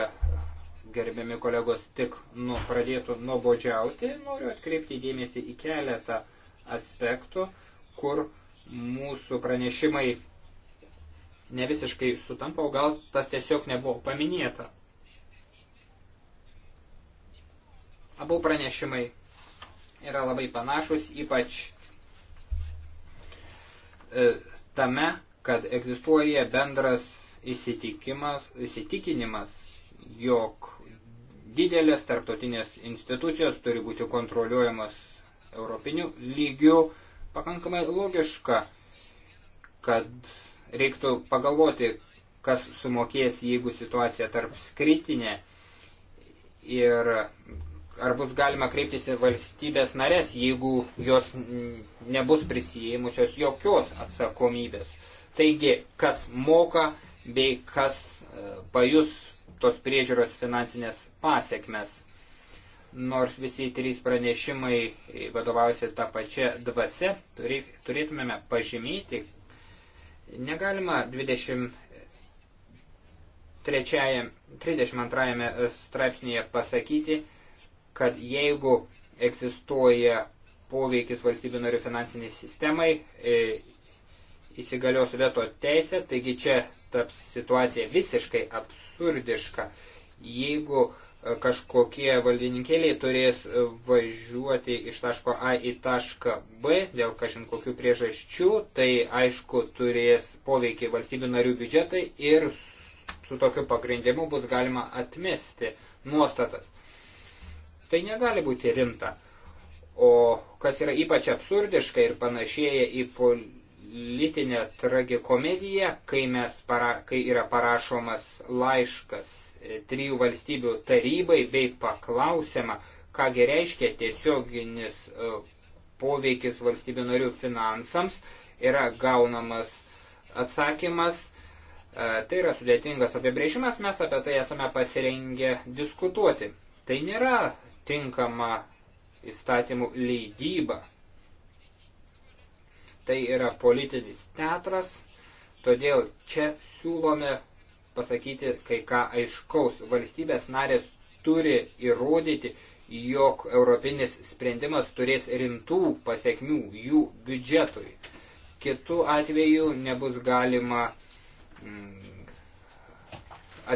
gerbiami kolegos tik nu, pradėtų nuobodžiauti, noriu atkreipti dėmesį į keletą aspektų, kur mūsų pranešimai ne visiškai sutampa, o gal tas tiesiog nebuvo paminėta. Abu pranešimai yra labai panašus, ypač e, tame, kad egzistuoja bendras įsitikinimas, jog didelės tarptautinės institucijos turi būti kontroliuojamas europiniu lygiu, pakankamai logiška, kad reiktų pagalvoti, kas sumokės, jeigu situacija tarp skritinė ir ar bus galima kreiptis į valstybės narės, jeigu jos nebus prisijėmusios jokios atsakomybės. Taigi, kas moka bei kas e, pajus tos priežiūros finansinės pasiekmes. Nors visi trys pranešimai vadovausi tą pačią dvasę, turėtumėme pažymyti, negalima 20 32 straipsnėje pasakyti, kad jeigu egzistuoja poveikis valstybių narių finansiniai sistemai, e, įsigalios veto teisė, taigi čia taps situacija visiškai absurdiška. Jeigu e, kažkokie valdininkėliai turės e, važiuoti iš taško A į tašką B dėl kažin kokių priežasčių, tai aišku turės poveikį valstybių narių biudžetai ir su tokiu pagrindimu bus galima atmesti nuostatas. Tai negali būti rimta. O kas yra ypač absurdiška ir panašėja į politinę tragikomediją, kai, para, kai yra parašomas laiškas e, trijų valstybių tarybai bei paklausiama, kągi reiškia tiesioginis e, poveikis valstybių narių finansams, yra gaunamas atsakymas. E, tai yra sudėtingas apibrėžimas, mes apie tai esame pasirengę diskutuoti. Tai nėra tinkamą įstatymų leidybą. Tai yra politinis teatras, todėl čia siūlome pasakyti kai ką aiškaus. Valstybės narės turi įrodyti, jog europinis sprendimas turės rimtų pasiekmių jų biudžetui. Kitu atveju nebus galima mm,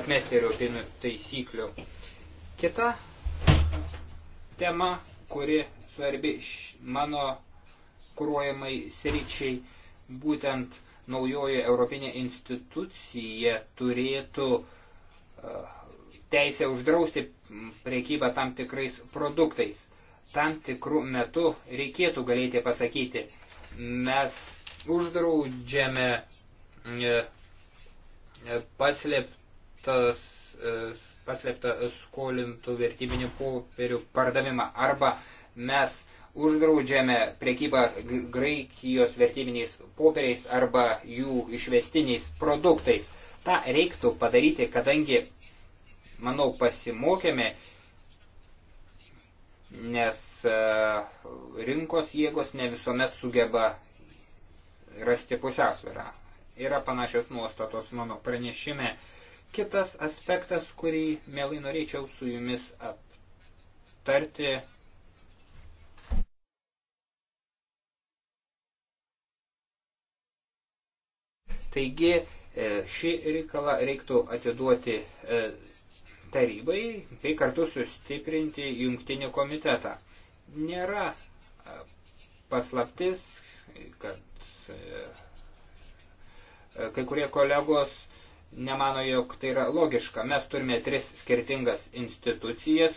atmesti europinių taisyklių. Kita tema, kuri svarbi mano kūruojamai sričiai, būtent naujoji Europinė institucija turėtų uh, teisę uždrausti priekybą tam tikrais produktais. Tam tikrų metų reikėtų galėti pasakyti, mes uždraudžiame uh, paslėptas uh, paslėptą skolintų vertybinių popierių pardavimą arba mes uždraudžiame prekybą Graikijos vertybiniais popieriais arba jų išvestiniais produktais. Ta reiktų padaryti, kadangi, manau, pasimokėme, nes e, rinkos jėgos ne visuomet sugeba rasti pusiausvyrą. Yra panašios nuostatos mano pranešime. Kitas aspektas, kurį mielai norėčiau su jumis aptarti, taigi e, šį reikalą reiktų atiduoti e, tarybai bei tai kartu sustiprinti jungtinį komitetą. Nėra e, paslaptis, kad kai kurie kolegos nemano, jog tai yra logiška. Mes turime tris skirtingas institucijas,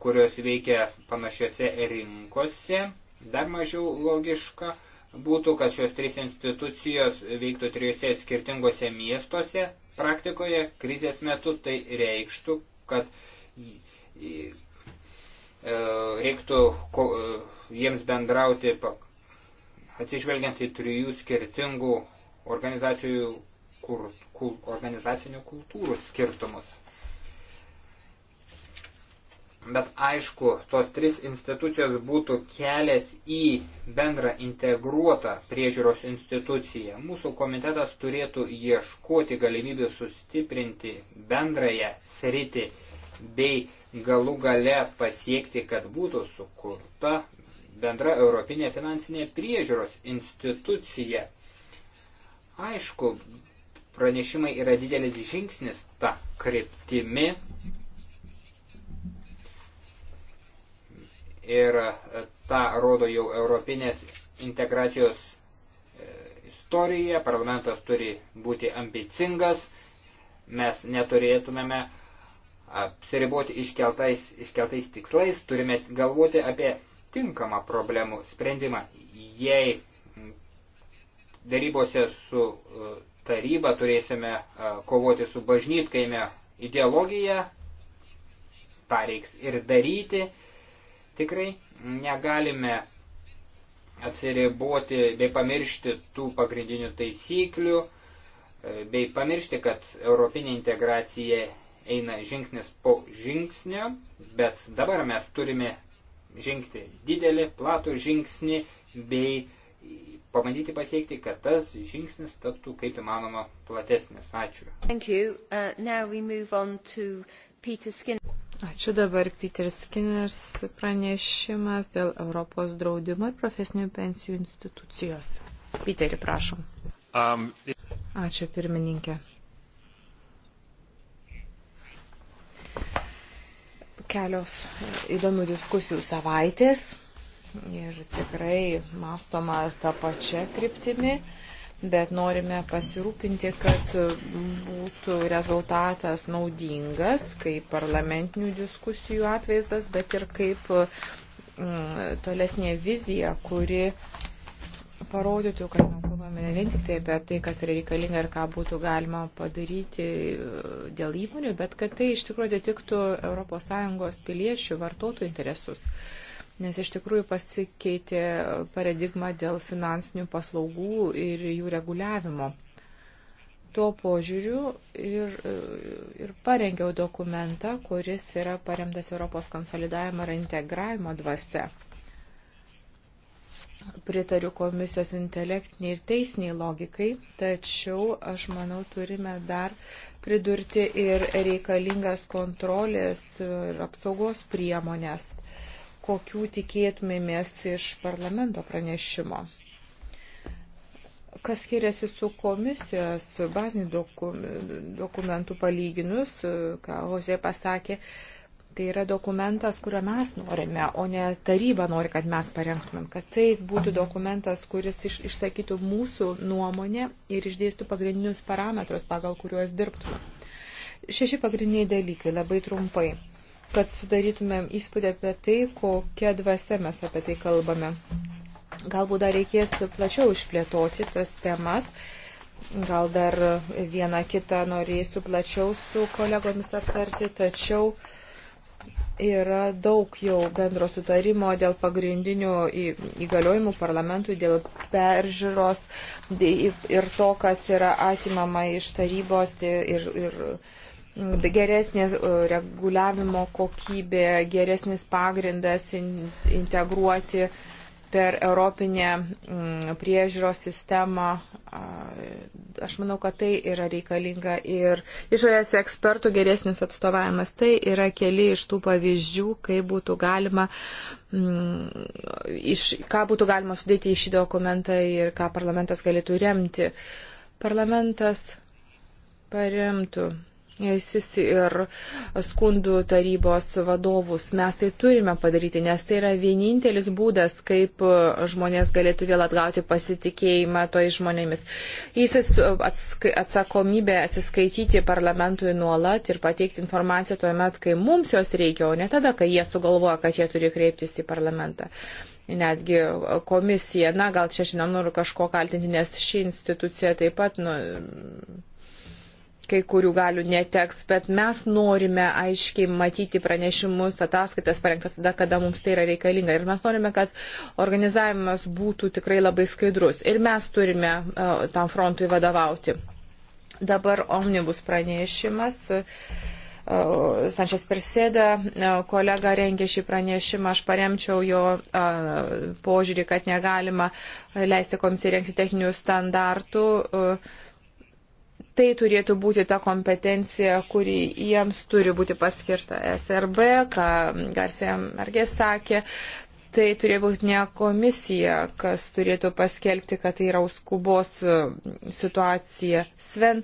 kurios veikia panašiose rinkose. Dar mažiau logiška būtų, kad šios trys institucijos veiktų trijose skirtingose miestuose. Praktikoje krizės metu tai reikštų, kad e, reiktų e, jiems bendrauti atsižvelgiant į trijų skirtingų organizacijų kurt organizacinių kultūrų skirtumus. Bet aišku, tos trys institucijos būtų kelias į bendrą integruotą priežiūros instituciją. Mūsų komitetas turėtų ieškoti galimybių sustiprinti bendrąją sritį bei galų gale pasiekti, kad būtų sukurta bendra Europinė finansinė priežiūros institucija. Aišku, pranešimai yra didelis žingsnis tą kryptimi. Ir tą rodo jau europinės integracijos e, istorija. Parlamentas turi būti ambicingas. Mes neturėtumėme apsiriboti iškeltais, iškeltais tikslais. Turime galvoti apie tinkamą problemų sprendimą. Jei darybose su e, tarybą, turėsime e, kovoti su bažnytkaime ideologija, tą reiks ir daryti. Tikrai negalime atsiriboti bei pamiršti tų pagrindinių taisyklių, e, bei pamiršti, kad europinė integracija eina žingsnis po žingsnio, bet dabar mes turime žengti didelį, platų žingsnį bei pabandyti pasiekti, kad tas žingsnis taptų kaip įmanoma platesnis. Ačiū. Uh, Ačiū dabar Peter Skinners pranešimas dėl Europos draudimo ir profesinių pensijų institucijos. Peterį, prašom. Um, it... Ačiū pirmininkė. Kelios įdomių diskusijų savaitės ir tikrai mastoma tą pačią kryptimį, bet norime pasirūpinti, kad būtų rezultatas naudingas, kaip parlamentinių diskusijų atvaizdas, bet ir kaip mm, tolesnė vizija, kuri parodytų, kad mes kalbame ne vien tik tai apie tai, kas yra reikalinga ir ką būtų galima padaryti e, dėl įmonių, bet kad tai iš tikrųjų atitiktų ES piliečių vartotojų interesus. Uh, nes iš tikrųjų pasikeitė paradigma dėl finansinių paslaugų ir jų reguliavimo. Tuo požiūriu ir, ir parengiau dokumentą, kuris yra paremtas Europos konsolidavimo ir integravimo dvasia. Pritariu komisijos intelektiniai ir teisiniai logikai, tačiau aš manau turime dar pridurti ir reikalingas kontrolės ir apsaugos priemonės kokių tikėtumėmės iš parlamento pranešimo. Kas skiriasi su komisijos bazinių dokum, dokumentų palyginus, ką Ozė pasakė, tai yra dokumentas, kurio mes norime, o ne taryba nori, kad mes parengtumėm, kad tai būtų dokumentas, kuris iš, išsakytų mūsų nuomonę ir išdėstų pagrindinius parametrus, pagal kuriuos dirbtume. Šeši pagrindiniai dalykai, labai trumpai kad sudarytumėm įspūdį apie tai, kokia dvasia mes apie tai kalbame. Galbūt dar reikės plačiau išplėtoti tas temas. Gal dar vieną kitą norėsiu plačiau su kolegomis aptarti, tačiau yra daug jau bendro sutarimo dėl pagrindinių įgaliojimų parlamentui, dėl peržiūros ir to, kas yra atimama iš tarybos ir, ir Mm, geresnė e, reguliavimo kokybė, geresnis pagrindas integruoti per Europinę mm, priežiūros sistemą. Aš manau, kad tai yra reikalinga ir išorės ekspertų geresnis atstovavimas. Tai yra keli iš tų pavyzdžių, kaip būtų galima, m, mm, iš, ką būtų galima sudėti į šį dokumentą ir ką parlamentas galėtų remti. Parlamentas paremtų ISIS ir skundų tarybos vadovus. Mes tai turime padaryti, nes tai yra vienintelis būdas, kaip žmonės galėtų vėl atgauti pasitikėjimą toj žmonėmis. ISIS atsakomybė atsiskaityti parlamentui nuolat ir pateikti informaciją tuo met, kai mums jos reikia, o ne tada, kai jie sugalvoja, kad jie turi kreiptis į parlamentą. Netgi komisija, na gal čia šiandien noriu kažko kaltinti, nes ši institucija taip pat nu, kai kurių galių neteks, bet mes norime aiškiai matyti pranešimus, ataskaitas parengtas tada, kada mums tai yra reikalinga. Ir mes norime, kad organizavimas būtų tikrai labai skaidrus. Ir mes turime uh, tam frontui vadovauti. Dabar omnibus pranešimas. Uh, Sančias Persėda, e, kolega rengė šį pranešimą, aš paremčiau jo požiūrį, kad negalima leisti komisijai rengti techninių standartų. A, Tai turėtų būti ta kompetencija, kuri jiems turi būti paskirta SRB, ką Garsija Mergė sakė. Tai turėjo būti ne komisija, kas turėtų paskelbti, kad tai yra skubos e, situacija. Sven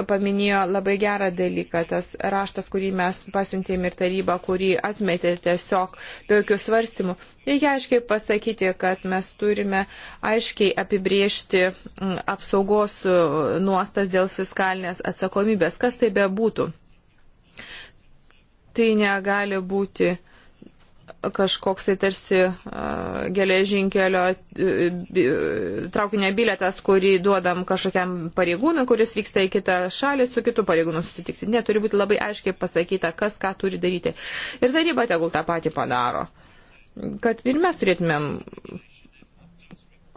paminėjo labai gerą dalyką, tas raštas, kurį mes pasiuntėme ir taryba, kurį atmetė tiesiog be jokių svarstymų. Reikia aiškiai pasakyti, kad mes turime aiškiai apibriežti mm, apsaugos e, nuostas dėl fiskalinės atsakomybės, kas tai bebūtų. Tai negali būti uh, kažkoks tai tarsi geležinkelio traukinio biletas, kurį duodam kažkokiam pareigūnui, kuris vyksta į kitą šalį su kitu pareigūnu susitikti. Ne, turi būti labai aiškiai pasakyta, kas ką turi daryti. Ir taryba tegul tą patį padaro. Kad ir mes turėtumėm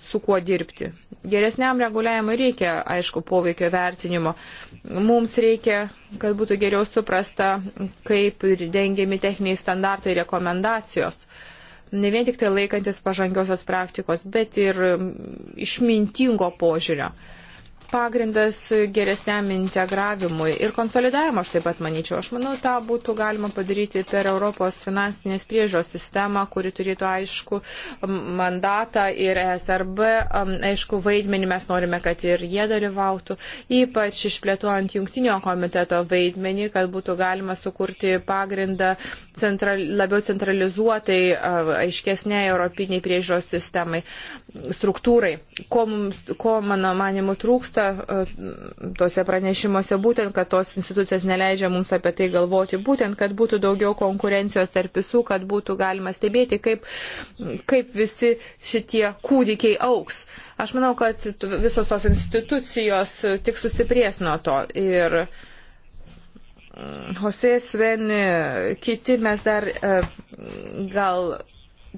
su kuo dirbti. Geresniam reguliavimui reikia, aišku, poveikio vertinimo. Mums reikia, kad būtų geriau suprasta, kaip dengiami techniniai standartai ir rekomendacijos. Ne vien tik tai laikantis pažangiosios praktikos, bet ir mm, išmintingo požiūrio pagrindas geresniam integravimui ir konsolidavimui, aš taip pat manyčiau. Aš manau, tą būtų galima padaryti per Europos finansinės priežos sistemą, kuri turėtų aišku mandatą ir ESRB, um, aišku, vaidmenį mes norime, kad ir jie dalyvautų, ypač išplėtuojant jungtinio komiteto vaidmenį, kad būtų galima sukurti pagrindą central, labiau centralizuotai, uh, aiškesnė europiniai priežos sistemai, struktūrai. Ko, mums, ko mano manimu, trūksta? trūksta e, tose pranešimuose, būtent, kad tos institucijos neleidžia mums apie tai galvoti, būtent, kad būtų daugiau konkurencijos tarp visų, kad būtų galima stebėti, kaip, kaip visi šitie kūdikiai auks. Aš manau, kad visos tos institucijos tik sustiprės nuo to. Ir mm, Jose Sveni, kiti mes dar e, gal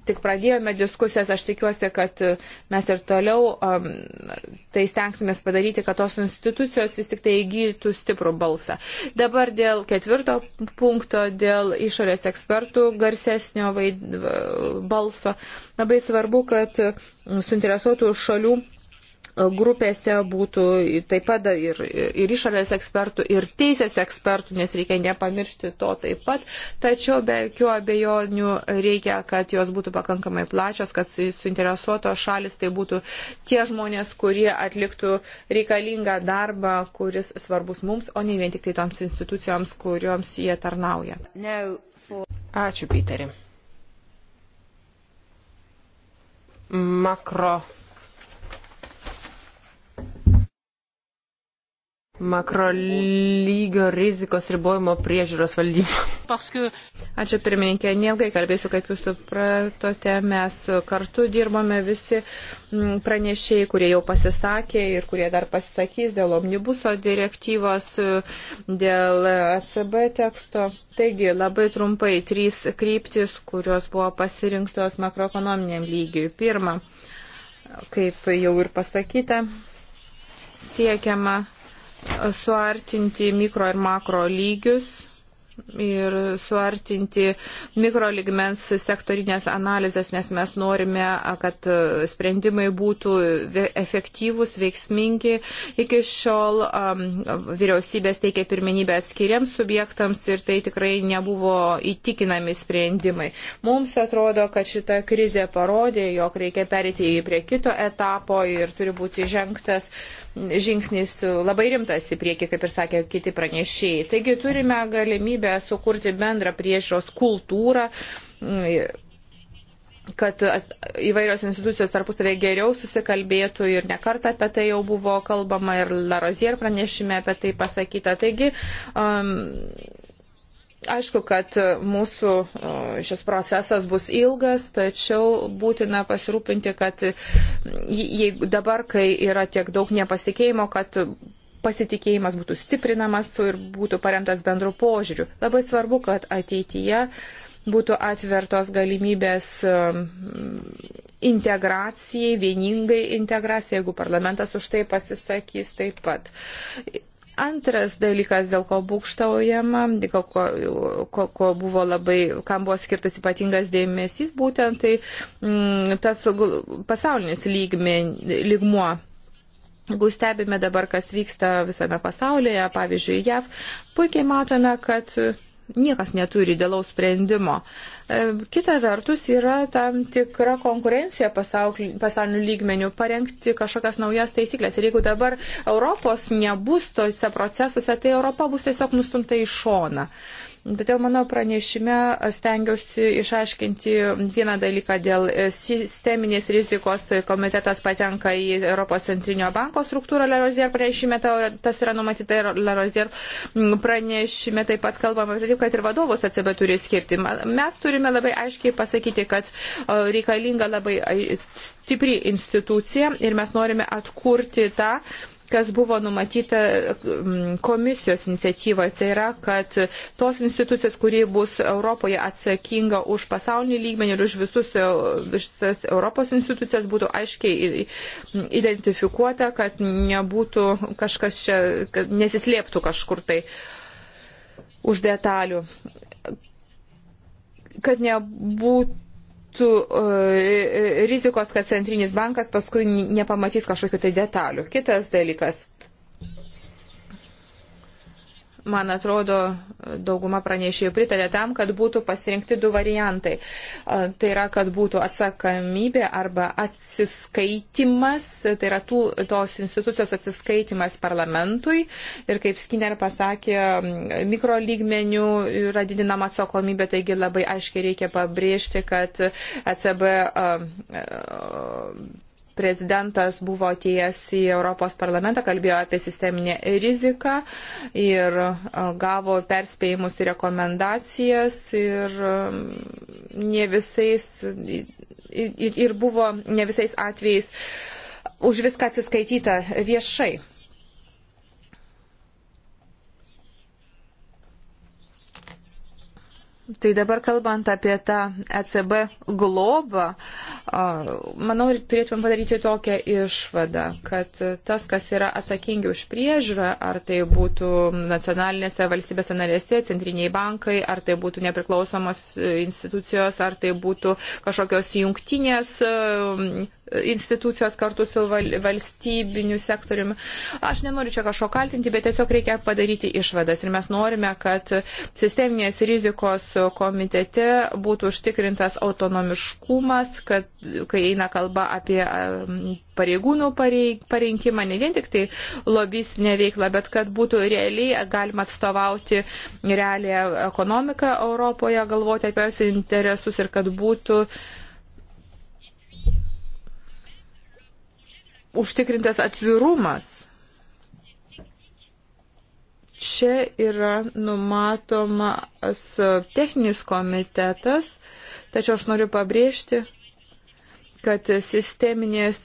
tik pradėjome diskusijas, aš tikiuosi, kad e, mes ir toliau um, tai stengsimės padaryti, kad tos institucijos vis tik tai įgytų stiprų balsą. Dabar dėl ketvirto punkto, dėl išorės ekspertų garsesnio vaid, balso, labai svarbu, kad suinteresuotų šalių grupėse būtų taip pat ir, ir išorės ekspertų, ir teisės ekspertų, nes reikia nepamiršti to taip pat. Tačiau be jokių abejonių reikia, kad jos būtų pakankamai plačios, kad suinteresuotos šalis tai būtų tie žmonės, kurie atliktų reikalingą darbą, kuris svarbus mums, o ne vien tik tai toms institucijoms, kurioms jie tarnauja. Ačiū, Piteri. Makro makrolygio rizikos ribojimo priežiūros valdybą. Paskui. Ačiū pirmininkė, neilgai kalbėsiu, kaip jūs supratote, mes kartu dirbome visi mm, pranešėjai, kurie jau pasisakė ir kurie dar pasisakys dėl omnibuso direktyvos, dėl ACB teksto. Taigi, labai trumpai, trys kryptis, kurios buvo pasirinktos makroekonominiam lygiui. Pirma, kaip jau ir pasakyta, siekiama suartinti mikro ir makro lygius ir suartinti mikro ligmens sektorinės analizės, nes mes norime, kad sprendimai būtų efektyvūs, veiksmingi. Iki šiol um, vyriausybės teikia pirmenybę atskiriams subjektams ir tai tikrai nebuvo įtikinami sprendimai. Mums atrodo, kad šita krizė parodė, jog reikia perėti prie kito etapo ir turi būti žengtas uh, žingsnis labai rimtas į priekį, kaip ir sakė kiti pranešėjai. Taigi turime galimybę sukurti bendrą priežiūros kultūrą kad įvairios institucijos tarpusavėje geriau susikalbėtų ir nekartą apie tai jau buvo kalbama ir Larozier pranešime apie tai pasakyta. Taigi, um, Aišku, kad mūsų šis procesas bus ilgas, tačiau būtina pasirūpinti, kad jeigu dabar, kai yra tiek daug nepasikeimo, kad pasitikėjimas būtų stiprinamas ir būtų paremtas bendru požiūriu. Labai svarbu, kad ateityje būtų atvertos galimybės integracijai, vieningai integracijai, jeigu parlamentas už tai pasisakys taip pat. Antras dalykas, dėl ko būkštaujama, ko, ko, ko buvo labai, kam buvo skirtas ypatingas dėmesys, būtent tai m, mm, tas pasaulinis lygmen, lygmuo. Jeigu stebime dabar, kas vyksta visame pasaulyje, pavyzdžiui, JAV, puikiai matome, kad Niekas neturi dėlaus sprendimo. E, kita vertus yra tam tikra konkurencija pasaulinių lygmenių parengti kažkokias naujas taisyklės. Ir jeigu dabar Europos nebus tose procesuose, tai Europa bus tiesiog nustumta į šoną. Todėl mano pranešime stengiausi išaiškinti vieną dalyką dėl sisteminės rizikos. Tai komitetas patenka į Europos centrinio banko struktūrą Lerozier pranešime, tas yra numatyta ir Lerozier pranešime taip pat kalbama apie tai, kad ir vadovus ECB turi skirti. Mes turime labai aiškiai pasakyti, kad reikalinga labai stipri institucija ir mes norime atkurti tą kas buvo numatyta komisijos iniciatyvoje. Tai yra, kad tos institucijos, kurie bus Europoje atsakinga už pasaulinį lygmenį ir už visus, visas Europos institucijas, būtų aiškiai identifikuota, kad nebūtų kažkas čia, kad nesislėptų kažkur tai už detalių. Kad nebūtų būtų e, e, rizikos, kad centrinis bankas paskui nepamatys kažkokiu tai detaliu. Kitas dalykas man atrodo, dauguma pranešėjų pritarė tam, kad būtų pasirinkti du variantai. Tai yra, kad būtų atsakomybė arba atsiskaitimas, tai yra tų, tos institucijos atsiskaitimas parlamentui. Ir kaip Skinner pasakė, mikro lygmenių yra didinama atsakomybė, taigi labai aiškiai reikia pabrėžti, kad ECB prezidentas buvo atėjęs į Europos parlamentą, kalbėjo apie sisteminę riziką ir e, gavo perspėjimus ir rekomendacijas ir mm, ne visais ir, ir buvo ne visais atvejais už viską atsiskaityta viešai. Tai dabar kalbant apie tą ECB globą, manau, turėtume padaryti tokią išvadą, kad tas, kas yra atsakingi už priežiūrą, ar tai būtų nacionalinėse valstybėse narėse, centriniai bankai, ar tai būtų nepriklausomos institucijos, ar tai būtų kažkokios jungtinės institucijos kartu su valstybiniu sektoriumi. Aš nenoriu čia kažko kaltinti, bet tiesiog reikia padaryti išvadas. Ir mes norime, kad sisteminės rizikos komitete būtų užtikrintas autonomiškumas, kad kai eina kalba apie pareigūnų parinkimą, ne vien tik tai lobistinė veikla, bet kad būtų realiai galima atstovauti realią ekonomiką Europoje, galvoti apie jos interesus ir kad būtų uh, užtikrintas atvirumas. Čia yra numatomas techninis komitetas, tačiau aš noriu pabrėžti, kad sisteminės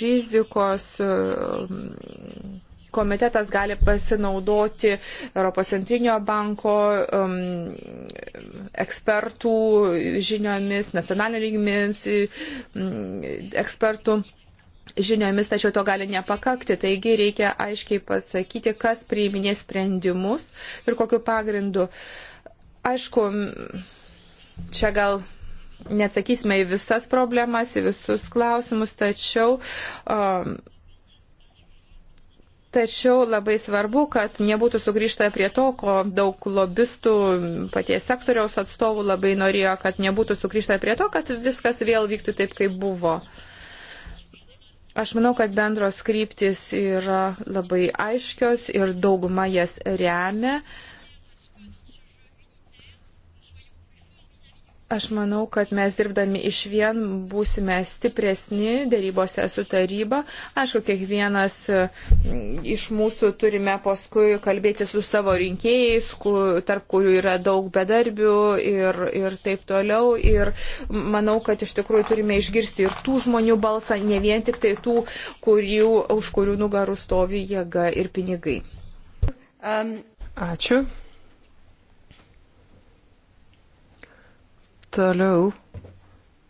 rizikos um, komitetas gali pasinaudoti Europos centrinio banko um, ekspertų žiniomis, nacionalinio lygmens um, ekspertų žiniomis, tačiau to gali nepakakti. Taigi reikia aiškiai pasakyti, kas priiminės sprendimus ir kokiu pagrindu. Aišku, čia gal neatsakysime į visas problemas, į visus klausimus, tačiau. Um, Tačiau labai svarbu, kad nebūtų sugrįžta prie to, ko daug lobistų, paties sektoriaus atstovų labai norėjo, kad nebūtų sugrįžta prie to, kad viskas vėl vyktų taip, kaip buvo. Uh, Aš manau, kad bendros kryptis yra labai aiškios ir dauguma jas remia. Uh, Aš manau, kad mes dirbdami iš vien būsime stipresni dėrybose su taryba. Aišku, kiekvienas mm, iš mūsų turime paskui kalbėti su savo rinkėjais, kur, tarp kurių yra daug bedarbių ir, ir taip toliau. Ir manau, kad iš tikrųjų turime išgirsti ir tų žmonių balsą, ne vien tik tai tų, kurių, už kurių nugarų stovi jėga ir pinigai. Um. Ačiū. Toliau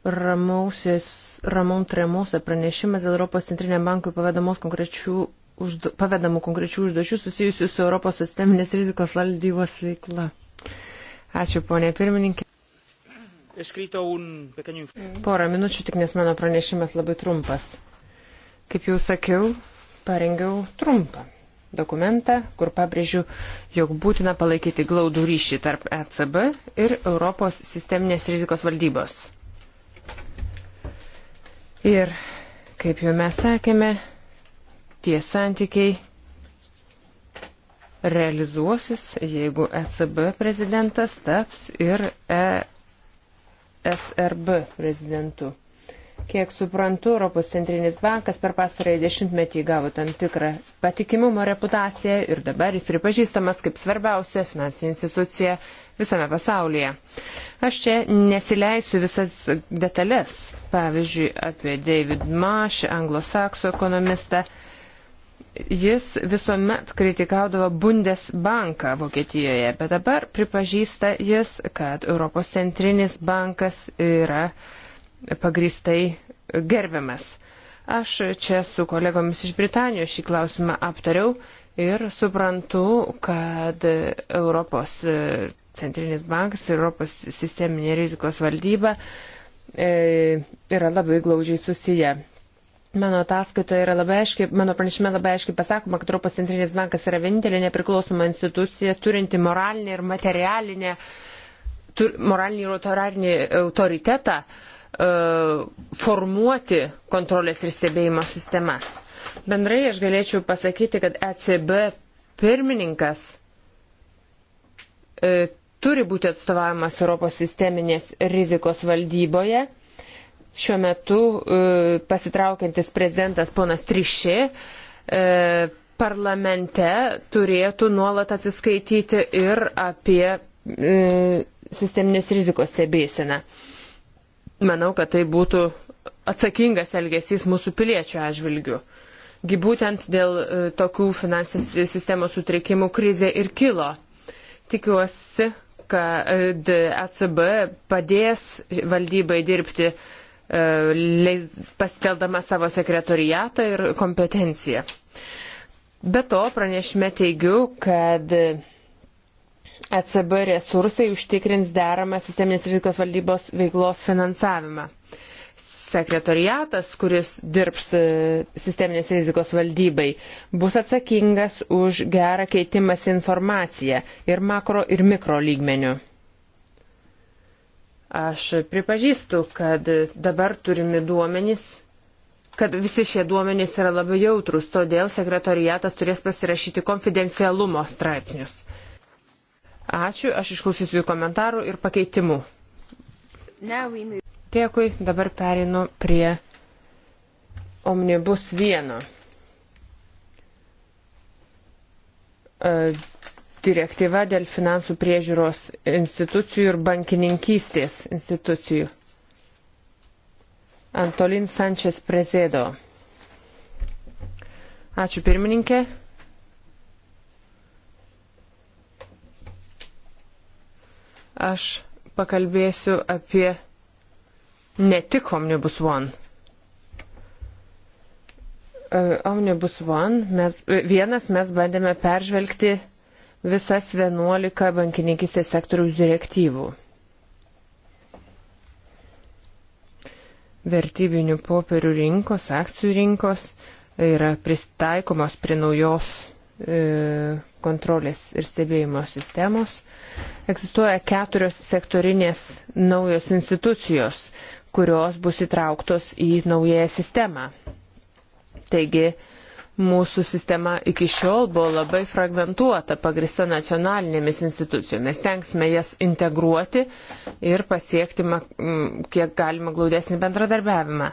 Ramon Tremosa pranešimas dėl Europos centriniam bankui pavedamos konkrečių uždu, pavedamų konkrečių užduočių susijusių su Europos sisteminės rizikos valdybos veikla. Ačiū, ponė pirmininkė. Porą minučių, tik nes mano pranešimas labai trumpas. Kaip jau sakiau, parengiau trumpą dokumentą, kur pabrėžiu, jog būtina palaikyti glaudų ryšį tarp ECB ir Europos sisteminės rizikos valdybos. Ir, kaip jau mes sakėme, tie santykiai realizuosis, jeigu ECB prezidentas taps ir ESRB prezidentu. Kiek suprantu, Europos centrinis bankas per pastarąjį dešimtmetį gavo tam tikrą patikimumo reputaciją ir dabar jis pripažįstamas kaip svarbiausia finansinė institucija visame pasaulyje. Aš čia nesileisiu visas detalės, pavyzdžiui, apie David Marsh, anglosaksų ekonomistą. Jis visuomet kritikaudavo Bundesbanką Vokietijoje, bet dabar pripažįsta jis, kad Europos centrinis bankas yra uh, pagristai gerbiamas. Aš čia su kolegomis iš Britanijos šį klausimą aptariau ir suprantu, kad Europos centrinis bankas ir Europos sisteminė rizikos valdyba e, yra labai glaudžiai susiję. Mano ataskaitoje yra labai aiškiai, mano pranešime labai aiškiai pasakoma, kad Europos centrinis bankas yra vienintelė nepriklausoma institucija turinti moralinę ir materialinę, tur, moralinį ir autoritarinį autoritetą, uh, E, formuoti kontrolės ir stebėjimo sistemas. Bendrai aš galėčiau pasakyti, kad ECB pirmininkas e, turi būti atstovavimas Europos sisteminės rizikos valdyboje. Šiuo metu e, pasitraukiantis prezidentas ponas Trišė e, parlamente turėtų nuolat atsiskaityti ir apie sisteminės rizikos stebėseną. E, Manau, kad tai būtų atsakingas elgesys mūsų piliečių atžvilgių. Gi būtent dėl e, tokių finansinės sistemos sutrikimų krizė ir kilo. Tikiuosi, kad ECB e padės valdybai dirbti e, pasiteldama savo sekretorijatą ir kompetenciją. Be to pranešime teigiu, kad ECB resursai užtikrins deramą sisteminės rizikos valdybos veiklos finansavimą. Sekretoriatas, kuris dirbs e, sisteminės rizikos valdybai, bus atsakingas už gerą keitimąsi informaciją ir makro ir mikro lygmenių. Aš pripažįstu, kad dabar turimi duomenys kad visi šie duomenys yra labai jautrus, todėl sekretoriatas turės pasirašyti konfidencialumo straipsnius. Ačiū, aš išklausysiu jų komentarų ir pakeitimų. Dėkui, dabar perinu prie omnibus vieno. E, direktyva dėl finansų priežiūros institucijų ir bankininkystės institucijų. Antolin Sančias Prezėdo. Ačiū pirmininkė. Aš pakalbėsiu apie ne tik Omnibus One. E, Omnibus One, mes, e, vienas mes bandėme peržvelgti visas 11 bankininkistės sektoriaus direktyvų. Vertybinių popierių rinkos, akcijų rinkos yra pristaikomos prie naujos e, kontrolės ir stebėjimo sistemos. Egzistuoja keturios sektorinės naujos institucijos, kurios bus įtrauktos į naująją sistemą. Taigi, mūsų sistema iki šiol buvo labai fragmentuota, pagrista nacionalinėmis institucijomis. Tenksime jas integruoti ir pasiekti, kiek galima, glaudesnį bendradarbiavimą.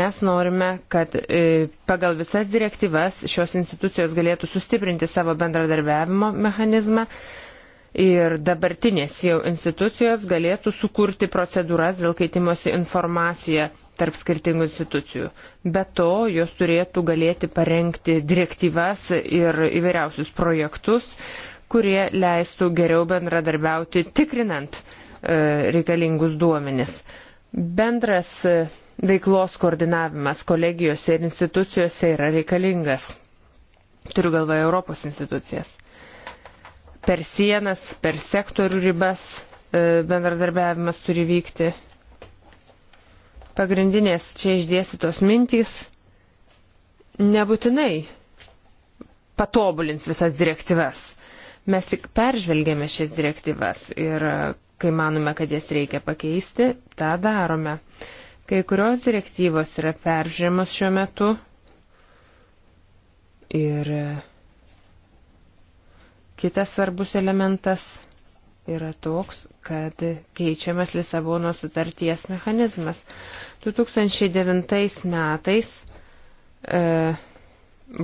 Mes norime, kad e, pagal visas direktyvas šios institucijos galėtų sustiprinti savo bendradarbiavimo mechanizmą ir dabartinės jau institucijos galėtų sukurti procedūras dėl keitimosi informacija tarp skirtingų institucijų. Be to, jos turėtų galėti parengti direktyvas ir įvairiausius projektus, kurie leistų geriau bendradarbiauti tikrinant e, reikalingus duomenis. Bendras e, veiklos koordinavimas kolegijose ir institucijose yra reikalingas. Turiu galvoje Europos institucijas per sienas, per sektorių ribas e, bendradarbiavimas turi vykti. Pagrindinės čia išdėstytos mintys nebūtinai patobulins visas direktyvas. Mes tik peržvelgėme šias direktyvas ir e, kai manome, kad jas reikia pakeisti, tą darome. Kai kurios direktyvos yra peržiūrimos šiuo metu ir e, Kitas svarbus elementas yra toks, kad keičiamas Lisabono sutarties mechanizmas. 2009 metais e,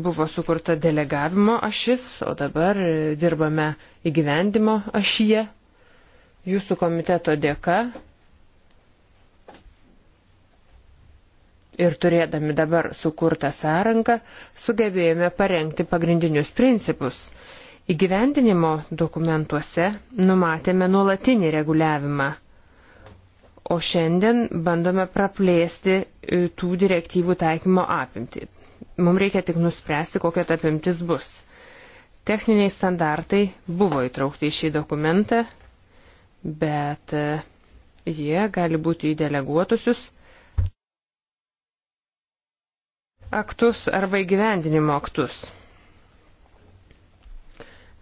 buvo sukurta delegavimo ašis, o dabar e, dirbame įgyvendimo ašyje. Jūsų komiteto dėka ir turėdami dabar sukurtą sąrangą sugebėjome parengti pagrindinius principus – Įgyvendinimo dokumentuose numatėme nuolatinį reguliavimą, o šiandien bandome praplėsti e, tų direktyvų taikymo apimtį. Mums reikia tik nuspręsti, kokia ta apimtis bus. Techniniai standartai buvo įtraukti į šį dokumentą, bet e, jie gali būti į deleguotusius aktus arba įgyvendinimo aktus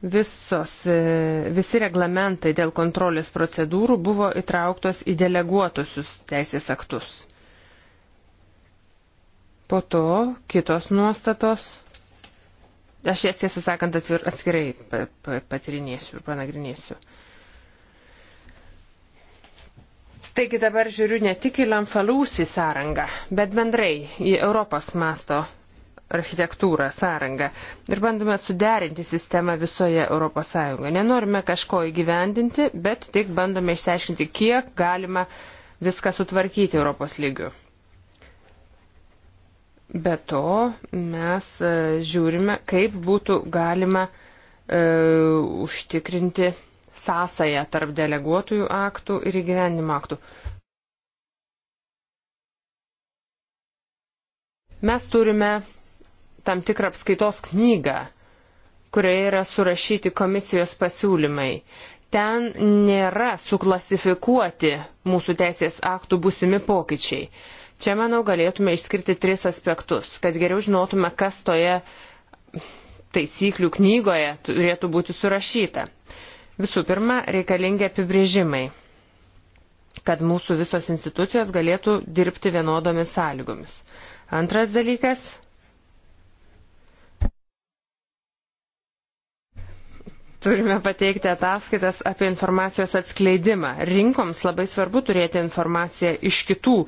visos, e, visi reglamentai dėl kontrolės procedūrų buvo įtrauktos į deleguotusius teisės aktus. Po to kitos nuostatos, aš jas tiesą sakant atvir, atskirai patirinėsiu ir panagrinėsiu. Taigi dabar žiūriu ne tik į Lamfalūsį sąrangą, bet bendrai į Europos masto architektūrą, sąrangą ir bandome suderinti sistemą visoje ES. Nenorime kažko įgyvendinti, bet tik bandome išsiaiškinti, kiek galima viską sutvarkyti Europos lygių. Be to, mes e, žiūrime, kaip būtų galima e, užtikrinti sąsają tarp deleguotųjų aktų ir įgyvendimo aktų. Mes turime tam tikrą apskaitos knygą, kurioje yra surašyti komisijos pasiūlymai. Ten nėra suklasifikuoti mūsų teisės aktų būsimi pokyčiai. Čia, manau, galėtume išskirti tris aspektus, kad geriau žinotume, kas toje taisyklių knygoje turėtų būti surašyta. Visų pirma, reikalingi apibrėžimai, kad mūsų visos institucijos galėtų dirbti vienodomis sąlygomis. Antras dalykas turime pateikti ataskaitas apie informacijos atskleidimą. Rinkoms labai svarbu turėti informaciją iš kitų e,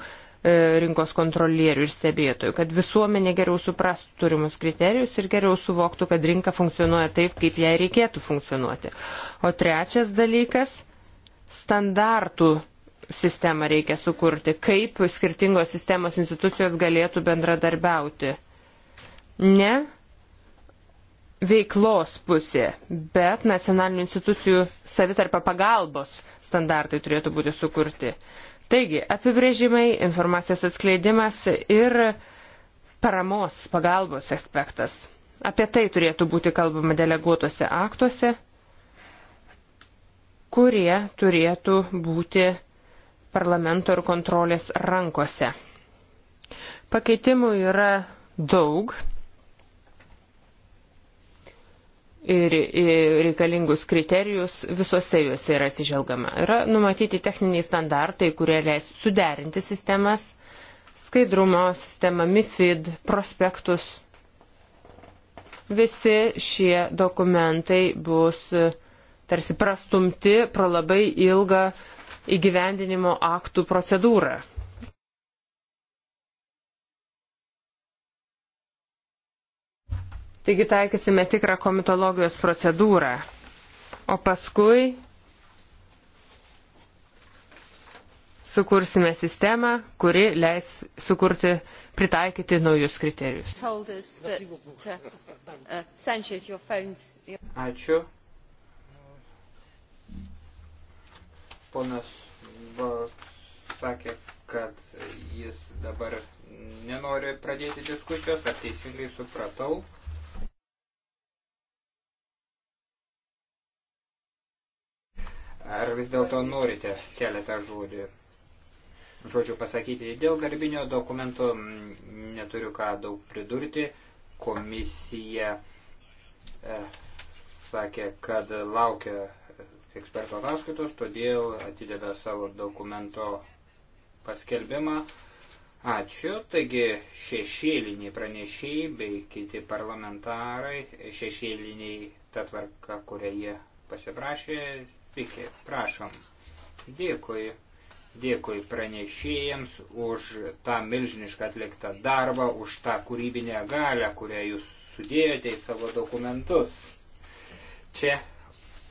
rinkos kontrolierių ir stebėtojų, kad visuomenė geriau suprastų turimus kriterijus ir geriau suvoktų, kad rinka funkcionuoja taip, kaip jai reikėtų funkcionuoti. O trečias dalykas - standartų sistemą reikia sukurti, kaip skirtingos sistemos institucijos galėtų bendradarbiauti. Ne veiklos pusė, bet nacionalinių institucijų savitarpio pagalbos standartai turėtų būti sukurti. Taigi, apibrėžimai, informacijos atskleidimas ir paramos pagalbos aspektas. Apie tai turėtų būti kalbama deleguotose aktuose, kurie turėtų būti parlamento ir kontrolės rankose. Pakeitimų yra daug, ir reikalingus kriterijus visose juose yra atsižvelgama. Yra numatyti techniniai standartai, kurie leis suderinti sistemas, skaidrumo sistemą, MIFID, prospektus. Visi šie dokumentai bus e, tarsi prastumti pro labai ilgą įgyvendinimo aktų procedūrą. Taigi taikysime tikrą komitologijos procedūrą. O paskui sukursime sistemą, kuri leis sukurti, pritaikyti naujus kriterijus. Uh, uh, Ačiū. Ponas sakė, kad jis dabar nenori pradėti diskusijos, ar teisingai supratau. Ar vis dėlto norite keletą žodžių? Žodžių pasakyti, dėl garbinio dokumento mm, neturiu ką daug pridurti. Komisija e, sakė, kad laukia eksperto ataskaitos, todėl atideda savo dokumento paskelbimą. Ačiū. Taigi šešėliniai pranešėjai bei kiti parlamentarai, šešėliniai ta tvarka, kurią jie pasiprašė, Viki, prašom. Dėkui. Dėkui pranešėjams už tą milžinišką atliktą darbą, už tą kūrybinę galę, kurią jūs sudėjote į savo dokumentus. Čia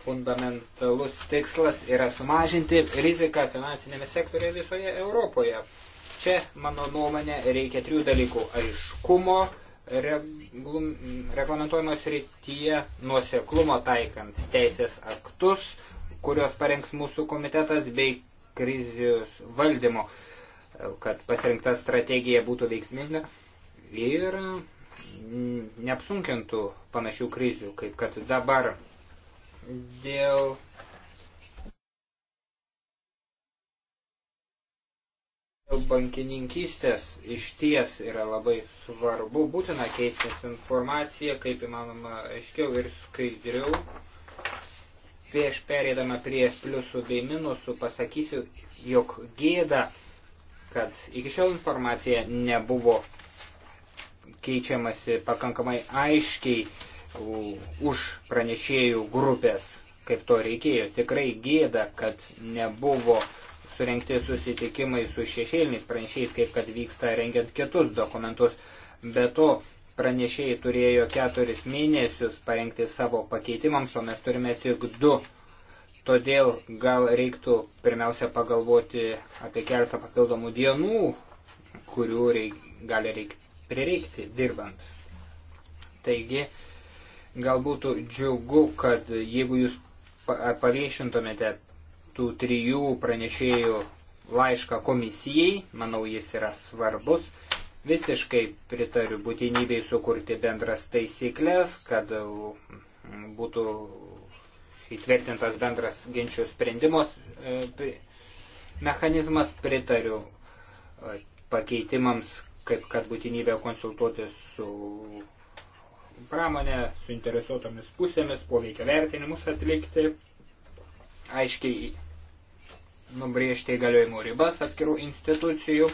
fundamentalus tikslas yra sumažinti riziką finansinėme sektorėje visoje Europoje. Čia, mano nuomonė, reikia trijų dalykų - aiškumo, reglum, reglamentojimo srityje, nuoseklumo taikant teisės aktus, kurios parengs mūsų komitetas, bei krizijos valdymo, kad pasirinkta strategija būtų veiksminga ir neapsunkintų panašių krizių, kaip kad dabar dėl bankininkystės išties yra labai svarbu, būtina keistis informaciją, kaip įmanoma aiškiau ir skaidriau. Prieš perėdama prie pliusų bei minusų pasakysiu, jog gėda, kad iki šiol informacija nebuvo keičiamasi pakankamai aiškiai už pranešėjų grupės, kaip to reikėjo. Tikrai gėda, kad nebuvo surenkti susitikimai su šešėliniais pranešėjais, kaip kad vyksta rengiant kitus dokumentus. Be to, pranešėjai turėjo keturis mėnesius parengti savo pakeitimams, o mes turime tik du. Todėl gal reiktų pirmiausia pagalvoti apie keletą papildomų dienų, kurių reik, gali reik, prireikti dirbant. Taigi, gal būtų džiugu, kad jeigu jūs paviešintumėte tų trijų pranešėjų laišką komisijai, manau, jis yra svarbus, Visiškai pritariu būtinybei sukurti bendras taisyklės, kad uh, būtų įtvirtintas bendras ginčių sprendimos uh, mechanizmas. Pritariu uh, pakeitimams, kaip kad būtinybė konsultuoti su pramonė, su interesuotomis pusėmis, poveikio vertinimus atlikti, aiškiai nubriežti įgaliojimų ribas atskirų institucijų.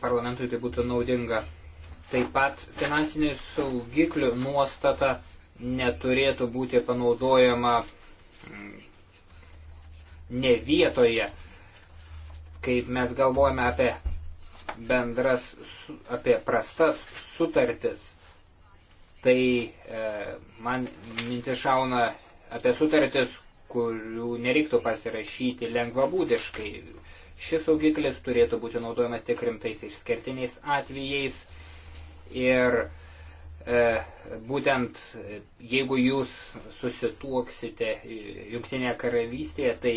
parlamentui tai būtų naudinga. Taip pat finansinių saugiklių nuostata neturėtų būti panaudojama mm, ne vietoje, kaip mes galvojame apie bendras, apie prastas sutartis. Tai e, man mintis šauna apie sutartis, kurių nereiktų pasirašyti lengvabūdiškai. Šis saugiklis turėtų būti naudojamas tik rimtais išskirtiniais atvejais ir e, būtent jeigu jūs susituoksite e, Junktinėje karalystėje, tai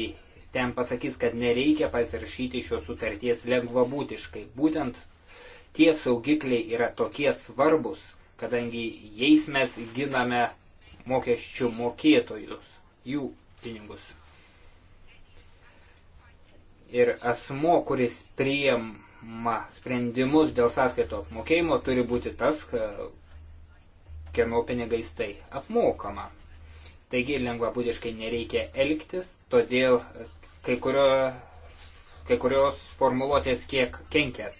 ten pasakys, kad nereikia pasirašyti šios sutarties lengvabūtiškai. Būtent tie saugikliai yra tokie svarbus, kadangi jais mes giname mokesčių mokėtojus, jų pinigus ir asmo, kuris priema sprendimus dėl sąskaito apmokėjimo, turi būti tas, kieno pinigais tai apmokama. Taigi lengvabūdiškai nereikia elgtis, todėl kai, kurio, kai kurios formuluotės kiek kenkia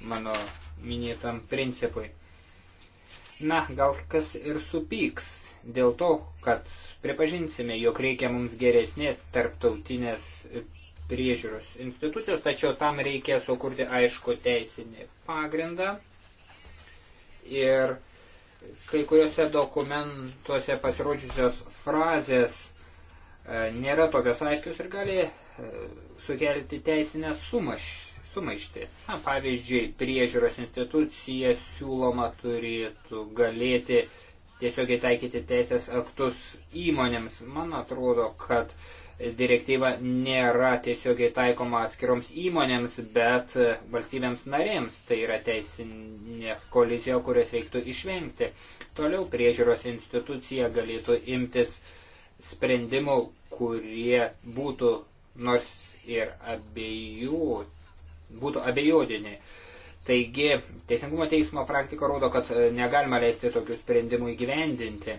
mano minėtam principui. Na, gal kas ir supyks dėl to, kad pripažinsime, jog reikia mums geresnės tarptautinės priežiūros institucijos, tačiau tam reikia sukurti aišku teisinį pagrindą. Ir kai kuriuose dokumentuose pasirodžiusios frazės e, nėra tokios aiškios ir gali e, sukelti teisinę sumaš, sumaištį. Na, pavyzdžiui, priežiūros institucija siūloma turėtų galėti tiesiog įtaikyti teisės aktus įmonėms. Man atrodo, kad uh, direktyva nėra tiesiogiai taikoma atskiroms įmonėms, bet valstybėms narėms. Tai yra teisinė kolizija, kurios reiktų išvengti. Toliau priežiūros institucija galėtų imtis sprendimų, kurie būtų nors ir abiejų, būtų abejodini. Taigi, Teisingumo teismo praktika rodo, kad negalima leisti tokių sprendimų įgyvendinti.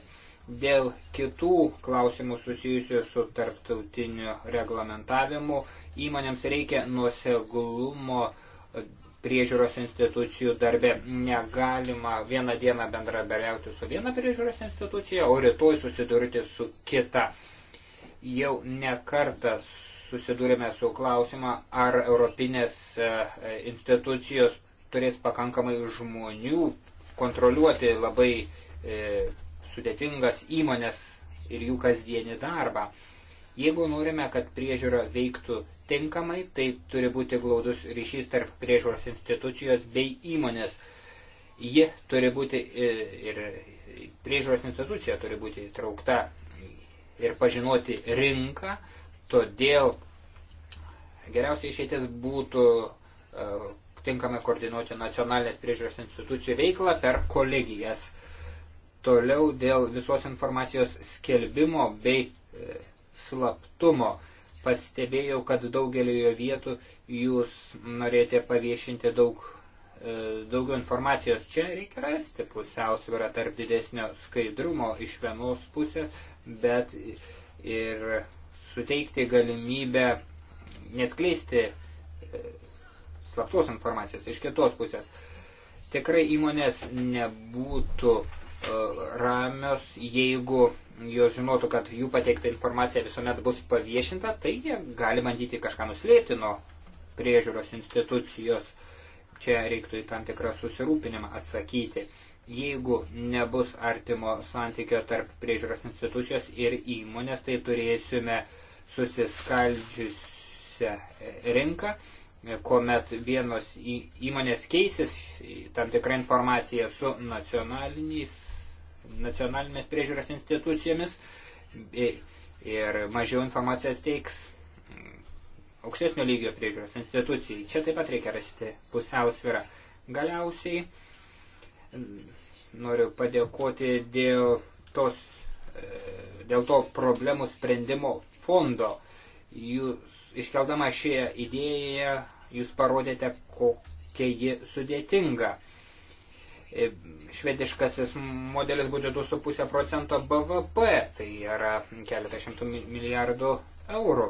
Dėl kitų klausimų susijusių su tarptautiniu reglamentavimu įmonėms reikia nuoseglumo priežiūros institucijų darbe. Negalima vieną dieną bendraberiauti su viena priežiūros institucija, o rytoj susidurti su kita. Jau nekartą susidūrėme su klausimą, ar europinės e, institucijos turės pakankamai žmonių kontroliuoti labai e, sudėtingas įmonės ir jų kasdienį darbą. Jeigu norime, kad priežiūra veiktų tinkamai, tai turi būti glaudus ryšys tarp priežiūros institucijos bei įmonės. Ji turi būti e, ir priežiūros institucija turi būti įtraukta ir pažinoti rinką, todėl geriausia išeitis būtų e, tinkamai koordinuoti nacionalinės priežiūros institucijų veiklą per kolegijas. Toliau dėl visos informacijos skelbimo bei e, slaptumo pastebėjau, kad daugelioje vietų jūs norėjote paviešinti daug, e, daugiau informacijos. Čia reikia rasti pusiausvyrą tarp didesnio skaidrumo iš vienos pusės, bet ir suteikti galimybę neskleisti e, slaptos informacijos iš kitos pusės. Tikrai įmonės nebūtų uh, ramios, jeigu jos žinotų, kad jų pateikta informacija visuomet bus paviešinta, tai jie gali bandyti kažką nuslėpti nuo priežiūros institucijos. Čia reiktų į tam tikrą susirūpinimą atsakyti. Jeigu nebus artimo santykio tarp priežiūros institucijos ir įmonės, tai turėsime susiskaldžiusią rinką, kuomet vienos įmonės keisis tam tikrą informaciją su nacionaliniais nacionalinėmis priežiūros institucijomis ir mažiau informacijos teiks aukštesnio lygio priežiūros institucijai. Čia taip pat reikia rasti pusiausvyrą. Galiausiai noriu padėkoti dėl, tos, e, dėl to problemų sprendimo fondo. Jūs iškeldama šią idėją, jūs parodėte, kokia ji sudėtinga švediškasis modelis būtų 2,5 procento BVP, tai yra keletą šimtų milijardų eurų.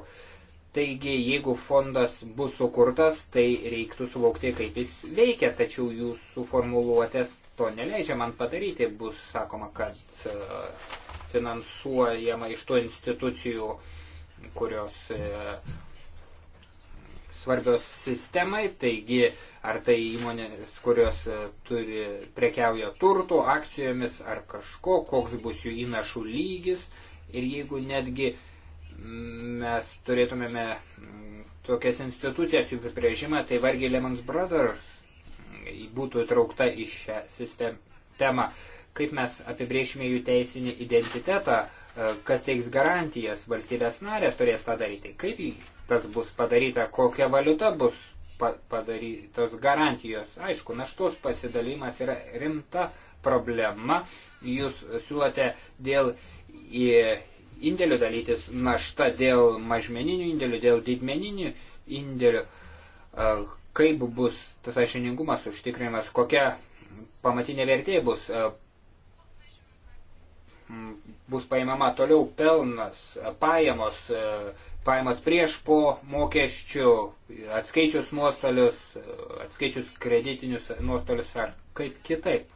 Taigi, jeigu fondas bus sukurtas, tai reiktų suvokti, kaip jis veikia, tačiau jūsų formuluotės to neleidžia man padaryti. Bus sakoma, kad e, finansuojama iš tų institucijų, kurios e, svarbios sistemai, taigi ar tai įmonės, kurios e, turi prekiauja turtų, akcijomis ar kažko, koks bus jų įnašų lygis ir jeigu netgi mm, mes turėtumėme mm, tokias institucijas jų apibrėžimą, tai vargiai Lemons Brothers mm, būtų įtraukta į šią sistemą. Kaip mes apibrėšime jų teisinį identitetą, e, kas teiks garantijas, valstybės narės turės tą daryti, kaip tas bus padaryta, kokia valiuta bus padarytos garantijos. Aišku, naštos pasidalimas yra rimta problema. Jūs siūlote dėl indėlių dalytis našta dėl mažmeninių indėlių, dėl didmeninių indėlių. Kaip bus tas aišiningumas užtikrinimas, kokia pamatinė vertė bus, bus paimama toliau pelnas, pajamos, pajamas prieš po mokesčių, atskaičius nuostolius, atskaičius kreditinius nuostolius ar kaip kitaip.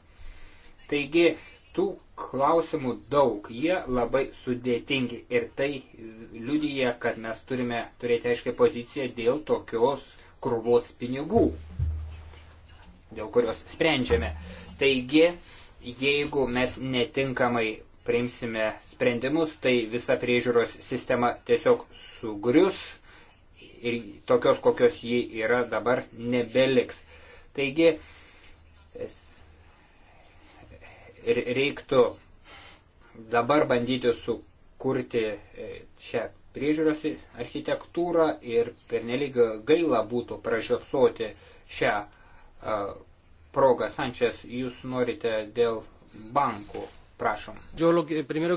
Taigi, tų klausimų daug, jie labai sudėtingi ir tai liudyje, kad mes turime turėti aiškiai poziciją dėl tokios krūvos pinigų, dėl kurios sprendžiame. Taigi, jeigu mes netinkamai priimsime sprendimus, tai visa priežiūros sistema tiesiog sugrius ir tokios, kokios ji yra dabar, nebeliks. Taigi, reiktų dabar bandyti sukurti e, šią priežiūros architektūrą ir pernelyg gaila būtų pražiopsoti šią progą. Sančias, jūs norite dėl bankų Prašom. Eh,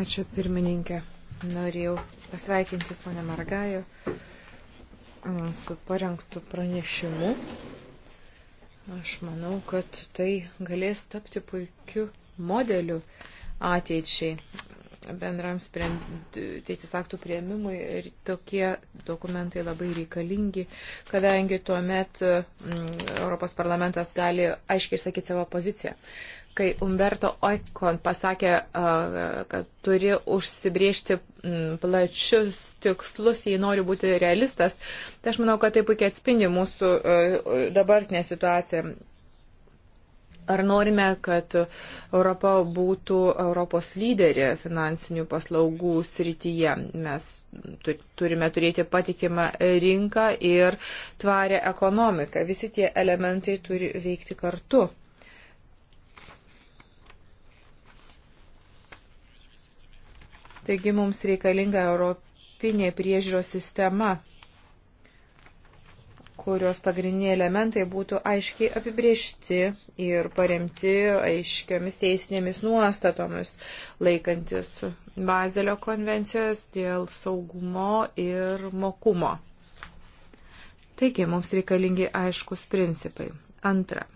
Ačiū pirmininkė. Norėjau pasveikinti ponę Margajo su parengtų pranešimu. Aš manau, kad tai galės tapti puikiu modeliu ateičiai bendram sprend... teisės aktų prieimimui ir tokie dokumentai labai reikalingi, kadangi tuo met mm, Europos parlamentas gali aiškiai išsakyti savo poziciją kai Umberto Oikon pasakė, kad turi užsibriežti mm, plačius tikslus, jei nori būti realistas, tai aš manau, kad tai puikiai atspindi mūsų dabartinę situaciją. Ar norime, kad Europa būtų Europos lyderė finansinių paslaugų srityje? Mes turime turėti patikimą rinką ir tvarę ekonomiką. Visi tie elementai turi veikti kartu. Taigi mums reikalinga europinė priežiūros sistema kurios pagrindiniai elementai būtų aiškiai apibriežti ir paremti aiškiamis teisinėmis nuostatomis, laikantis Bazelio konvencijos dėl saugumo ir mokumo. Taigi, mums reikalingi aiškus principai. Antra.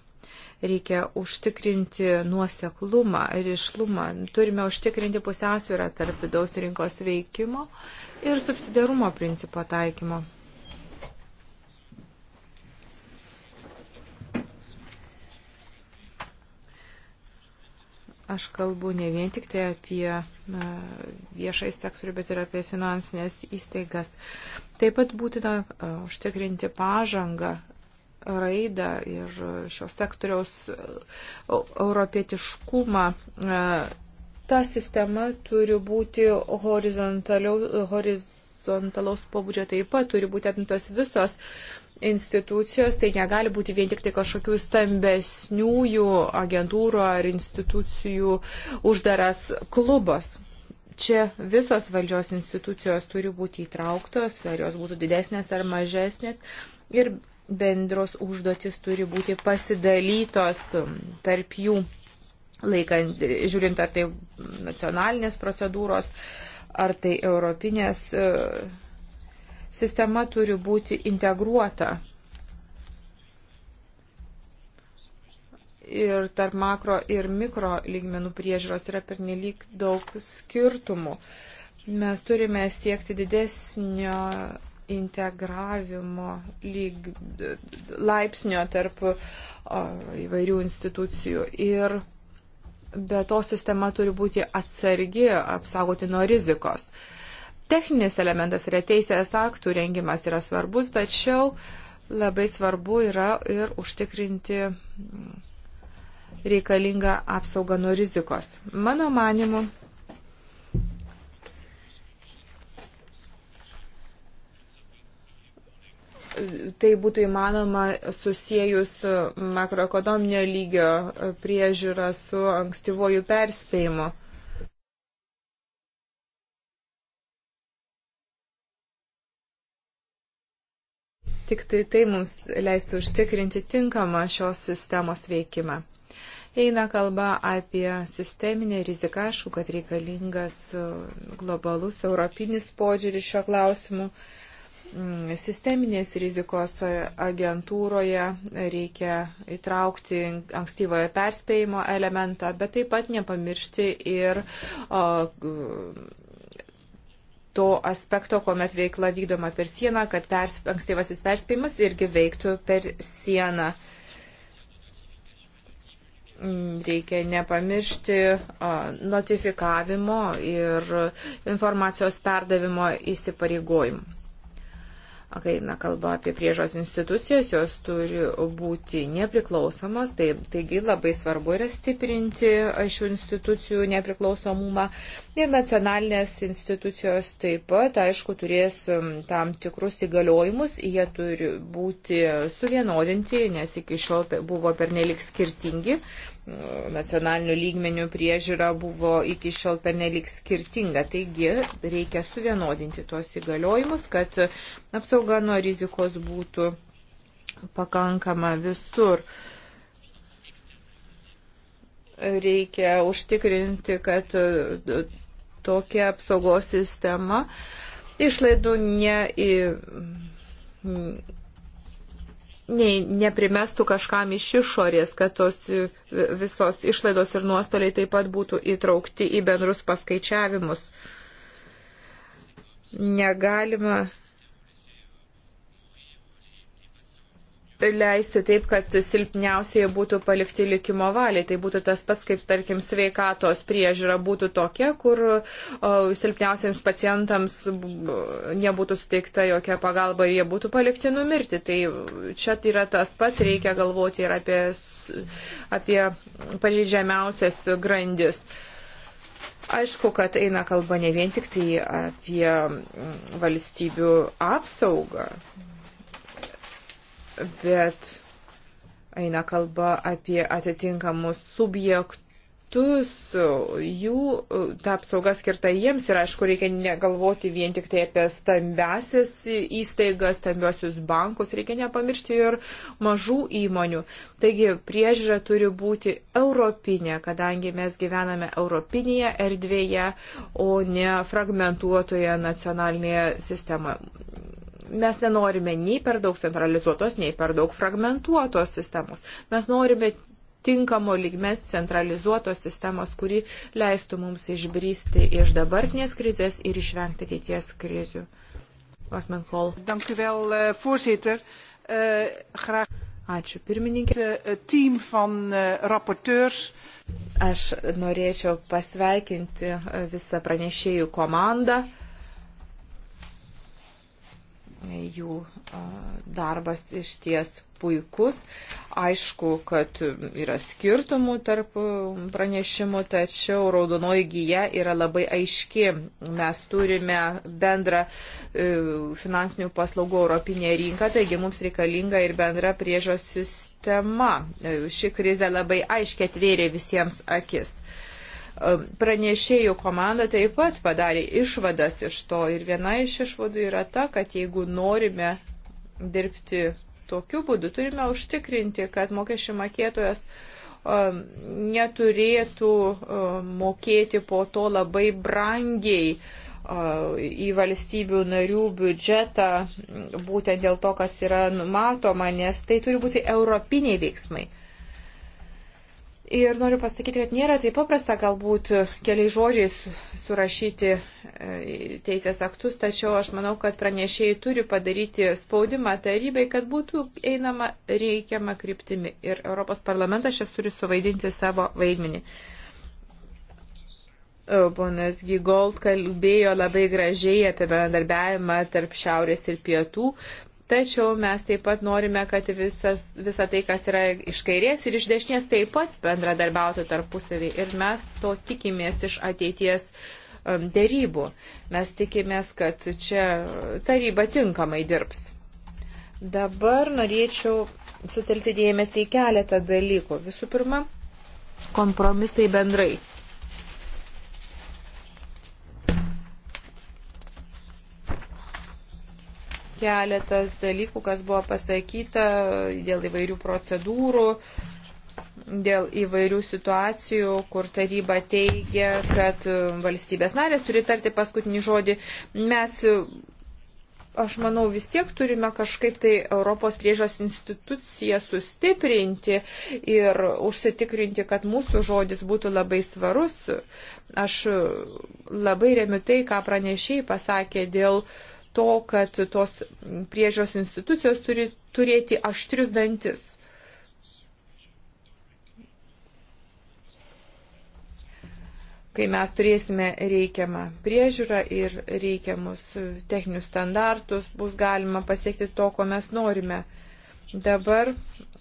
Reikia užtikrinti nuoseklumą ir išlumą. Turime užtikrinti pusiausvyrą tarp vidaus rinkos veikimo ir subsidiarumo principo taikymo. Aš kalbu ne vien tik tai apie viešai sektorių, bet ir apie finansinės įstaigas. Taip pat būtina užtikrinti pažangą, raidą ir šios sektoriaus europietiškumą. Ta sistema turi būti horizontaliaus pobūdžio, taip pat turi būti apimtos visos uh, institucijos, tai negali būti vien tik tai kažkokių stambesniųjų agentūrų ar institucijų uždaras klubas. Čia visos valdžios institucijos turi būti įtrauktos, ar jos būtų didesnės ar mažesnės. Ir bendros užduotis turi būti pasidalytos um, tarp jų, laikant, žiūrint ar tai nacionalinės procedūros, ar tai europinės. Uh, sistema turi būti integruota. Ir tarp makro ir mikro lygmenų priežiūros yra pernelyg daug skirtumų. Mes turime siekti didesnio integravimo lyg, laipsnio tarp o, įvairių institucijų. Ir be to sistema turi būti atsargi, apsaugoti nuo rizikos. Uh, techninis elementas yra teisės aktų rengimas yra svarbus, tačiau labai svarbu yra ir užtikrinti reikalingą apsaugą nuo rizikos. Mano manimu, tai būtų įmanoma susijęs makroekonominio lygio priežiūrą su ankstyvoju perspėjimu. Tik tai tai mums leistų užtikrinti tinkamą šios sistemos veikimą. Eina kalba apie sisteminę riziką, aišku, kad reikalingas e, globalus europinis požiūris šio klausimu mm, sisteminės rizikos agentūroje reikia įtraukti ankstyvojo perspėjimo elementą, bet taip pat nepamiršti ir o, to aspekto, kuomet veikla vykdoma per sieną, kad pers, ankstyvasis perspėjimas irgi veiktų per sieną. Reikia nepamiršti notifikavimo ir informacijos perdavimo įsipareigojimų kai eina kalba apie priežos institucijas, jos turi būti nepriklausomos, tai, taigi labai svarbu yra stiprinti šių institucijų nepriklausomumą. Ir nacionalinės institucijos taip pat, aišku, turės um, tam tikrus įgaliojimus, jie turi būti suvienodinti, nes iki šiol buvo pernelik skirtingi nacionalinių lygmenių priežiūra buvo iki šiol pernelik skirtinga. Taigi reikia suvienodinti tuos įgaliojimus, kad apsauga nuo rizikos būtų pakankama visur. Reikia užtikrinti, kad tokia apsaugos sistema išlaidų ne į nei, neprimestų kažkam iš išorės, kad tos e, visos išlaidos ir nuostoliai taip pat būtų įtraukti į bendrus paskaičiavimus. Negalima leisti taip, kad silpniausiai būtų palikti likimo valiai. Tai būtų tas pats, kaip, tarkim, sveikatos priežiūra būtų tokia, kur o, silpniausiams pacientams nebūtų suteikta jokia pagalba ir jie būtų palikti numirti. Tai čia yra tas pats, reikia galvoti ir apie, apie pažeidžiamiausias grandis. Aišku, kad eina kalba ne vien tik tai apie valstybių apsaugą bet eina kalba apie atitinkamus subjektus, jų e, ta apsauga skirta jiems ir aišku, reikia negalvoti vien tik tai apie stambiasis įstaigas, stambiosius bankus, reikia nepamiršti ir mažų įmonių. Taigi priežiūra turi būti europinė, kadangi mes gyvename europinėje erdvėje, o ne fragmentuotoje nacionalinėje sistemoje mes nenorime nei per daug centralizuotos, nei per daug fragmentuotos sistemos. Mes norime tinkamo lygmens centralizuotos sistemos, kuri leistų mums išbristi iš dabartinės krizės ir išvengti ateities krizių. Vartman Hall. Eh, eh, Ačiū pirmininkė. Eh, Aš norėčiau pasveikinti visą pranešėjų komandą jų darbas iš ties puikus. Aišku, kad yra skirtumų tarp pranešimų, tačiau raudonoji gyja yra labai aiški. Mes turime bendrą e, finansinių paslaugų europinę rinką, taigi mums reikalinga ir bendra priežos sistema. E, ši krizė labai aiškiai atvėrė visiems akis. E, pranešėjų komanda taip pat padarė išvadas iš to ir viena iš išvadų yra ta, kad jeigu norime dirbti tokiu būdu, turime užtikrinti, kad mokesčių mokėtojas e, neturėtų e, mokėti po to labai brangiai į valstybių narių biudžetą būtent dėl to, kas yra numatoma, nes tai turi būti europiniai veiksmai. Ir noriu pasakyti, kad nėra taip paprasta galbūt keliais žodžiais surašyti e, teisės aktus, tačiau aš manau, kad pranešėjai turi padaryti spaudimą tarybai, kad būtų einama reikiama kryptimi. Ir Europos parlamentas čia turi suvaidinti savo vaidmenį. E, ponas Gigold kalbėjo labai gražiai apie bendarbiavimą tarp šiaurės ir pietų. Tačiau mes taip pat norime, kad visas, visa tai, kas yra iš kairės ir iš dešinės, taip pat bendradarbiautų tarpusavį. Ir mes to tikimės iš ateities um, dėrybų. Mes tikimės, kad čia taryba tinkamai dirbs. Dabar norėčiau sutelkti dėmesį į keletą dalykų. Visų pirma, kompromisai bendrai. keletas dalykų, kas buvo pasakyta dėl įvairių procedūrų, dėl įvairių situacijų, kur taryba teigia, kad um, valstybės narės turi tarti paskutinį žodį. Mes, aš manau, vis tiek turime kažkaip tai Europos priežas instituciją sustiprinti ir užsitikrinti, kad mūsų žodis būtų labai svarus. Aš um, labai remiu tai, ką pranešiai pasakė dėl to, kad tos priežios institucijos turi turėti aštrius dantis. Kai mes turėsime reikiamą priežiūrą ir reikiamus techninius standartus, bus galima pasiekti to, ko mes norime. Dabar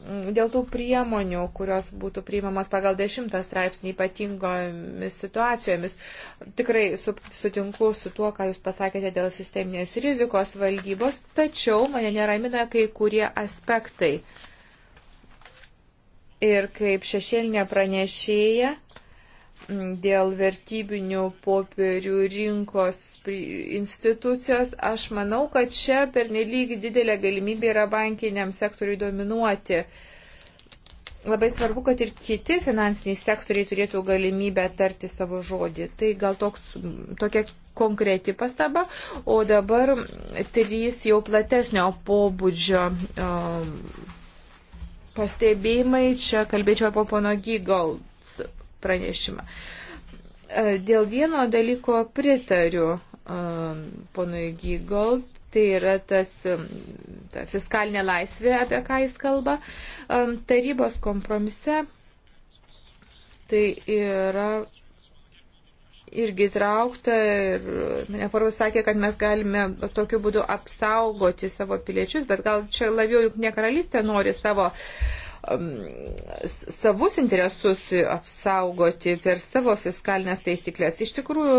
mm, dėl tų priemonių, kurios būtų priimamos pagal dešimtą straipsnį ypatingomis situacijomis, tikrai su, sutinku su tuo, ką Jūs pasakėte dėl sisteminės rizikos valdybos, tačiau mane neramina kai kurie aspektai. Ir kaip šešėlinė pranešėja, dėl vertybinių popierių rinkos institucijos, aš manau, kad čia pernelyg didelė galimybė yra bankiniam sektoriui dominuoti. Labai svarbu, kad ir kiti finansiniai sektoriai turėtų galimybę tarti savo žodį. Tai gal toks, tokia konkreti pastaba, o dabar trys jau platesnio pobūdžio. Um, pastebėjimai, čia kalbėčiau apie pono Gygal pranešimą. E, dėl vieno dalyko pritariu e, ponui Gygold, tai yra tas e, ta fiskalinė laisvė, apie ką jis kalba. Tarybos kompromise tai yra irgi traukta ir reformas sakė, kad mes galime tokiu būdu apsaugoti savo piliečius, bet gal čia labiau juk ne karalystė nori savo uh, Um, savus interesus apsaugoti per savo fiskalinės taisyklės. Iš tikrųjų,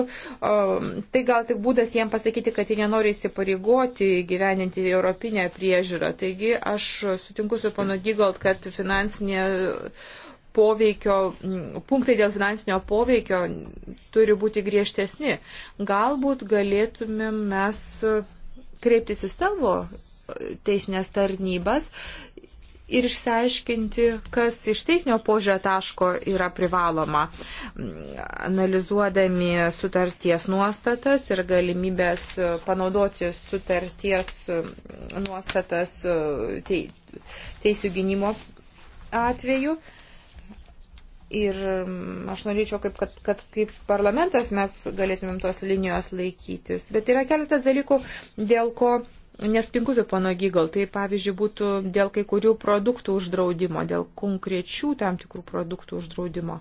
um, tai gal tik būdas jiem pasakyti, kad jie nenori įsipareigoti gyveninti europinę priežiūrą. Taigi aš sutinku su panu Gigalt, kad finansinė poveikio, punktai dėl finansinio poveikio turi būti griežtesni. Galbūt galėtumėm mes kreiptis į savo teisinės tarnybas ir išsiaiškinti, kas iš teisinio požiūrio taško yra privaloma, analizuodami sutarties nuostatas ir galimybės panaudoti sutarties nuostatas teisų gynimo atveju. Ir mm, aš norėčiau, kaip, kad, kad kaip parlamentas mes galėtumėm tos linijos laikytis. Bet yra keletas dalykų, dėl ko Nespinku su pono Gygal, tai pavyzdžiui būtų dėl kai kurių produktų uždraudimo, dėl konkrečių tam tikrų produktų uždraudimo.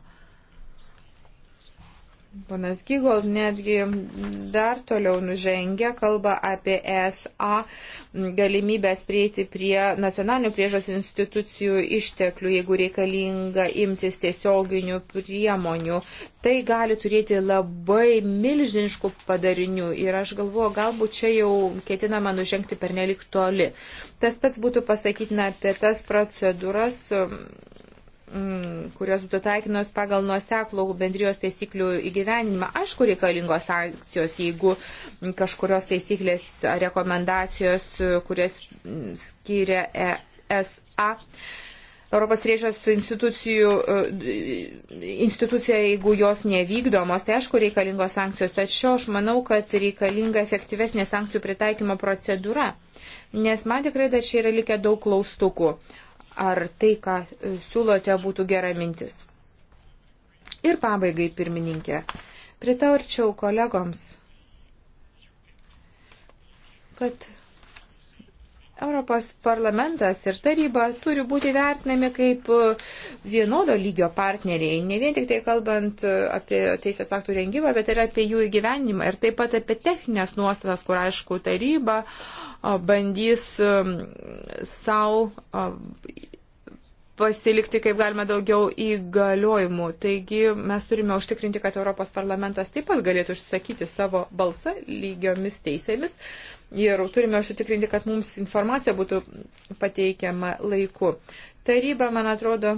Ponas Gygol netgi dar toliau nužengia, kalba apie ESA galimybės prieiti prie nacionalinių priežos institucijų išteklių, jeigu reikalinga imtis tiesioginių priemonių. Tai gali turėti labai milžiniškų padarinių ir aš galvoju, galbūt čia jau ketinama nužengti per nelik toli. Tas pats būtų pasakytina apie tas procedūras Mm, kurios būtų taikinos pagal nuoseklų bendrijos taisyklių įgyvenimą. Aišku, reikalingos sankcijos, jeigu kažkurios taisyklės rekomendacijos, kurias skiria ESA. Europos priežas institucijų, e, institucija, jeigu jos nevykdomos, tai aišku reikalingos sankcijos, tačiau aš manau, kad reikalinga efektyvesnė sankcijų pritaikymo procedūra, nes man tikrai dar čia yra likę daug klaustukų ar tai, ką e, siūlote, būtų gera mintis. Ir pabaigai, pirmininkė, pritarčiau kolegoms, kad Europos parlamentas ir taryba turi būti vertinami kaip e, vienodo lygio partneriai, ne vien tik tai kalbant e, apie teisės aktų rengimą, bet ir apie jų įgyvenimą ir taip pat apie techninės nuostatas, kur aišku taryba uh, bandys um, savo pasilikti kaip galima daugiau įgaliojimų. Taigi mes turime užtikrinti, kad Europos parlamentas taip pat galėtų išsakyti savo balsą lygiomis teisėmis ir turime užtikrinti, kad mums informacija būtų pateikiama laiku. Taryba, man atrodo,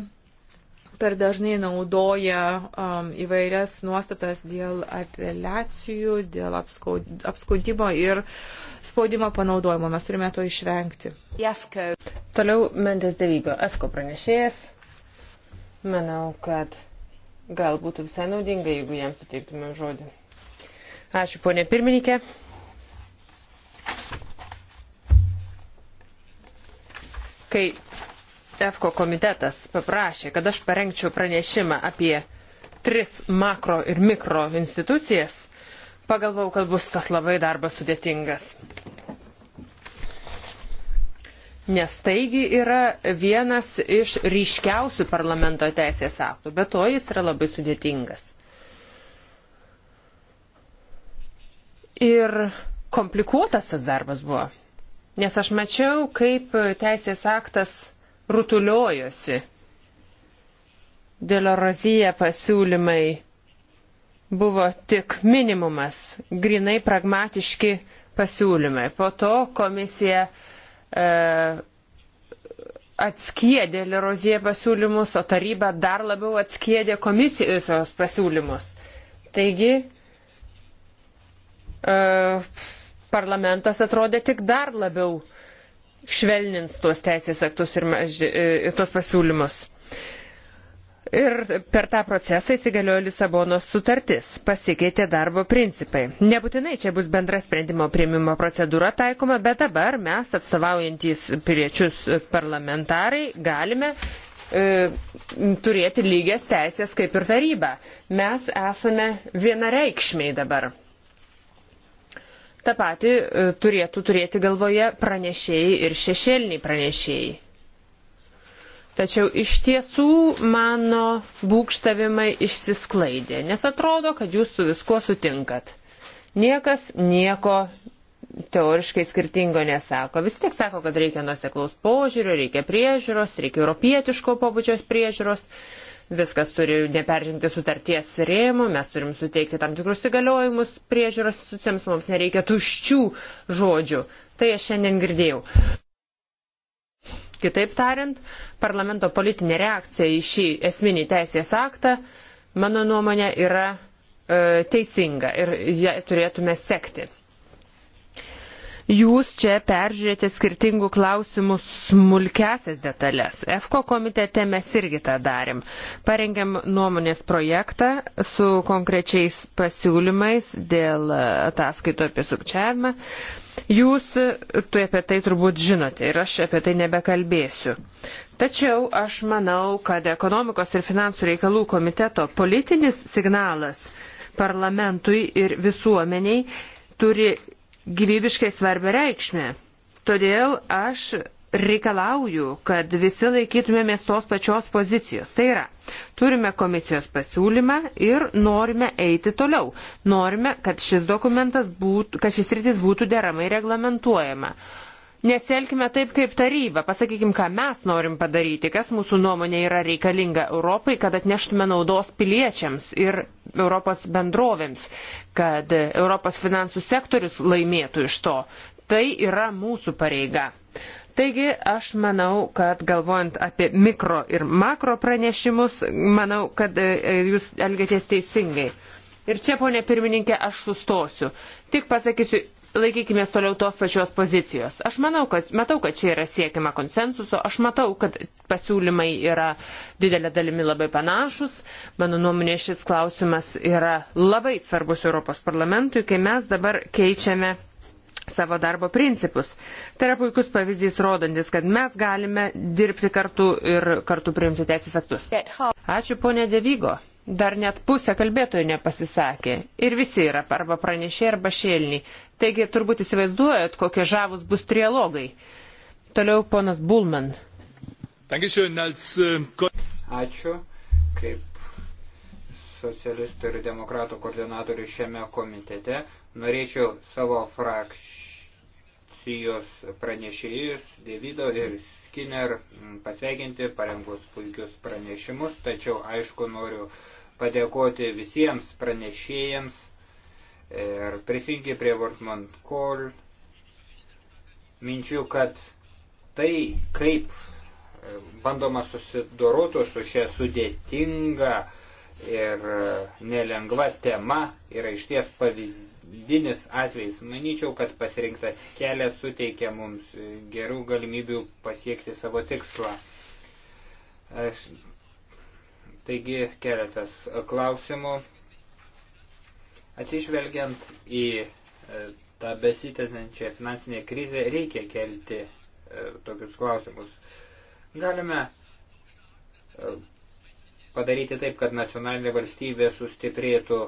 per dažnai naudoja um, įvairias nuostatas dėl apeliacijų, dėl apskaudimo ir spaudimo panaudojimo. Mes turime to išvengti. Jasko. Toliau Mendes Devygo, EFKO pranešėjas. Manau, kad gal būtų visai naudinga, jeigu jam suteiktume žodį. Ačiū, ponė pirmininkė. Kai EFKO komitetas paprašė, kad aš parengčiau pranešimą apie tris makro ir mikro institucijas, pagalvojau, kad bus tas labai darbas sudėtingas. Nes taigi yra vienas iš ryškiausių parlamento teisės aktų, bet to jis yra labai sudėtingas. Ir komplikuotas tas darbas buvo. Nes aš mačiau, kaip teisės aktas rutuliojosi. Dėl Rozija pasiūlymai buvo tik minimumas, grinai pragmatiški pasiūlymai. Po to komisija e, atskiedė Lerozija pasiūlymus, o taryba dar labiau atskiedė komisijos pasiūlymus. Taigi e, parlamentas atrodė tik dar labiau švelnins tuos teisės aktus ir, maži, e, ir tuos pasiūlymus. Ir per tą procesą įsigaliojo Lisabonos sutartis, pasikeitė darbo principai. Nebūtinai čia bus bendra sprendimo prieimimo procedūra taikoma, bet dabar mes, atstovaujantys piliečius parlamentarai, galime e, turėti lygias teisės kaip ir taryba. Mes esame vienareikšmiai dabar. Ta pati e, turėtų turėti galvoje pranešėjai ir šešėliniai pranešėjai. Tačiau iš tiesų mano būkštavimai išsisklaidė, nes atrodo, kad jūs su viskuo sutinkat. Niekas nieko teoriškai skirtingo nesako. Vis tik sako, kad reikia nuseklaus požiūrio, reikia priežiūros, reikia europietiško pobūdžios priežiūros. priežiūros Viskas turi neperžengti sutarties rėmų, mes turim suteikti tam tikrus įgaliojimus priežiūros institucijams, mums nereikia tuščių žodžių. Tai aš šiandien girdėjau. Kitaip tariant, parlamento politinė reakcija į šį esminį teisės aktą, mano nuomonė, yra e, teisinga ir ją turėtume sekti jūs čia peržiūrėti skirtingų klausimų smulkesias detalės. EFKO komitete mes irgi tą darim. Parengėm nuomonės projektą su konkrečiais pasiūlymais dėl ataskaito apie sukčiavimą. Jūs tu apie tai turbūt žinote ir aš apie tai nebekalbėsiu. Tačiau aš manau, kad ekonomikos ir finansų reikalų komiteto politinis signalas parlamentui ir visuomeniai turi gyvybiškai svarbią reikšmę. Todėl aš reikalauju, kad visi laikytumėmės tos pačios pozicijos. Tai yra, turime komisijos pasiūlymą ir norime eiti toliau. Norime, kad šis dokumentas būtų, kad šis rytis būtų deramai reglamentuojama. Uh, Nesielkime taip kaip taryba, pasakykime, ką mes norim padaryti, kas mūsų nuomonė yra reikalinga Europai, kad atneštume naudos piliečiams ir Europos bendrovėms, kad Europos finansų sektorius laimėtų iš to. Tai yra mūsų pareiga. Taigi aš manau, kad galvojant apie mikro ir makro pranešimus, manau, kad e, e, jūs elgėtės teisingai. Ir čia, ponė pirmininkė, aš sustosiu. Tik pasakysiu laikykime toliau tos pačios pozicijos. Aš manau, kad, matau, kad čia yra siekiama konsensuso, aš matau, kad pasiūlymai yra didelė dalimi labai panašus. Mano nuomonė šis klausimas yra labai svarbus Europos parlamentui, kai mes dabar keičiame savo darbo principus. Tai yra puikus pavyzdys rodantis, kad mes galime dirbti kartu ir kartu priimti teisės aktus. Ačiū ponė Devygo. Dar net pusė kalbėtojų nepasisakė. Ir visi yra arba pranešė, arba šėlniai. Taigi turbūt įsivaizduojat, kokie žavus bus trialogai. Toliau ponas Bulman. Äh, Ačiū. Kaip socialistų ir demokratų koordinatorių šiame komitete, norėčiau savo frakcijos pranešėjus Devido ir Skinner pasveikinti, parengus puikius pranešimus, tačiau aišku noriu uh, padėkoti visiems pranešėjams ir prisijungti prie Wortman Call. Minčių, kad tai, kaip e, bandoma susidoroti su šia sudėtinga ir e, nelengva tema, yra išties pavyzdinis atvejs. Manyčiau, kad pasirinktas kelias suteikia mums e, gerų galimybių pasiekti savo tikslą. Aš Taigi keletas klausimų. Atsižvelgiant į e, tą besitęsančią finansinę krizę, reikia kelti e, tokius klausimus. Galime e, padaryti taip, kad nacionalinė valstybė sustiprėtų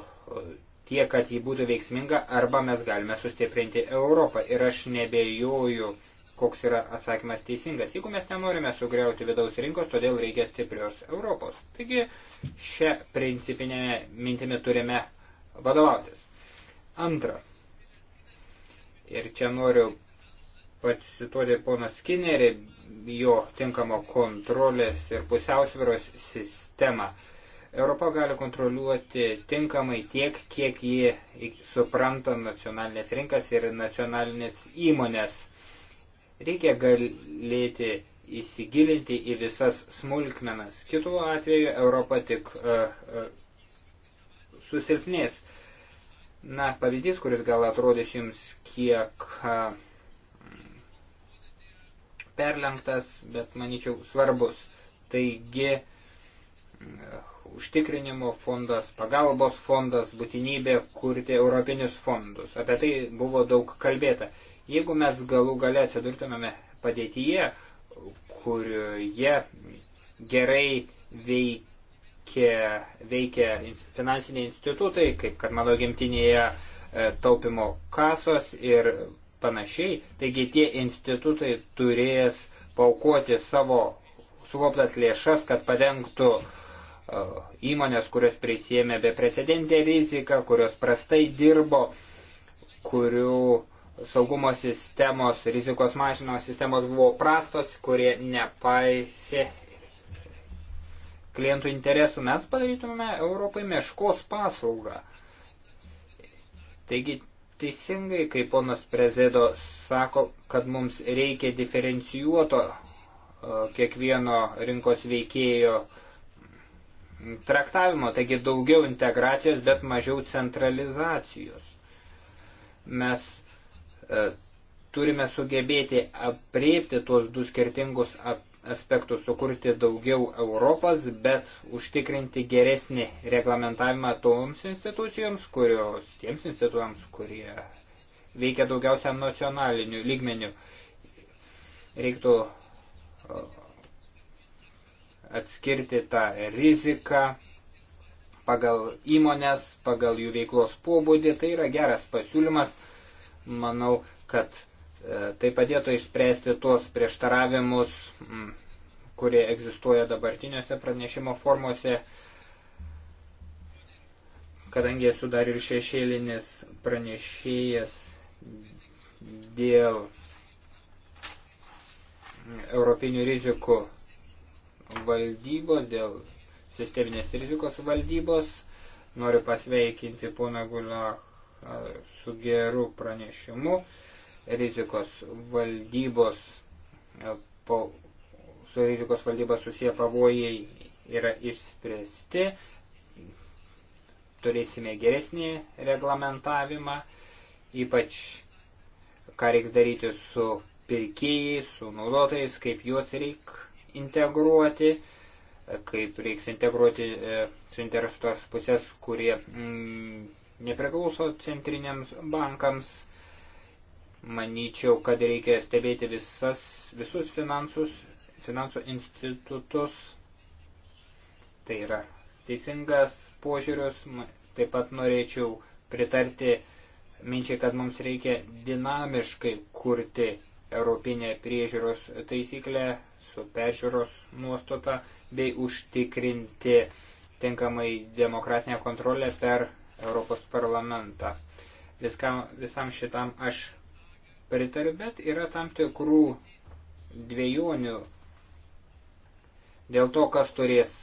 tiek, kad ji būtų veiksminga, arba mes galime sustiprinti Europą. Ir aš nebejoju koks yra atsakymas teisingas. Jeigu mes nenorime sugriauti vidaus rinkos, todėl reikia stiprios Europos. Taigi šią principinę mintimį turime vadovautis. Antra. Ir čia noriu pacituoti pono Skinnerį, jo tinkamo kontrolės ir pusiausviros sistemą. Europa gali kontroliuoti tinkamai tiek, kiek ji supranta nacionalinės rinkas ir nacionalinės įmonės Reikia galėti įsigilinti į visas smulkmenas. Kitu atveju Europa tik uh, uh, susilpnės. Na, pavyzdys, kuris gal atrodys jums kiek uh, perlenktas, bet manyčiau svarbus. Taigi, uh, užtikrinimo fondas, pagalbos fondas, būtinybė kurti europinius fondus. Apie tai buvo daug kalbėta. Jeigu mes galų gale atsidurtumėme padėtyje, kurioje gerai veikia, veikia finansiniai institutai, kaip kad mano gimtinėje e, taupimo kasos ir panašiai, taigi tie institutai turės paukoti savo sukauptas lėšas, kad padengtų e, įmonės, kurios prisėmė beprecedentę riziką, kurios prastai dirbo, kurių uh, saugumo sistemos, rizikos mažinimo sistemos buvo prastos, kurie nepaisė klientų interesų, mes padarytume Europai meškos paslaugą. Taigi teisingai, kaip ponas Prezedo sako, kad mums reikia diferencijuoto e, kiekvieno rinkos veikėjo traktavimo, taigi daugiau integracijos, bet mažiau centralizacijos. Mes E, turime sugebėti apriepti tuos du skirtingus aspektus, sukurti daugiau Europos, bet užtikrinti geresnį reglamentavimą toms institucijoms, kurios, tiems institucijoms, kurie veikia daugiausia nacionaliniu lygmeniu. Reiktų atskirti tą riziką pagal įmonės, pagal jų veiklos pobūdį. Tai yra geras pasiūlymas. Manau, kad e, tai padėtų išspręsti tuos prieštaravimus, kurie egzistuoja dabartiniuose pranešimo formuose, kadangi esu dar ir šešėlinis pranešėjas dėl europinių rizikų valdybos, dėl sisteminės rizikos valdybos. Noriu pasveikinti poną Gulach su geru pranešimu rizikos valdybos e, po, su rizikos valdyba susiję pavojai yra išspręsti, turėsime geresnį reglamentavimą, ypač ką reiks daryti su pirkėjais, su naudotojais, kaip juos reik integruoti, kaip reiks integruoti e, suinteresuotas pusės, kurie mm, nepriklauso centriniams bankams. Manyčiau, kad reikia stebėti visas, visus finansus, finansų institutus. Tai yra teisingas požiūrius. Taip pat norėčiau pritarti minčiai, kad mums reikia dinamiškai kurti europinę priežiūros taisyklę su peržiūros nuostata bei užtikrinti tinkamai demokratinę kontrolę per Europos parlamentą. Viskam, visam šitam aš pritariu, bet yra tam tikrų dviejonių dėl to, kas turės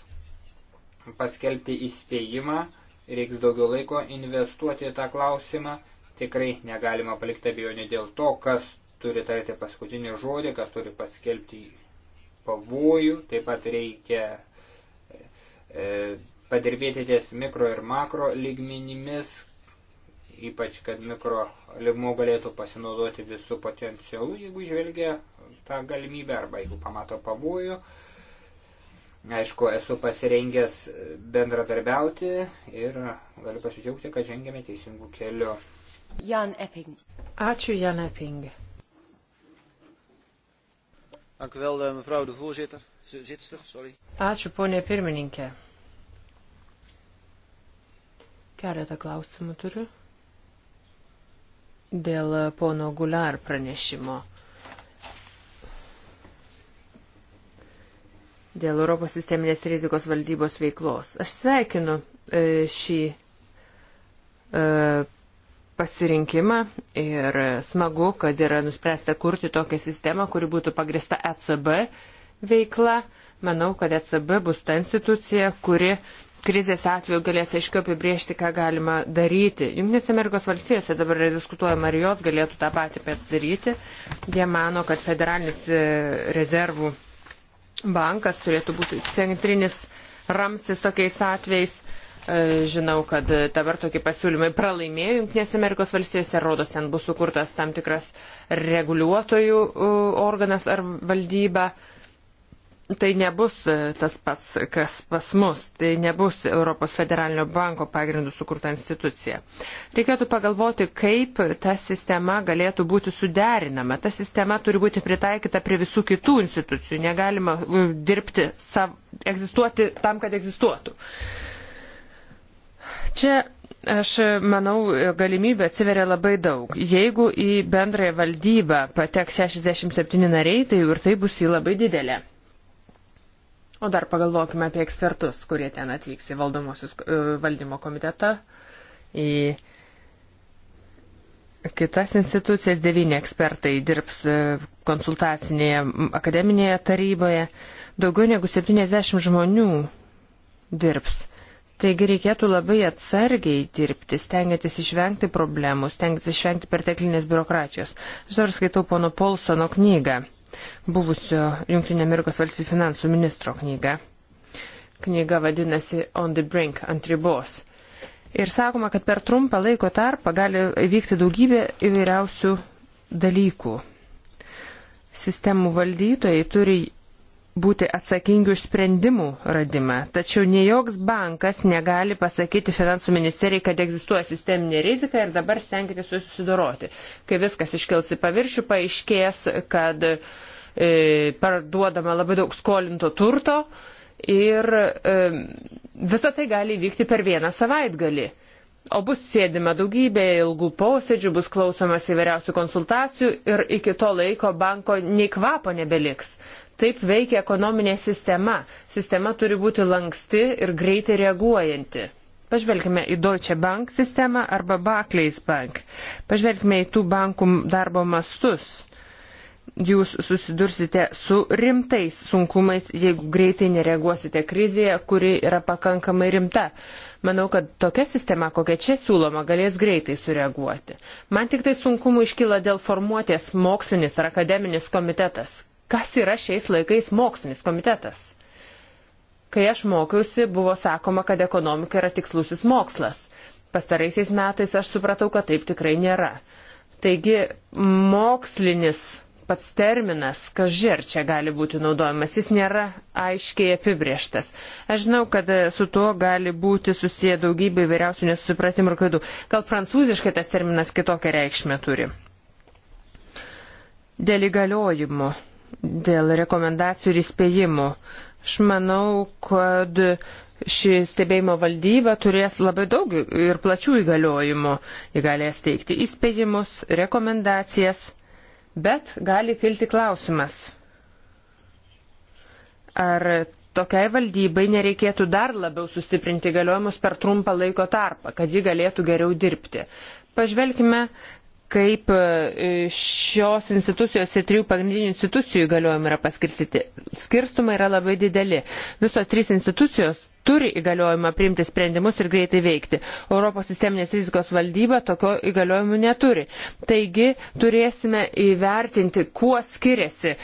paskelbti įspėjimą, reiks daugiau laiko investuoti į tą klausimą, tikrai negalima palikti abejonių dėl to, kas turi tarti paskutinį žodį, kas turi paskelbti pavojų, taip pat reikia e, padirbėti ties mikro ir makro lygmenimis, ypač kad mikro lygmo galėtų pasinaudoti visų potencialų, jeigu žvelgia tą galimybę arba jeigu pamato pavojų. Aišku, esu pasirengęs bendradarbiauti ir galiu pasidžiaugti, kad žengėme teisingų kelių. Jan Epping. Ačiū, Jan Epping. Dank u wel, eh, mevrouw de voorzitter. Zitster, sorry. Ačiū, ponė pirmininkė. Keletą klausimų turiu dėl pono Gular pranešimo. Dėl Europos sisteminės rizikos valdybos veiklos. Aš sveikinu e, šį e, pasirinkimą ir smagu, kad yra nuspręsta kurti tokią sistemą, kuri būtų pagrista ECB veikla. Manau, kad ECB bus ta institucija, kuri krizės atveju galės aiškiau apibriežti, ką galima daryti. Junktinėse Amerikos valstijose dabar yra diskutuojama, ar jos galėtų tą patį padaryti. Jie mano, kad federalinis e, rezervų bankas turėtų būti centrinis ramsis tokiais atvejais. E, žinau, kad dabar tokie pasiūlymai pralaimėjo Junktinėse Amerikos valstijose, rodos ten bus sukurtas tam tikras reguliuotojų organas ar valdyba. Uh, tai nebus e, tas pats, kas pas mus, tai nebus Europos federalinio banko pagrindų sukurta institucija. Reikėtų pagalvoti, kaip ta sistema galėtų būti suderinama. Ta sistema turi būti pritaikyta prie visų kitų institucijų, negalima e, dirbti, sav, egzistuoti tam, kad egzistuotų. Čia aš manau, galimybė atsiveria labai daug. Jeigu į bendrąją valdybą pateks 67 nariai, tai ir tai bus į labai didelę. O dar pagalvokime apie ekspertus, kurie ten atvyks į valdomosius e, valdymo komitetą, į kitas institucijas. Devyni ekspertai dirbs e, konsultacinėje akademinėje taryboje. Daugiau negu 70 žmonių dirbs. Taigi reikėtų labai atsargiai dirbti, stengiantis išvengti problemų, stengiantis išvengti perteklinės biurokratijos. Aš dar skaitau pono Polsono knygą buvusio Junktinio Amerikos valstybių finansų ministro knyga. Knyga vadinasi On the Brink ant ribos. Ir sakoma, kad per trumpą laiko tarpą gali vykti daugybė įvairiausių dalykų. Sistemų valdytojai turi būti atsakingi už sprendimų radimą. Tačiau ne joks bankas negali pasakyti finansų ministerijai, kad egzistuoja sisteminė rizika ir dabar stenkite susidoroti. Kai viskas iškils į paviršių, paaiškės, kad e, parduodama labai daug skolinto turto ir e, visa tai gali vykti per vieną savaitgalį. O bus sėdima daugybė ilgų posėdžių, bus klausomas įvairiausių konsultacijų ir iki to laiko banko nei kvapo nebeliks. Taip veikia ekonominė sistema. Sistema turi būti lanksti ir greitai reaguojanti. Pažvelkime į Deutsche Bank sistemą arba Barclays Bank. Pažvelkime į tų bankų darbo mastus. Jūs susidursite su rimtais sunkumais, jeigu greitai nereaguosite krizėje, kuri yra pakankamai rimta. Manau, kad tokia sistema, kokia čia siūloma, galės greitai sureaguoti. Man tik tai sunkumų iškyla dėl formuotės mokslinis ar akademinis komitetas kas yra šiais laikais mokslinis komitetas. Kai aš mokiausi, buvo sakoma, kad ekonomika yra tikslusis mokslas. Pastaraisiais metais aš supratau, kad taip tikrai nėra. Taigi mokslinis pats terminas, kaži ar čia gali būti naudojamas, jis nėra aiškiai apibrieštas. Aš žinau, kad su tuo gali būti susiję daugybė įvairiausių nesusipratimų ir klaidų. Gal prancūziškai tas terminas kitokią reikšmę turi. Dėl įgaliojimų dėl rekomendacijų ir įspėjimų. Aš manau, kad ši stebėjimo valdyba turės labai daug ir plačių įgaliojimų. Ji galės teikti įspėjimus, rekomendacijas, bet gali kilti klausimas. Ar tokiai valdybai nereikėtų dar labiau sustiprinti galiojimus per trumpą laiko tarpą, kad ji galėtų geriau dirbti? Pažvelkime, kaip e, šios institucijos ir trijų pagrindinių institucijų įgaliojimai yra paskirstyti. Skirstumai yra labai dideli. Visos trys institucijos turi įgaliojimą priimti sprendimus ir greitai veikti. Europos sisteminės rizikos valdyba tokio įgaliojimų neturi. Taigi turėsime įvertinti, kuo skiriasi e,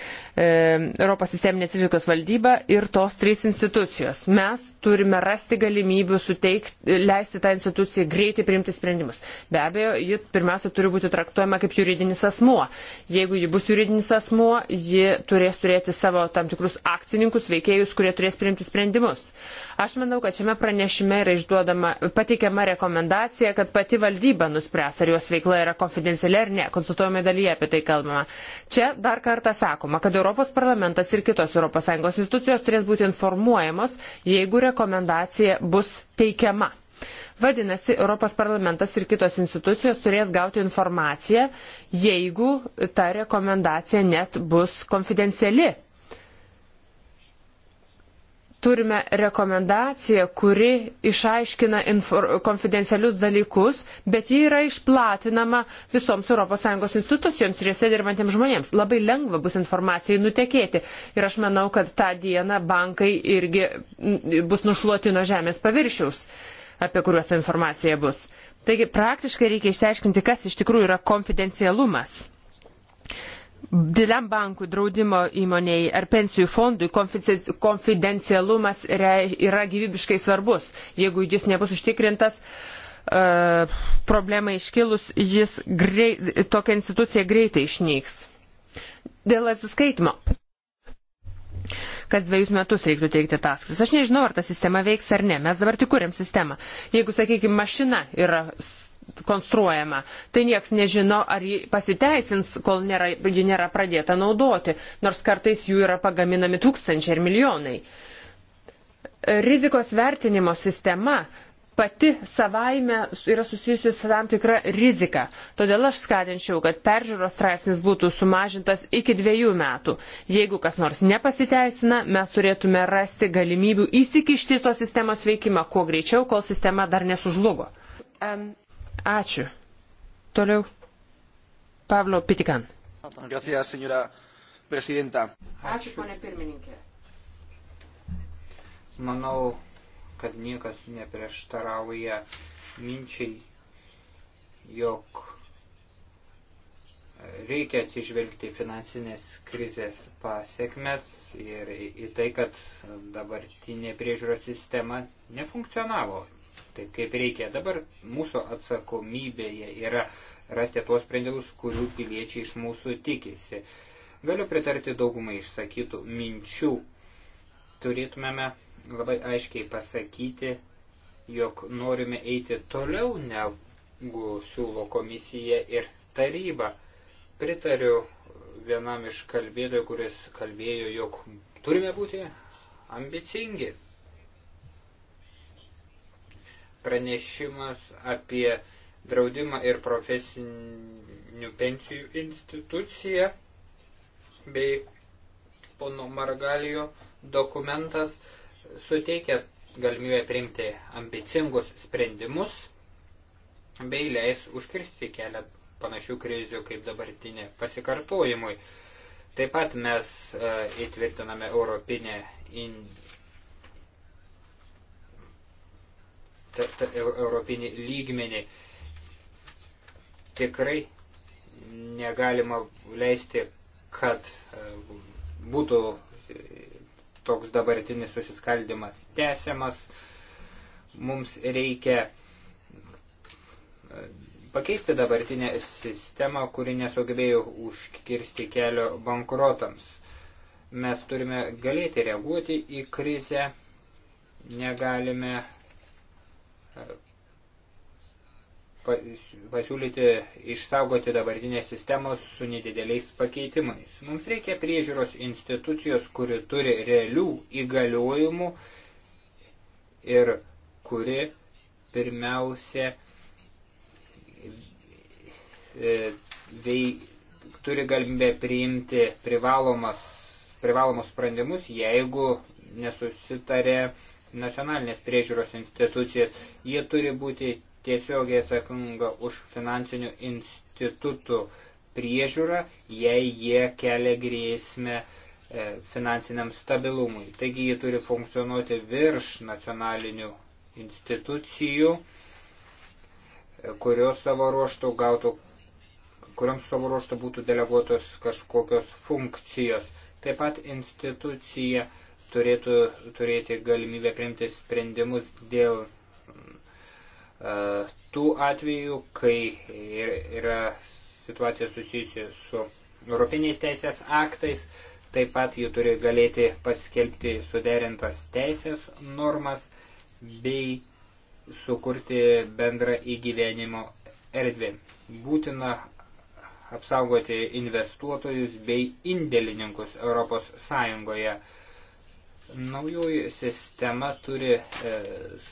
Europos sisteminės rizikos valdyba ir tos trys institucijos. Mes turime rasti galimybių suteikti, leisti tą instituciją greitai priimti sprendimus. Be abejo, ji pirmiausia turi būti traktuojama kaip juridinis asmuo. Jeigu ji bus juridinis asmuo, ji turės turėti savo tam tikrus akcininkus, veikėjus, kurie turės priimti sprendimus. Aš Aš manau, kad šiame pranešime yra išduodama, pateikiama rekomendacija, kad pati valdyba nuspręs, ar jos veikla yra konfidenciali ar ne. Konsultuojame dalyje apie tai kalbama. Čia dar kartą sakoma, kad Europos parlamentas ir kitos ES institucijos turės būti informuojamos, jeigu rekomendacija bus teikiama. Vadinasi, Europos parlamentas ir kitos institucijos turės gauti informaciją, jeigu ta rekomendacija net bus konfidenciali turime rekomendaciją, kuri išaiškina konfidencialius dalykus, bet ji yra išplatinama visoms ES institucijoms ir jose dirbantiems žmonėms. Labai lengva bus informacijai nutekėti. Ir aš manau, kad tą dieną bankai irgi bus nušluoti nuo žemės paviršiaus, apie kuriuos informacija bus. Taigi praktiškai reikia išsiaiškinti, kas iš tikrųjų yra konfidencialumas dideliam bankui, draudimo įmoniai ar pensijų fondui konfidencialumas yra gyvybiškai svarbus. Jeigu jis nebus užtikrintas, e, problemai iškilus, jis grei, tokia institucija greitai išnyks. Dėl atsiskaitimo. Kas dviejus metus reiktų teikti taskas. Aš nežinau, ar ta sistema veiks ar ne. Mes dabar tik kuriam sistemą. Jeigu, sakykime, mašina yra konstruojama. Tai nieks nežino, ar ji pasiteisins, kol nėra, ji nėra pradėta naudoti, nors kartais jų yra pagaminami tūkstančiai ir milijonai. Rizikos vertinimo sistema pati savaime yra susijusi su tam tikra rizika. Todėl aš skatinčiau, kad peržiūros straipsnis būtų sumažintas iki dviejų metų. Jeigu kas nors nepasiteisina, mes turėtume rasti galimybių įsikišti tos sistemos veikimą kuo greičiau, kol sistema dar nesužlugo. Um, Ačiū. Toliau Pablo Pitikan. Gracias, señora prezidenta. Ačiū, ponė pirmininkė. Manau, kad niekas neprieštarauja minčiai, jog reikia atsižvelgti finansinės krizės pasiekmes ir į tai, kad dabartinė priežiūros sistema nefunkcionavo taip kaip reikia. Dabar mūsų atsakomybėje yra rasti tuos sprendimus, kurių piliečiai iš mūsų tikisi. Galiu pritarti daugumai išsakytų minčių. Turėtumėme labai aiškiai pasakyti, jog norime eiti toliau negu siūlo komisija ir taryba. Pritariu vienam iš kalbėtojų, kuris kalbėjo, jog turime būti ambicingi pranešimas apie draudimą ir profesinių pensijų instituciją bei pono Margalijo dokumentas suteikia galimybę priimti ambicingus sprendimus bei leis užkirsti kelią panašių krizių kaip dabartinė pasikartojimui. Taip pat mes e, įtvirtiname europinę ta, ta, europinį lygmenį. Tikrai negalima leisti, kad e, būtų toks dabartinis susiskaldimas tęsiamas. Mums reikia e, pakeisti dabartinę sistemą, kuri nesugebėjo užkirsti kelio bankrotams. Mes turime galėti reaguoti į krizę, negalime pasiūlyti išsaugoti dabartinės sistemos su nedideliais pakeitimais. Mums reikia priežiūros institucijos, kuri turi realių įgaliojimų ir kuri pirmiausia e, vei, turi galimybę priimti privalomas, privalomus sprendimus, jeigu nesusitarė uh, nacionalinės priežiūros institucijas. Jie turi būti tiesiogiai atsakinga už finansinių institutų priežiūrą, jei jie kelia grėsmę e, finansiniam stabilumui. Taigi jie turi funkcionuoti virš nacionalinių institucijų, e, kurios savo ruoštų gautų, kuriams savo ruoštų būtų deleguotos kažkokios funkcijos. Taip pat institucija uh, turėtų turėti galimybę priimti sprendimus dėl uh, tų atvejų, kai yra situacija susijusi su europiniais teisės aktais, taip pat jų turi galėti paskelbti suderintas teisės normas bei sukurti bendrą įgyvenimo erdvę. Būtina apsaugoti investuotojus bei indėlininkus Europos Sąjungoje. Naujoji sistema turi e,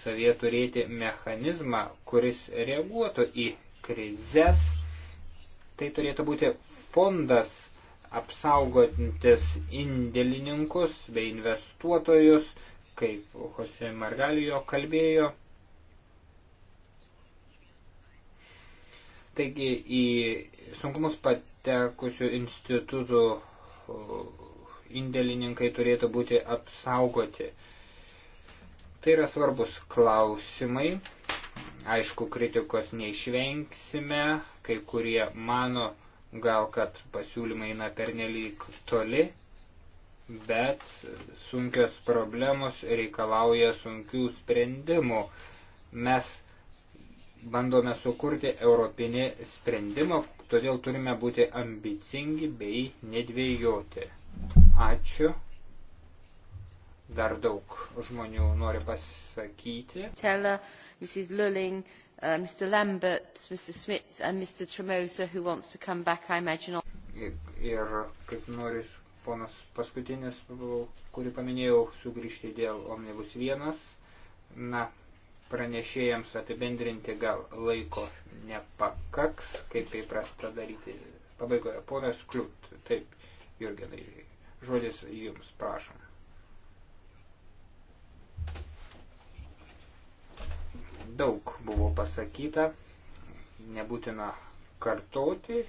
savie turėti mechanizmą, kuris reaguotų į krizės. Tai turėtų būti fondas apsaugotis indėlininkus bei investuotojus, kaip Jose Margalijo kalbėjo. Taigi į sunkumus patekusių institutų indėlininkai turėtų būti apsaugoti. Tai yra svarbus klausimai. Aišku, kritikos neišvengsime. Kai kurie mano, gal kad pasiūlymai eina pernelyg toli, bet sunkios problemos reikalauja sunkių sprendimų. Mes bandome sukurti europinį sprendimą, todėl turime būti ambicingi bei nedvėjoti. Ačiū. Dar daug žmonių nori pasakyti. Teller, uh, Mrs. Lulling, uh, Mr. Lambert, Mr. Smith and Mr. Tremosa, who wants to come back, I imagine. Ir, ir kaip nori ponas paskutinis, kurį paminėjau, sugrįžti dėl Omnibus 1. Na, pranešėjams apibendrinti gal laiko nepakaks, kaip įprasta daryti pabaigoje. Ponas Kliūt, taip, Jurgenai, Žodis jums, prašom. Daug buvo pasakyta, nebūtina kartoti.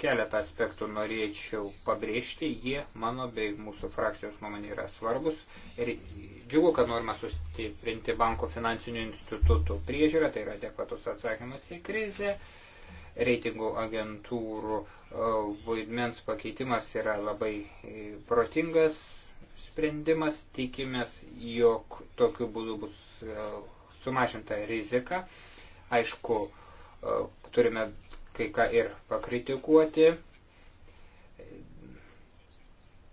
Keletą aspektų norėčiau pabrėžti, jie mano bei mūsų frakcijos nuomonė yra svarbus. Ir džiugu, kad norime sustiprinti banko finansinių institutų priežiūrą, tai yra adekvatus atsakymas į krizę. Uh, reitingų agentūrų e, vaidmens pakeitimas yra labai e, protingas sprendimas. Tikimės, jog tokiu būdu bus e, sumažinta rizika. Aišku, turime kai ką ir pakritikuoti.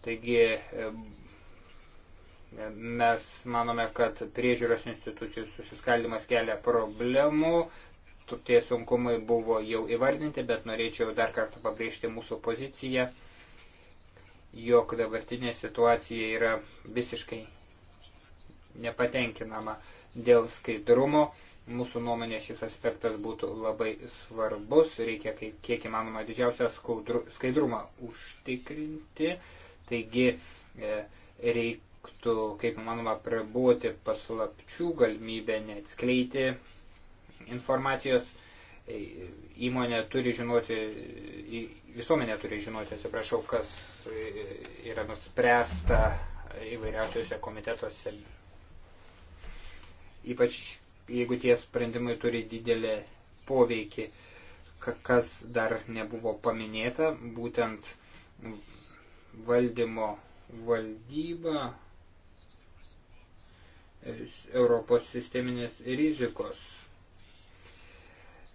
Taigi mes manome, kad priežiūros institucijų susiskaldimas kelia problemų, tie sunkumai buvo jau įvardinti, bet norėčiau dar kartą pabrėžti mūsų poziciją, jog dabartinė situacija yra visiškai nepatenkinama dėl skaidrumo. Mūsų nuomonė šis aspektas būtų labai svarbus, reikia kaip, kiek įmanoma didžiausią skaidrumą užtikrinti, taigi e, reiktų kaip įmanoma prabūti paslapčių galimybę neatskleiti informacijos e, įmonė turi žinoti, visuomenė turi žinoti, atsiprašau, kas e, yra nuspręsta įvairiausiuose komitetuose, ypač jeigu tie sprendimai turi didelį poveikį, kas dar nebuvo paminėta, būtent valdymo valdyba e, Europos sisteminės rizikos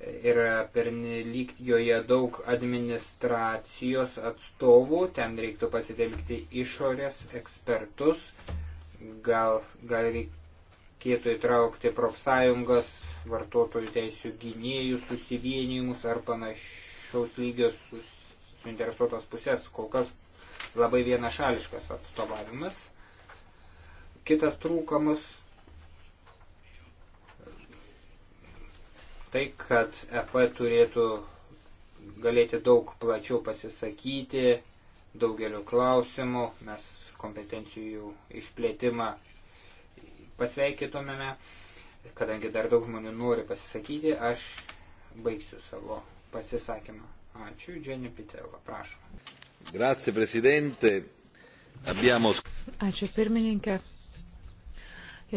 yra pernelyg joje daug administracijos atstovų, ten reiktų pasitelkti išorės ekspertus, gal, gal reikėtų įtraukti profsąjungas, vartotojų teisų gynėjų, susivienijimus ar panašaus lygios suinteresuotas pusės, kol kas labai vienašališkas atstovavimas. Kitas trūkamas tai, kad EP turėtų galėti daug plačiau pasisakyti daugeliu klausimų, mes kompetencijų išplėtimą pasveikytumėme, kadangi dar daug žmonių nori pasisakyti, aš baigsiu savo pasisakymą. Ačiū, Dženė Pitela, prašom. Grazie, prezidente. Abbiamo... Ačiū, pirmininkė.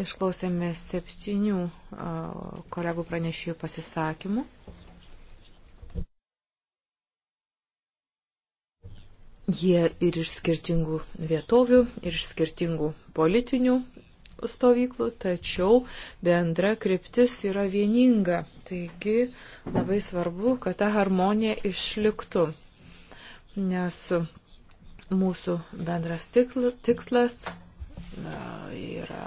Išklausėme septynių kolegų pranešėjų pasisakymų. Jie ir iš skirtingų vietovių, ir iš skirtingų politinių stovyklų, tačiau bendra kryptis yra vieninga. Taigi labai svarbu, kad ta harmonija išliktų, nes mūsų bendras tikslas yra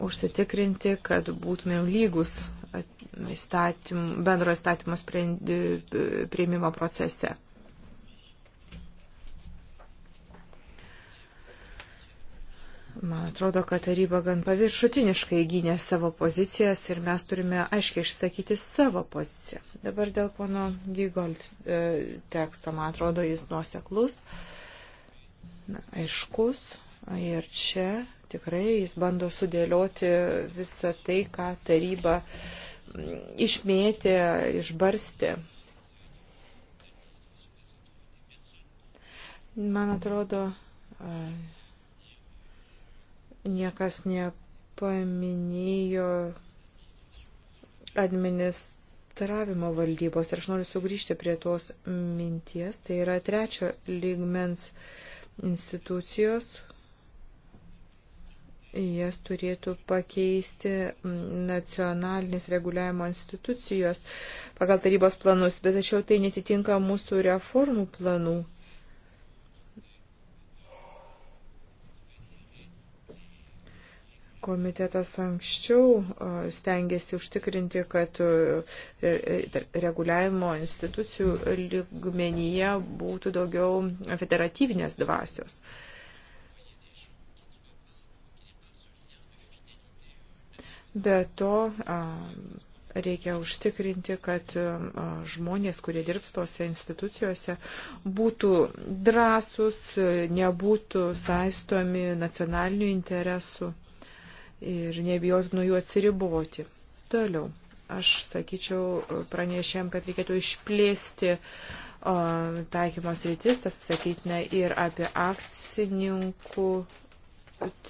užsitikrinti, kad būtumėm lygus įstatym, bendro įstatymo prieimimo procese. Man atrodo, kad taryba gan paviršutiniškai gynė savo pozicijas ir mes turime aiškiai išsakyti savo poziciją. Dabar dėl pono Gigold e, teksto, man atrodo, jis nuoseklus, aiškus ir čia Tikrai jis bando sudėlioti visą tai, ką taryba išmėtė, išbarstė. Man atrodo, niekas nepaminėjo administravimo valdybos. Ir aš noriu sugrįžti prie tos minties. Tai yra trečio lygmens institucijos, jas turėtų pakeisti nacionalinės reguliavimo institucijos pagal tarybos planus, bet tačiau tai netitinka mūsų reformų planų. Komitetas anksčiau stengiasi užtikrinti, kad reguliavimo institucijų lygmenyje būtų daugiau federatyvinės dvasios. Mm. Be to, reikia užtikrinti, kad žmonės, kurie dirbs tose institucijose, būtų drąsus, nebūtų saistomi nacionalinių interesų ir nebijotų nuo jų atsiriboti. Toliau, aš sakyčiau pranešėm, kad reikėtų išplėsti taikymos rytis, tas pasakytina ir apie akcininkų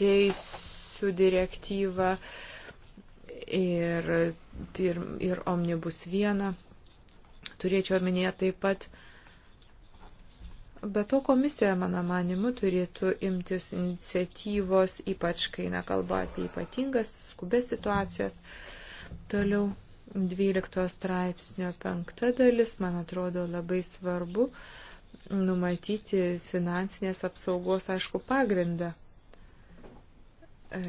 teisų direktyvą. Uh, ir, ir, ir Omnibus 1. Turėčiau omenyje taip pat. Be to komisija, mano manimu, turėtų imtis iniciatyvos, ypač kai nekalba apie ypatingas skubės situacijas. Toliau 12 straipsnio penkta dalis, man atrodo, labai svarbu numatyti finansinės apsaugos, aišku, pagrindą. E,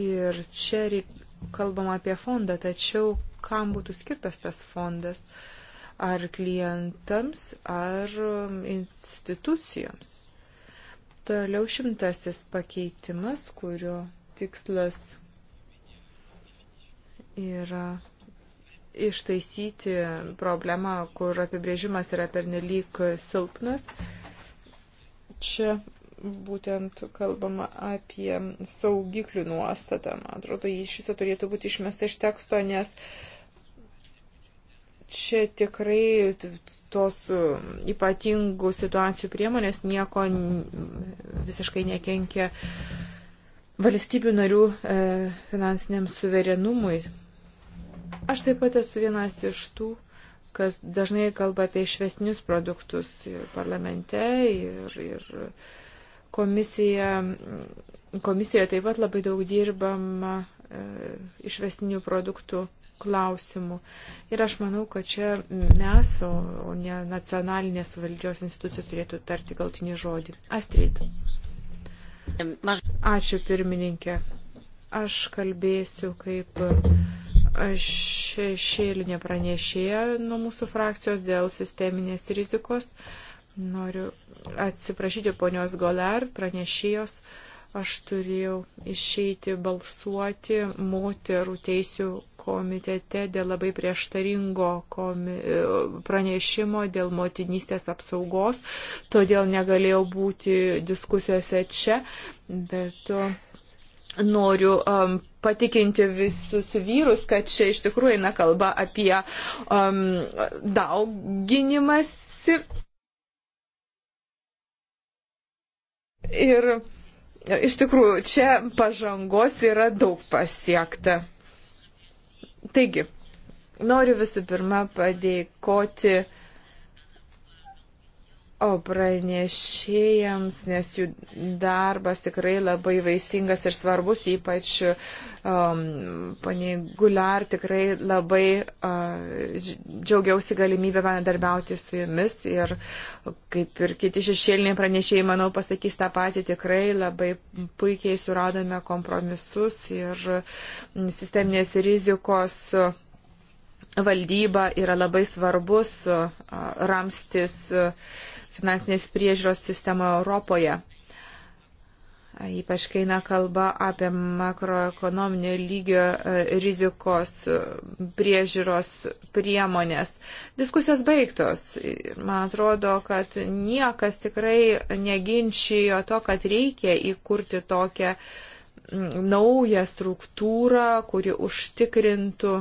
Ir čia reik, kalbama apie fondą, tačiau kam būtų skirtas tas fondas? Ar klientams, ar institucijoms? Toliau šimtasis pakeitimas, kurio tikslas yra ištaisyti problemą, kur apibrėžimas yra pernelyg silpnas. Čia būtent kalbama apie saugiklių nuostatą. Man atrodo, jis šito turėtų būti išmesta iš teksto, nes čia tikrai tos e, ypatingų situacijų priemonės nieko visiškai nekenkia valstybių narių e, finansiniam suverenumui. Aš taip pat esu vienas iš tų, kas dažnai kalba apie išvesnius produktus ir parlamente, ir, ir Komisija, komisijoje taip pat labai daug dirbama e, išvestinių produktų klausimų. Ir aš manau, kad čia mes, o, o ne nacionalinės valdžios institucijos turėtų tarti galtinį žodį. Astrid. Ačiū pirmininkė. Aš kalbėsiu kaip e, šešėlinė pranešėja nuo mūsų frakcijos dėl sisteminės rizikos. Uh, Noriu atsiprašyti ponios Goler, pranešėjos. Aš turėjau išeiti balsuoti moterų teisių komitete dėl labai prieštaringo komi... pranešimo dėl motinystės apsaugos, todėl negalėjau būti diskusijose čia, bet noriu um, patikinti visus vyrus, kad čia iš tikrųjų eina kalba apie um, dauginimąsi. Ir iš tikrųjų, čia pažangos yra daug pasiekta. Taigi, noriu visų pirma padėkoti O pranešėjams, nes jų darbas tikrai labai vaisingas ir svarbus, ypač um, paniai Gular tikrai labai uh, džiaugiausi galimybę bendarbiauti su jumis ir kaip ir kiti šešėliniai pranešėjai, manau, pasakys tą patį, tikrai labai puikiai suradome kompromisus ir sisteminės rizikos. Valdyba yra labai svarbus ramstis finansinės priežiūros sistemą Europoje. Ypač kai eina kalba apie makroekonominio lygio e, rizikos e, priežiūros priemonės. Diskusijos baigtos. Man atrodo, kad niekas tikrai neginčijo to, kad reikia įkurti tokią naują struktūrą, kuri užtikrintų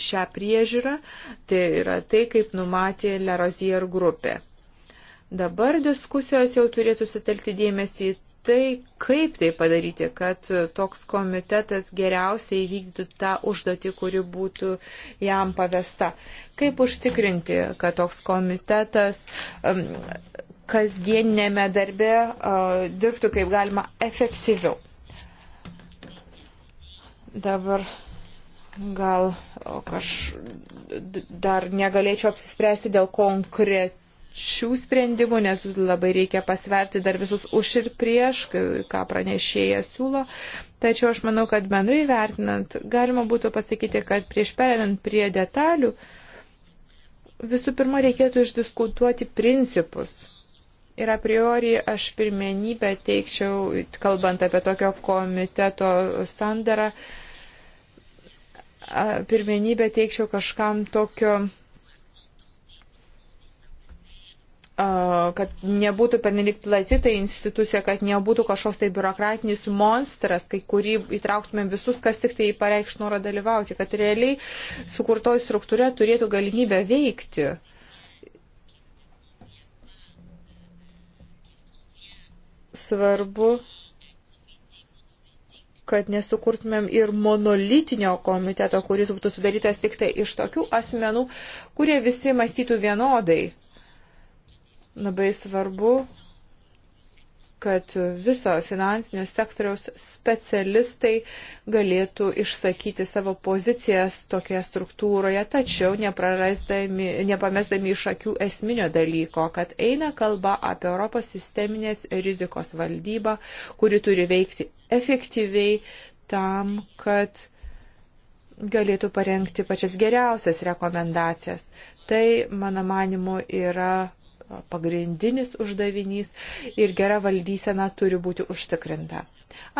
šią priežiūrą, tai yra tai, kaip numatė Lerozier grupė. Dabar diskusijos jau turėtų sutelkti dėmesį į tai, kaip tai padaryti, kad toks komitetas geriausiai įvykdytų tą užduotį, kuri būtų jam pavesta. Kaip užtikrinti, kad toks komitetas um, kasdieninėme darbe uh, dirbtų kaip galima efektyviau. Dabar Gal aš dar negalėčiau apsispręsti dėl konkrečių sprendimų, nes labai reikia pasverti dar visus už ir prieš, ką pranešėjas siūlo. Tačiau aš manau, kad bendrai vertinant, galima būtų pasakyti, kad prieš perinant prie detalių, visų pirma, reikėtų išdiskutuoti principus. Ir a priori aš pirmenybę teikčiau, kalbant apie tokio komiteto sandarą, uh, pirmenybę teikčiau kažkam tokio kad nebūtų pernelik plati ta institucija, kad nebūtų kažkoks tai biurokratinis monstras, kai kurį įtrauktumėm visus, kas tik tai pareikš norą dalyvauti, kad realiai sukurtoji struktūra turėtų galimybę veikti. Svarbu kad nesukurtumėm ir monolitinio komiteto, kuris būtų sudarytas tik tai iš tokių asmenų, kurie visi mąstytų vienodai. Labai svarbu kad viso finansinio sektoriaus specialistai galėtų išsakyti savo pozicijas tokioje struktūroje, tačiau nepamestami iš akių esminio dalyko, kad eina kalba apie Europos sisteminės rizikos valdybą, kuri turi veikti efektyviai tam, kad galėtų parengti pačias geriausias rekomendacijas. Tai, mano manimu, yra pagrindinis uždavinys ir gera valdysena turi būti užtikrinta.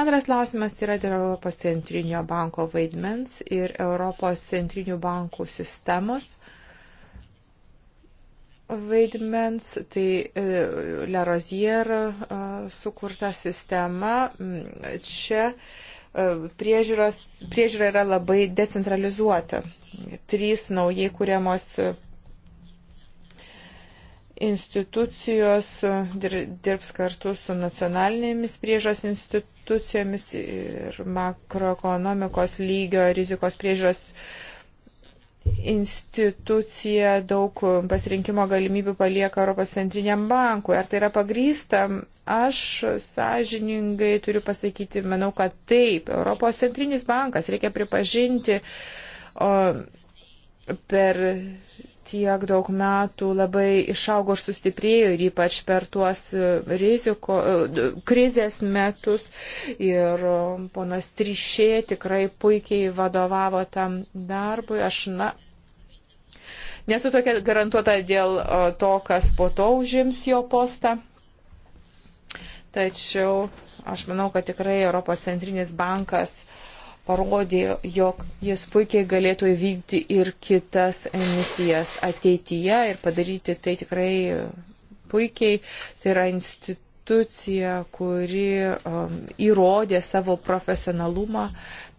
Antras klausimas yra dėl Europos centrinio banko vaidmens ir Europos centrinių bankų sistemos vaidmens, tai e, Lerozier e, sukurta sistema. Čia e, priežiūra yra labai decentralizuota. Trys naujai kūriamos institucijos dirbs kartu su nacionalinėmis priežos institucijomis ir makroekonomikos lygio rizikos priežos institucija daug pasirinkimo galimybių palieka Europos centriniam bankui. Ar tai yra pagrysta? Aš sąžiningai turiu pasakyti, manau, kad taip. Europos centrinis bankas, reikia pripažinti, o, per tiek daug metų labai išaugo ir sustiprėjo ir ypač per tuos e, riziko, e, krizės metus. Ir e, ponas Trišė tikrai puikiai vadovavo tam darbui. Aš, na, nesu tokia garantuota dėl to, kas po to užims jo postą. Tačiau aš manau, kad tikrai Europos centrinis bankas uh, parodė, jog jis puikiai galėtų įvykti ir kitas misijas ateityje ir padaryti tai tikrai puikiai. Tai yra institucija, kuri um, įrodė savo profesionalumą.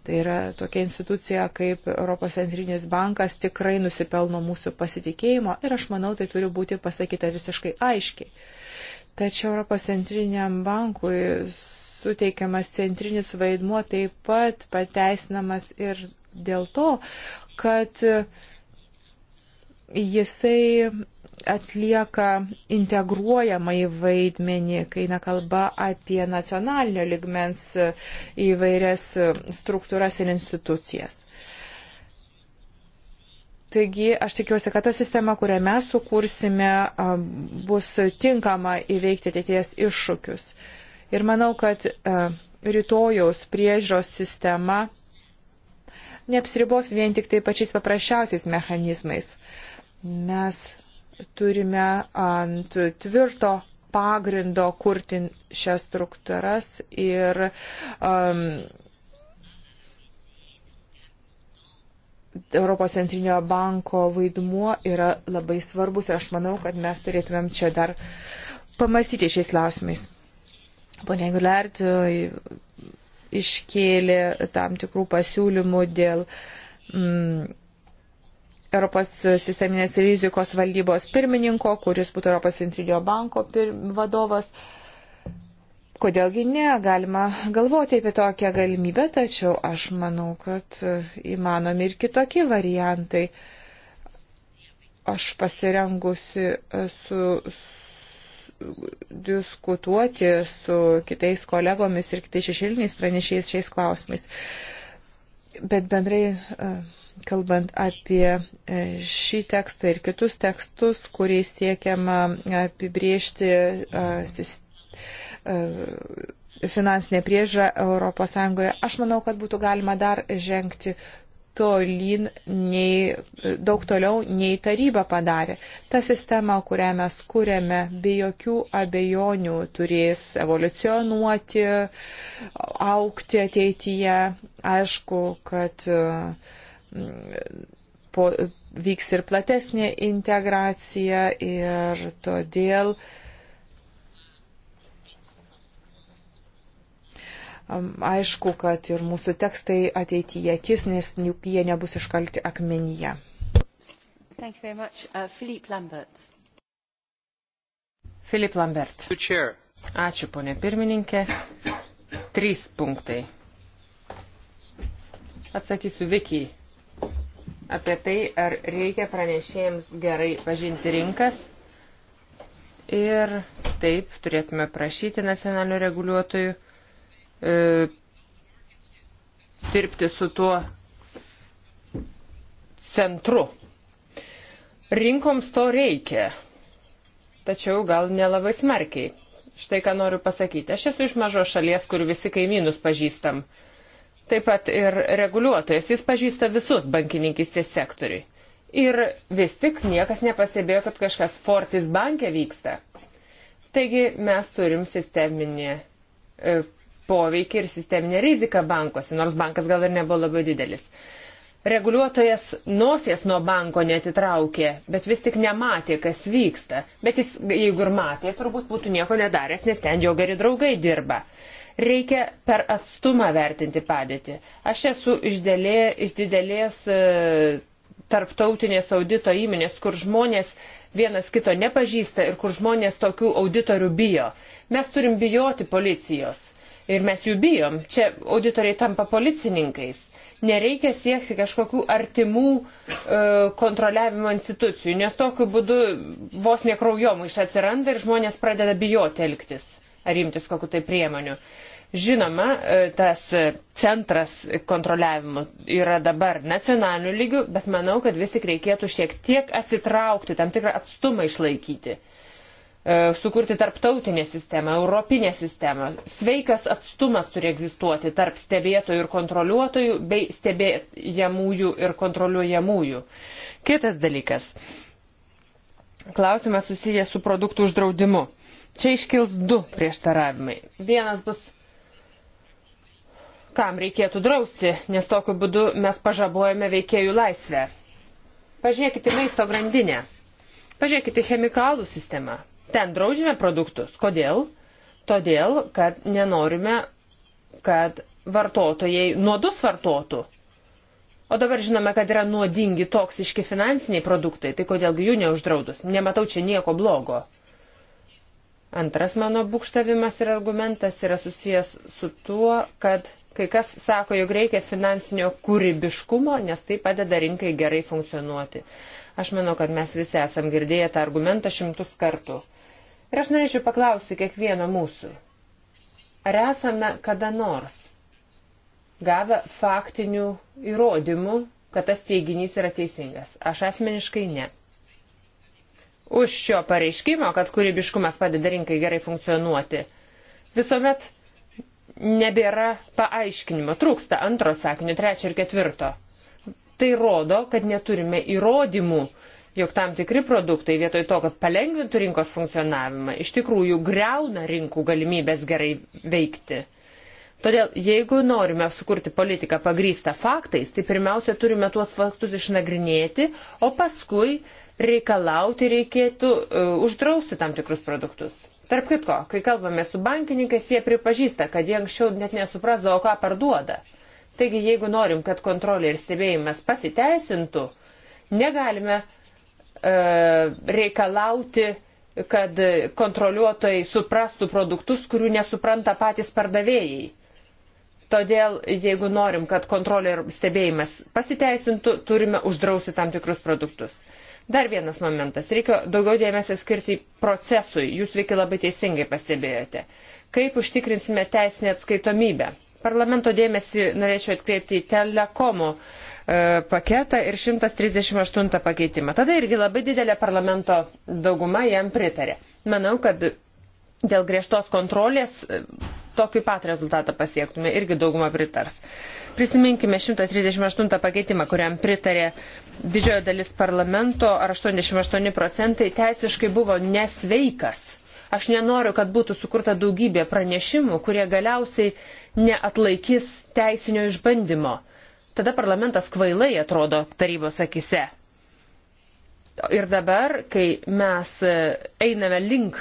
Tai yra tokia institucija kaip Europos centrinis bankas tikrai nusipelno mūsų pasitikėjimo ir aš manau, tai turi būti pasakyta visiškai aiškiai. Tačiau Europos centriniam bankui suteikiamas centrinis vaidmuo taip pat pateisinamas ir dėl to, kad jisai atlieka integruojamą į vaidmenį, kai eina kalba apie nacionalinio ligmens įvairias struktūras ir institucijas. Taigi aš tikiuosi, kad ta sistema, kurią mes sukursime, bus tinkama įveikti ateities iššūkius. Uh, Ir manau, kad e, rytojaus priežos sistema neapsiribos vien tik tai pačiais paprasčiausiais mechanizmais. Mes turime ant tvirto pagrindo kurti šias struktūras ir um, Europos centrinio banko vaidmuo yra labai svarbus ir aš manau, kad mes turėtumėm čia dar pamastyti šiais klausimais. Pone Gulertio iškėlė tam tikrų pasiūlymų dėl mm, Europos sisteminės rizikos valdybos pirmininko, kuris būtų Europos centrinio banko pir, vadovas. Kodėlgi ne, galima galvoti apie tokią galimybę, tačiau aš manau, kad įmanomi ir kitokie variantai. Aš pasirengusi su, su diskutuoti su kitais kolegomis ir kitais šešiliniais pranešėjais šiais klausimais. Bet bendrai e, kalbant apie e, šį tekstą ir kitus tekstus, kuriais siekiama apibriežti e, finansinę priežą ES, aš manau, kad būtų galima dar žengti tolyn nei, daug toliau nei taryba padarė. Ta sistema, kurią mes kūrėme, be jokių abejonių turės evoliucionuoti, aukti ateityje. Aišku, kad mm, po, vyks ir platesnė integracija ir todėl uh, aišku, kad ir mūsų tekstai ateityje kis, nes jie nebus iškalti akmenyje. Filip uh, Lambert. Filip Lambert. Ačiū, ponė pirmininkė. Trys punktai. Atsakysiu Viki apie tai, ar reikia pranešėjams gerai pažinti rinkas ir taip turėtume prašyti nacionalinių reguliuotojų e, dirbti su tuo centru. Rinkoms to reikia, tačiau gal nelabai smarkiai. Štai ką noriu pasakyti. Aš esu iš mažos šalies, kur visi kaimynus pažįstam. Taip pat ir reguliuotojas, jis pažįsta visus bankininkistės sektoriui. Ir vis tik niekas nepastebėjo, kad kažkas Fortis bankė vyksta. Taigi mes turim sisteminį e, poveikį ir sisteminę riziką bankuose, nors bankas gal ir nebuvo labai didelis. Reguliuotojas nosies nuo banko netitraukė, bet vis tik nematė, kas vyksta. Bet jis, jeigu ir matė, turbūt būtų nieko nedaręs, nes ten jo geri draugai dirba. Reikia per atstumą vertinti padėtį. Aš esu iš, dėlė, iš didelės e, tarptautinės audito įmonės, kur žmonės vienas kito nepažįsta ir kur žmonės tokių auditorių bijo. Mes turim bijoti policijos ir mes jų bijom. Čia auditoriai tampa policininkais. Nereikia siekti kažkokių artimų e, kontroliavimo institucijų, nes tokiu būdu vos nekraujomų iš atsiranda ir žmonės pradeda bijoti elgtis ar imtis kokiu tai priemoniu. Žinoma, e, tas centras kontroliavimo yra dabar nacionaliniu lygiu, bet manau, kad vis tik reikėtų šiek tiek atsitraukti, tam tikrą atstumą išlaikyti. Uh, E, sukurti tarptautinę sistemą, europinę sistemą. Sveikas atstumas turi egzistuoti tarp stebėtojų ir kontroliuotojų bei stebėjamųjų ir kontroliuojamųjų. Kitas dalykas. Klausimas susijęs su produktų uždraudimu. Čia iškils du prieštaravimai. Vienas bus, kam reikėtų drausti, nes tokiu būdu mes pažabojame veikėjų laisvę. Pažiūrėkite maisto grandinę. Pažiūrėkite chemikalų sistemą ten draužime produktus. Kodėl? Todėl, kad nenorime, kad vartotojai nuodus vartotų. O dabar žinome, kad yra nuodingi toksiški finansiniai produktai, tai kodėlgi jų neuždraudus. Nematau čia nieko blogo. Antras mano būkštavimas ir argumentas yra susijęs su tuo, kad kai kas sako, jog reikia finansinio kūrybiškumo, nes tai padeda rinkai gerai funkcionuoti. Aš manau, kad mes visi esam girdėję tą argumentą šimtus kartų. Ir aš norėčiau paklausti kiekvieno mūsų, ar esame kada nors gavę faktinių įrodymų, kad tas teiginys yra teisingas. Aš asmeniškai ne. Už šio pareiškimo, kad kūrybiškumas padeda rinkai gerai funkcionuoti, visuomet nebėra paaiškinimo, trūksta antro sakinio, trečio ir ketvirto. Tai rodo, kad neturime įrodymų, jog tam tikri produktai vietoj to, kad palengvintų rinkos funkcionavimą, iš tikrųjų greuna rinkų galimybės gerai veikti. Todėl, jeigu norime sukurti politiką pagrįstą faktais, tai pirmiausia turime tuos faktus išnagrinėti, o paskui reikalauti reikėtų uh, uždrausti tam tikrus produktus. Tarp kitko, kai kalbame su bankininkais, jie pripažįsta, kad jie anksčiau net nesuprasdavo, ką parduoda. Taigi, jeigu norim, kad kontrolė ir stebėjimas pasiteisintų, negalime uh, E, reikalauti, kad kontroliuotojai suprastų produktus, kurių nesupranta patys pardavėjai. Todėl, jeigu norim, kad kontrolė ir stebėjimas pasiteisintų, turime uždrausti tam tikrus produktus. Dar vienas momentas. Reikia daugiau dėmesio skirti procesui. Jūs veikia labai teisingai pastebėjote. Kaip užtikrinsime teisinę atskaitomybę? Parlamento dėmesį norėčiau atkreipti į telekomo e, paketą ir 138 pakeitimą. Tada irgi labai didelė parlamento dauguma jam pritarė. Manau, kad dėl griežtos kontrolės e, tokį pat rezultatą pasiektume, irgi dauguma pritars. Prisiminkime 138 pakeitimą, kuriam pritarė didžioji dalis parlamento, ar 88 procentai teisiškai buvo nesveikas Aš nenoriu, kad būtų sukurta daugybė pranešimų, kurie galiausiai neatlaikys teisinio išbandymo. Tada parlamentas kvailai atrodo tarybos akise. Ir dabar, kai mes einame link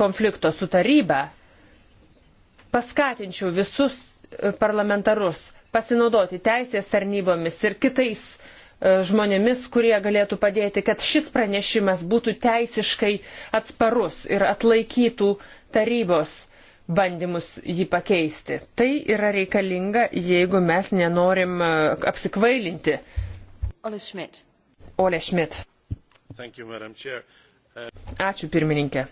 konflikto su taryba, paskatinčiau visus parlamentarus pasinaudoti teisės tarnybomis ir kitais E, žmonėmis, kurie galėtų padėti, kad šis pranešimas būtų teisiškai atsparus ir atlaikytų tarybos bandymus jį pakeisti. Tai yra reikalinga, jeigu mes nenorim e, apsikvailinti. Ole Schmidt. Ole Schmidt. You, uh... Ačiū pirmininkė.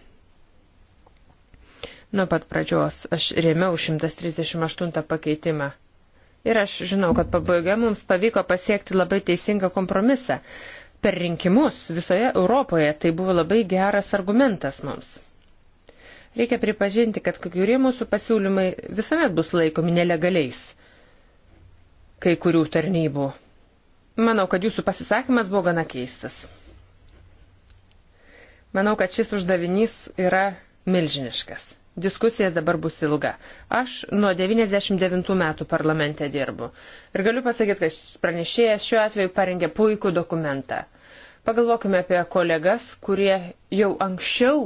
Nuo pat pradžios aš rėmiau 138 pakeitimą. Ir aš žinau, kad pabaiga mums pavyko pasiekti labai teisingą kompromisą. Per rinkimus visoje Europoje tai buvo labai geras argumentas mums. Reikia pripažinti, kad kai kurie mūsų pasiūlymai visuomet bus laikomi nelegaliais kai kurių tarnybų. Manau, kad jūsų pasisakymas buvo gana keistas. Manau, kad šis uždavinys yra milžiniškas diskusija dabar bus ilga. Aš nuo 99 metų parlamente dirbu. Ir galiu pasakyti, kad pranešėjas šiuo atveju parengė puikų dokumentą. Pagalvokime apie kolegas, kurie jau anksčiau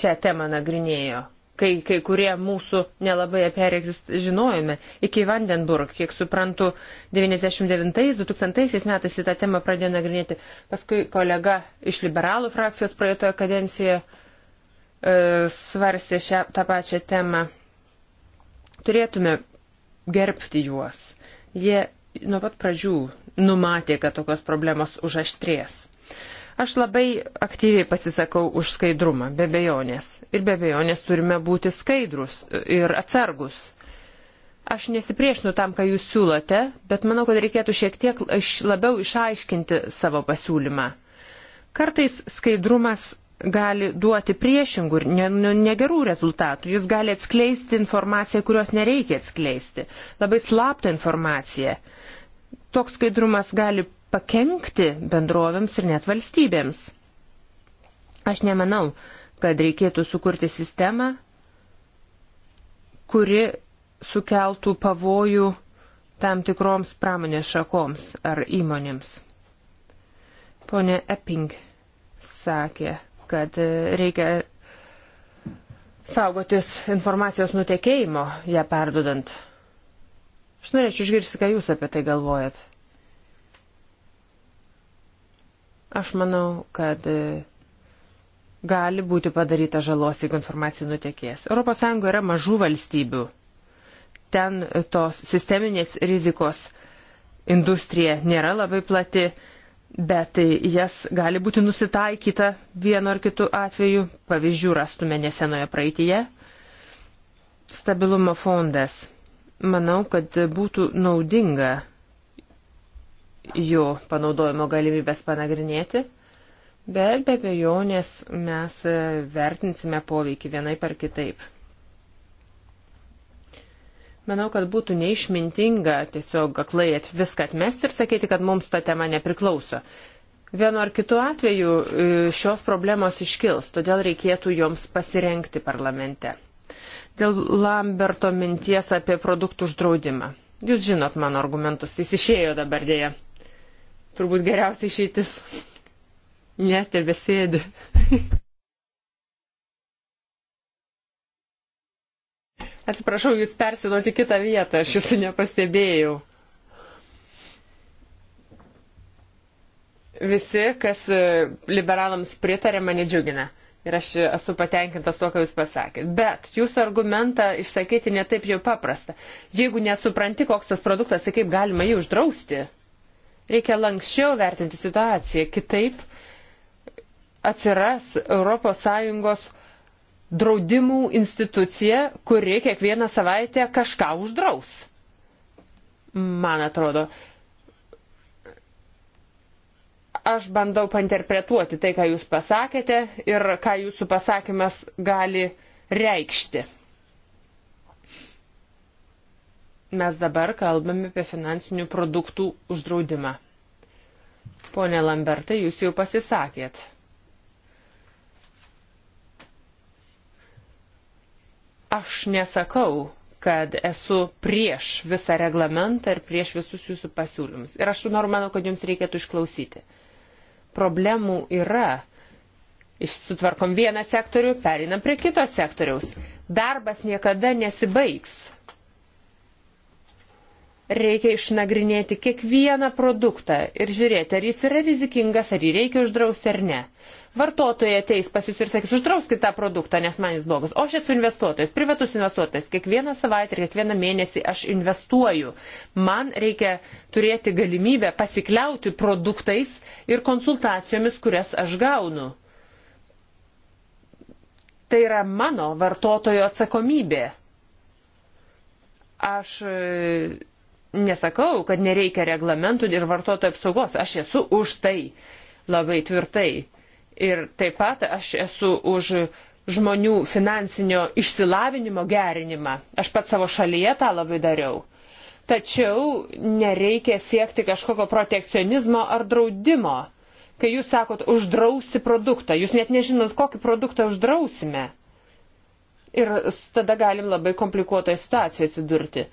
šią temą nagrinėjo, kai kai kurie mūsų nelabai apie egzist žinojome. Iki Vandenburg, kiek suprantu, 99-2000 metais į tą temą pradėjo nagrinėti. Paskui kolega iš liberalų frakcijos praeitoje kadencijoje E, svarstė šią, tą pačią temą. Turėtume gerbti juos. Jie nuo pat pradžių numatė, kad tokios problemos užaštrės. Aš labai aktyviai pasisakau už skaidrumą, be bejonės. Ir be bejonės turime būti skaidrus ir atsargus. Aš nesipriešinu tam, ką jūs siūlote, bet manau, kad reikėtų šiek tiek labiau išaiškinti savo pasiūlymą. Kartais skaidrumas gali duoti priešingų ir ne, ne, nu, negerų rezultatų. Jis gali atskleisti informaciją, kurios nereikia atskleisti. Labai slaptą informaciją. Toks skaidrumas gali pakenkti bendrovėms ir net valstybėms. Aš nemanau, kad reikėtų sukurti sistemą, kuri sukeltų pavojų tam tikroms pramonės šakoms ar įmonėms. Pone Epping sakė, kad e, reikia saugotis informacijos nutekėjimo ją perdudant. Aš norėčiau išgirsti, ką jūs apie tai galvojat. Aš manau, kad e, gali būti padaryta žalos, jeigu informacija nutekės. ES yra mažų valstybių. Ten tos sisteminės rizikos industrija nėra labai plati bet jas gali būti nusitaikyta vienu ar kitu atveju. Pavyzdžių rastume nesenoje praeitie. Stabilumo fondas. Manau, kad būtų naudinga jų panaudojimo galimybės panagrinėti, bet be abejonės mes vertinsime poveikį vienaip ar kitaip. Manau, kad būtų neišmintinga tiesiog aklai viską atmesti ir sakyti, kad mums ta tema nepriklauso. Vienu ar kitu atveju e, šios problemos iškils, todėl reikėtų joms pasirenkti parlamente. Dėl Lamberto minties apie produktų uždraudimą. Jūs žinot mano argumentus, jis išėjo dabar dėja. Turbūt geriausia išeitis. Net ir besėdi. Atsiprašau, jūs persidoti kitą vietą, aš jūsų nepastebėjau. Visi, kas e, liberalams pritarė, mane džiugina. Ir aš esu patenkintas to, ką jūs pasakėt. Bet jūsų argumentą išsakyti netaip jau paprasta. Jeigu nesupranti, koks tas produktas ir kaip galima jį uždrausti, reikia lankščiau vertinti situaciją. Kitaip atsiras ES draudimų institucija, kuri kiekvieną savaitę kažką uždraus. Man atrodo. Aš bandau painterpretuoti tai, ką jūs pasakėte ir ką jūsų pasakymas gali reikšti. Mes dabar kalbame apie finansinių produktų uždraudimą. Pone Lambertai, jūs jau pasisakėt. Aš nesakau, kad esu prieš visą reglamentą ir prieš visus jūsų pasiūlymus. Ir aš noriu, manau, kad jums reikėtų išklausyti. Problemų yra. Išsutvarkom vieną sektorių, perinam prie kito sektoriaus. Darbas niekada nesibaigs. Reikia išnagrinėti kiekvieną produktą ir žiūrėti, ar jis yra rizikingas, ar jį reikia uždrausti ar ne. Vartotojai ateis pas jūs ir sakys, uždrauskit tą produktą, nes man jis blogas. O aš esu investuotojas, privatus investuotojas. Kiekvieną savaitę ir kiekvieną mėnesį aš investuoju. Man reikia turėti galimybę pasikliauti produktais ir konsultacijomis, kurias aš gaunu. Tai yra mano vartotojo atsakomybė. Aš e, nesakau, kad nereikia reglamentų ir vartotojų apsaugos. Aš esu už tai labai tvirtai. Ir taip pat aš esu už žmonių finansinio išsilavinimo gerinimą. Aš pat savo šalyje tą labai dariau. Tačiau nereikia siekti kažkokio protekcionizmo ar draudimo. Kai jūs sakot uždrausti produktą, jūs net nežinot, kokį produktą uždrausime. Ir tada galim labai komplikuotoje situacijoje atsidurti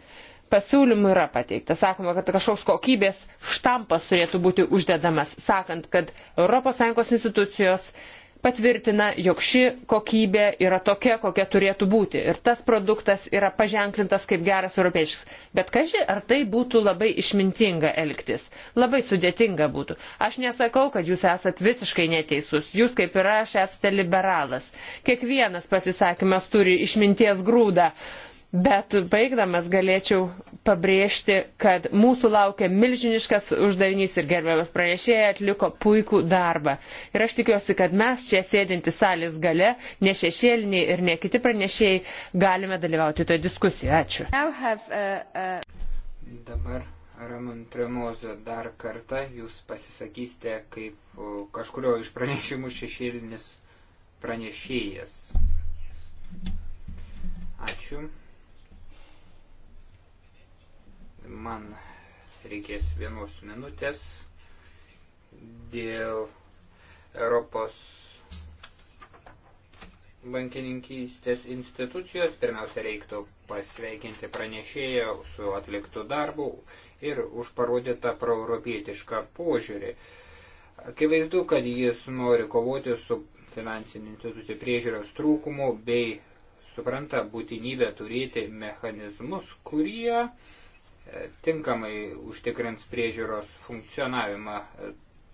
pasiūlymų yra pateikta. Sakoma, kad kažkoks kokybės štampas turėtų būti uždedamas, sakant, kad ES institucijos patvirtina, jog ši kokybė yra tokia, kokia turėtų būti. Ir tas produktas yra paženklintas kaip geras europiečius. Bet kaži, ar tai būtų labai išmintinga elgtis? Labai sudėtinga būtų. Aš nesakau, kad jūs esat visiškai neteisus. Jūs, kaip ir aš, esate liberalas. Kiekvienas pasisakymas turi išminties grūdą. Bet baigdamas galėčiau pabrėžti, kad mūsų laukia milžiniškas uždavinys ir gerbiamas pranešėjai atliko puikų darbą. Ir aš tikiuosi, kad mes čia sėdinti salės gale, ne šešėliniai ir ne kiti pranešėjai, galime dalyvauti toje diskusijoje. Ačiū. Have, uh, uh... Dabar Ramon Tremozo dar kartą jūs pasisakysite kaip kažkurio iš pranešimų šešėlinis pranešėjas. Ačiū. man reikės vienos minutės dėl Europos bankininkystės institucijos. Pirmiausia, reiktų pasveikinti pranešėją su atliktų darbų ir už parodytą proeuropietišką požiūrį. Akivaizdu, kad jis nori kovoti su finansinių institucijų priežiūros trūkumu bei supranta būtinybę turėti mechanizmus, kurie tinkamai užtikrins priežiūros funkcionavimą.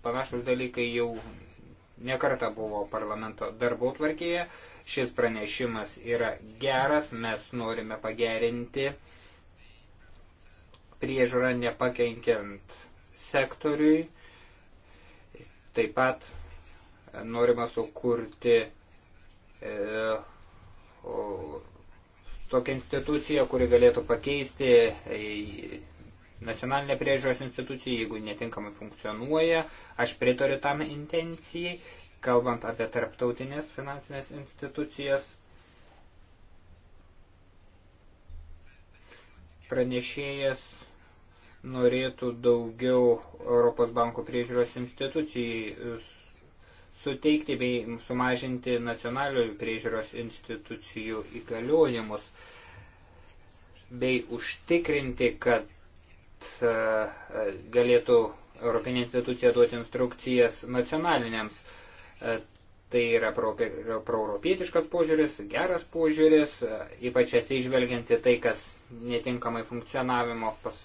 Panašus dalykai jau nekarta buvo parlamento darbo tvarkėje. Šis pranešimas yra geras, mes norime pagerinti priežiūrą nepakenkiant sektoriui. Taip pat norima sukurti e, o, tokią instituciją, kuri galėtų pakeisti e, nacionalinę priežiūros instituciją, jeigu netinkamai funkcionuoja. Aš pritariu tam intencijai, kalbant apie tarptautinės finansinės institucijas. Pranešėjas norėtų daugiau Europos bankų priežiūros institucijai suteikti bei sumažinti nacionalių priežiūros institucijų įgaliojimus bei užtikrinti, kad e, e, galėtų Europinė institucija duoti instrukcijas nacionaliniams. E, tai yra proeuropietiškas požiūris, geras požiūris, ypač atsižvelgianti tai, kas netinkamai funkcionavimo pas,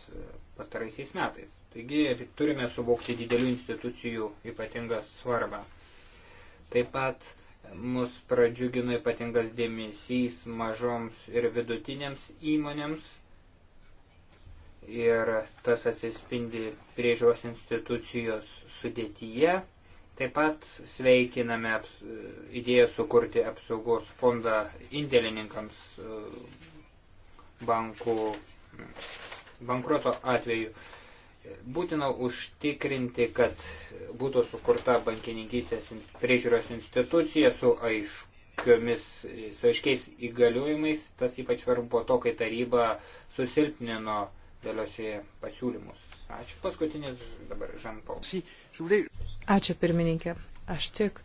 pastaraisiais metais. Taigi turime suvokti didelių institucijų ypatingą svarbą. Taip pat mus pradžiugino ypatingas dėmesys mažoms ir vidutinėms įmonėms ir tas atsispindi priežiūros institucijos sudėtyje. Taip pat sveikiname idėją sukurti apsaugos fondą indėlininkams e, bankų bankruoto atveju. Būtina užtikrinti, kad būtų sukurta bankininkystės priežiūros institucija su aiškiomis, su aiškiais įgaliojimais. Tas ypač svarbu po to, kai taryba susilpnino dėliosi pasiūlymus. Ačiū paskutinis dabar Žanpau. Ačiū pirmininkė. Aš tik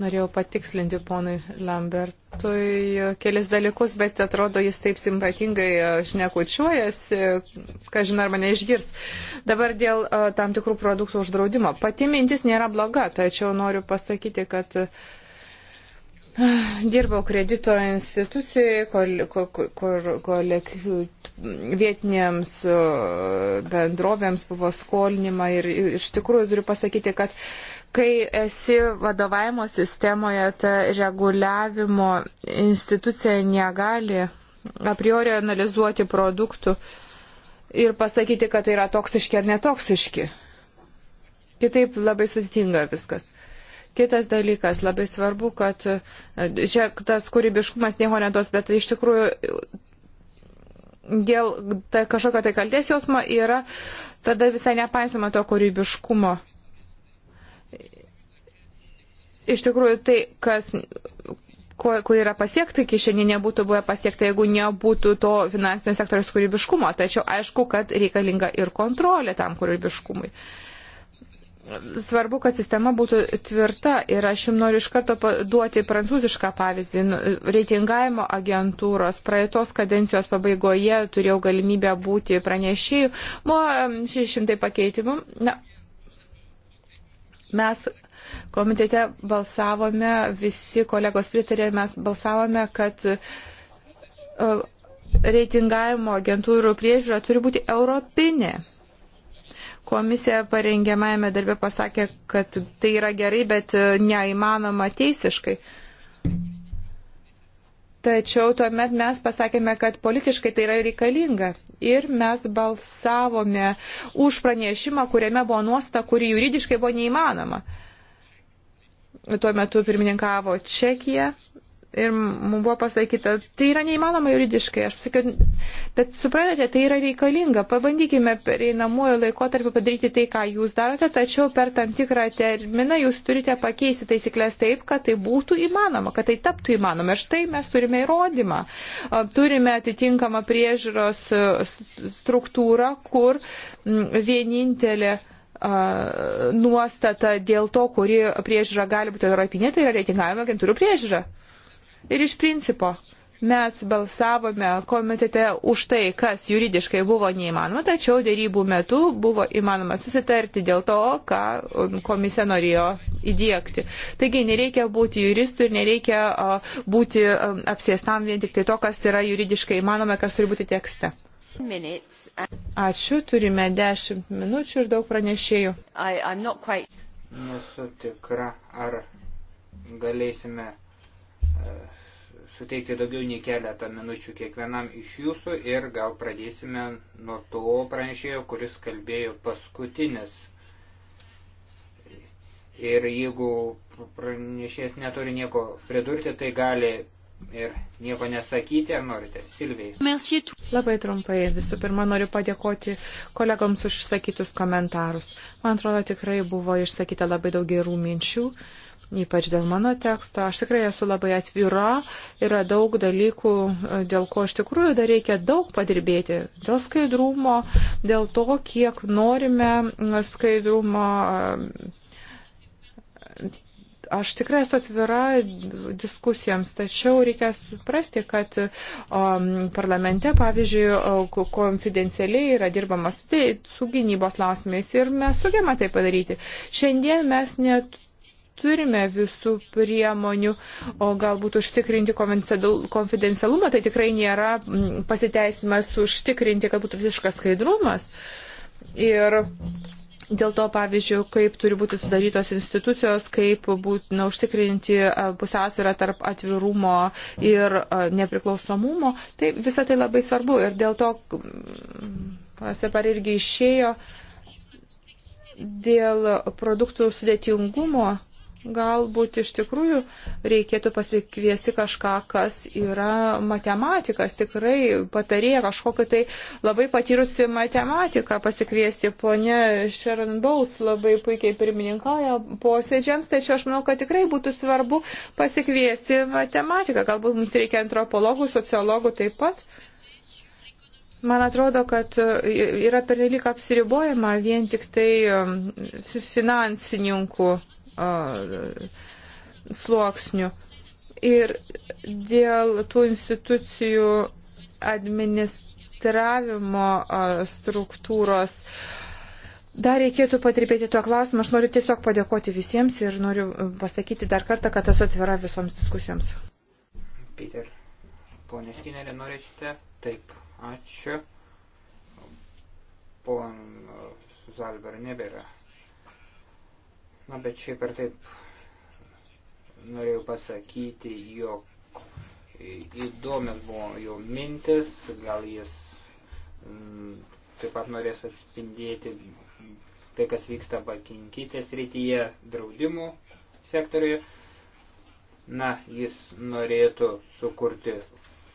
Norėjau patikslinti ponui Lambertui kelis dalykus, bet atrodo, jis taip simpatingai e, šnekučiuojasi, ką žinai, ar mane išgirs. Dabar dėl e, tam tikrų produktų uždraudimo. Pati mintis nėra bloga, tačiau noriu pasakyti, kad e, dirbau kredito institucijai, kur, kur, kur, kur vietinėms bendrovėms buvo skolinima ir iš tikrųjų turiu pasakyti, kad uh, kai esi vadovavimo sistemoje, ta reguliavimo institucija negali a priori analizuoti produktų ir pasakyti, kad tai yra toksiški ar netoksiški. Kitaip labai sudėtinga viskas. Kitas dalykas, labai svarbu, kad čia tas kūrybiškumas nieko nedos, bet iš tikrųjų dėl tai kažkokio tai kalties jausmo yra tada visai nepaisoma to kūrybiškumo iš tikrųjų tai, kas ko, ko yra pasiekta iki šiandien nebūtų buvę pasiekta, jeigu nebūtų to finansinio sektoriaus kūrybiškumo. Tačiau aišku, kad reikalinga ir kontrolė tam kūrybiškumui. Svarbu, kad sistema būtų tvirta ir aš jums noriu iš karto duoti prancūzišką pavyzdį. Nu, reitingavimo agentūros praeitos kadencijos pabaigoje turėjau galimybę būti pranešėjų. Buvo 600 pakeitimų. Na, mes komitete balsavome, visi kolegos pritarė, mes balsavome, kad e, reitingavimo agentūrų priežiūra turi būti europinė. Komisija parengiamajame darbe pasakė, kad tai yra gerai, bet e, neįmanoma teisiškai. Tačiau tuomet mes pasakėme, kad politiškai tai yra reikalinga. Ir mes balsavome už pranešimą, kuriame buvo nuosta, kuri juridiškai buvo neįmanoma tuo metu pirmininkavo Čekija ir mums buvo pasakyta, tai yra neįmanoma juridiškai. Aš pasakiau, bet suprantate, tai yra reikalinga. Pabandykime pereinamuoju laikotarpiu padaryti tai, ką jūs darote, tačiau per tam tikrą terminą jūs turite pakeisti taisyklės taip, kad tai būtų įmanoma, kad tai taptų įmanoma. Ir štai mes turime įrodymą. Turime atitinkamą priežiūros struktūrą, kur vienintelė nuostata dėl to, kuri priežiūra gali būti europinė, tai yra reitingavimo agentūrų priežiūra. Ir iš principo mes balsavome komitete už tai, kas juridiškai buvo neįmanoma, tačiau dėrybų metu buvo įmanoma susitarti dėl to, ką komisija norėjo įdėkti. Taigi nereikia būti juristų ir nereikia būti apsėstam vien tik tai to, kas yra juridiškai įmanoma, kas turi būti tekste. Ačiū, turime 10 minučių ir daug pranešėjų. I, quite... Nesu tikra, ar galėsime uh, suteikti daugiau nei keletą minučių kiekvienam iš jūsų ir gal pradėsime nuo to pranešėjo, kuris kalbėjo paskutinis. Ir jeigu pranešėjas neturi nieko pridurti, tai gali ir nieko nesakyti, ar norite? Silvijai. Labai trumpai. Visų pirma, noriu padėkoti kolegoms už išsakytus komentarus. Man atrodo, tikrai buvo išsakyta labai daug gerų minčių. Ypač dėl mano teksto. Aš tikrai esu labai atvira. Yra daug dalykų, dėl ko iš tikrųjų dar reikia daug padirbėti. Dėl skaidrumo, dėl to, kiek norime skaidrumo Aš tikrai esu atvira diskusijoms, tačiau reikia suprasti, kad um, parlamente, pavyzdžiui, konfidencialiai yra dirbama su, tai, su gynybos klausimais ir mes sugema tai padaryti. Šiandien mes net turime visų priemonių, o galbūt užtikrinti konfidencialumą, tai tikrai nėra pasiteisimas užtikrinti, kad būtų visiškas skaidrumas. Ir Dėl to, pavyzdžiui, kaip turi būti sudarytos institucijos, kaip būtina užtikrinti e, pusiausvyrą tarp atvirumo ir e, nepriklausomumo, tai visą tai labai svarbu. Ir dėl to, mm, Separ irgi išėjo, dėl produktų sudėtingumo Galbūt iš tikrųjų reikėtų pasikviesti kažką, kas yra matematikas, tikrai patarėja kažkokį tai labai patyrusi matematiką pasikviesti. Pone Sharon Bowles labai puikiai pirmininkauja posėdžiams, tačiau aš manau, kad tikrai būtų svarbu pasikviesti matematiką. Galbūt mums reikia antropologų, sociologų taip pat. Man atrodo, kad yra pernelyg apsiribojama vien tik tai um, finansininkų sluoksnių. Ir dėl tų institucijų administravimo struktūros dar reikėtų patirbėti tuo klausimu. Aš noriu tiesiog padėkoti visiems ir noriu pasakyti dar kartą, kad esu atvira visoms diskusijoms. Peter, ponė Skinerė, norėsite? Taip, ačiū. Pon Zalber nebėra. Na, bet šiaip ar taip norėjau pasakyti, jog įdomias buvo jo mintis, gal jis m, mm, taip pat norės atspindėti tai, kas vyksta bakinkitės rytyje draudimų sektoriuje. Na, jis norėtų sukurti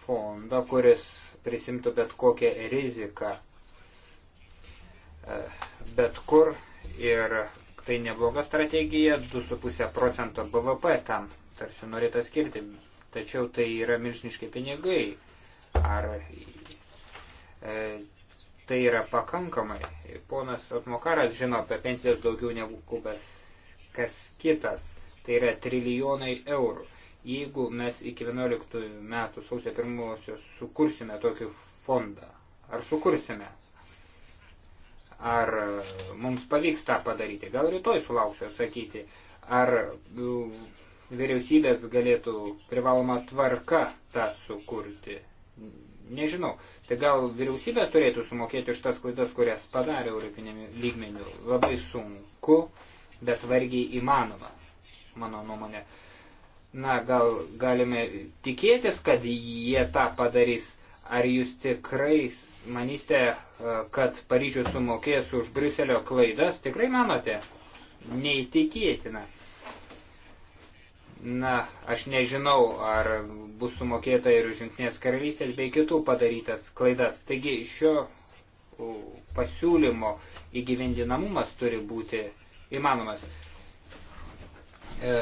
fondą, kuris prisimtų bet kokią riziką e, bet kur ir tai nebloga strategija, 2,5 procento BVP tam tarsi norėta skirti, tačiau tai yra milžiniški pinigai. Ar e, tai yra pakankamai? Ponas Otmokaras žino apie pensijas daugiau negu bes kas kitas, tai yra trilijonai eurų. Jeigu mes iki 11 metų sausio pirmosios sukursime tokį fondą, ar sukursime? Ar mums pavyks tą padaryti? Gal rytoj sulauksiu atsakyti. Ar vyriausybės galėtų privaloma tvarka tą sukurti? Nežinau. Tai gal vyriausybės turėtų sumokėti už tas klaidas, kurias padarė europinėmi lygmenių. Labai sunku, bet vargiai įmanoma, mano nuomonė. Na, gal galime tikėtis, kad jie tą padarys Ar jūs tikrai manysite, e, kad Paryžius sumokės už Briuselio klaidas? Tikrai manote? Neįtikėtina. Na, aš nežinau, ar bus sumokėta ir už Junktinės karalystės bei kitų padarytas klaidas. Taigi šio pasiūlymo įgyvendinamumas turi būti įmanomas. E,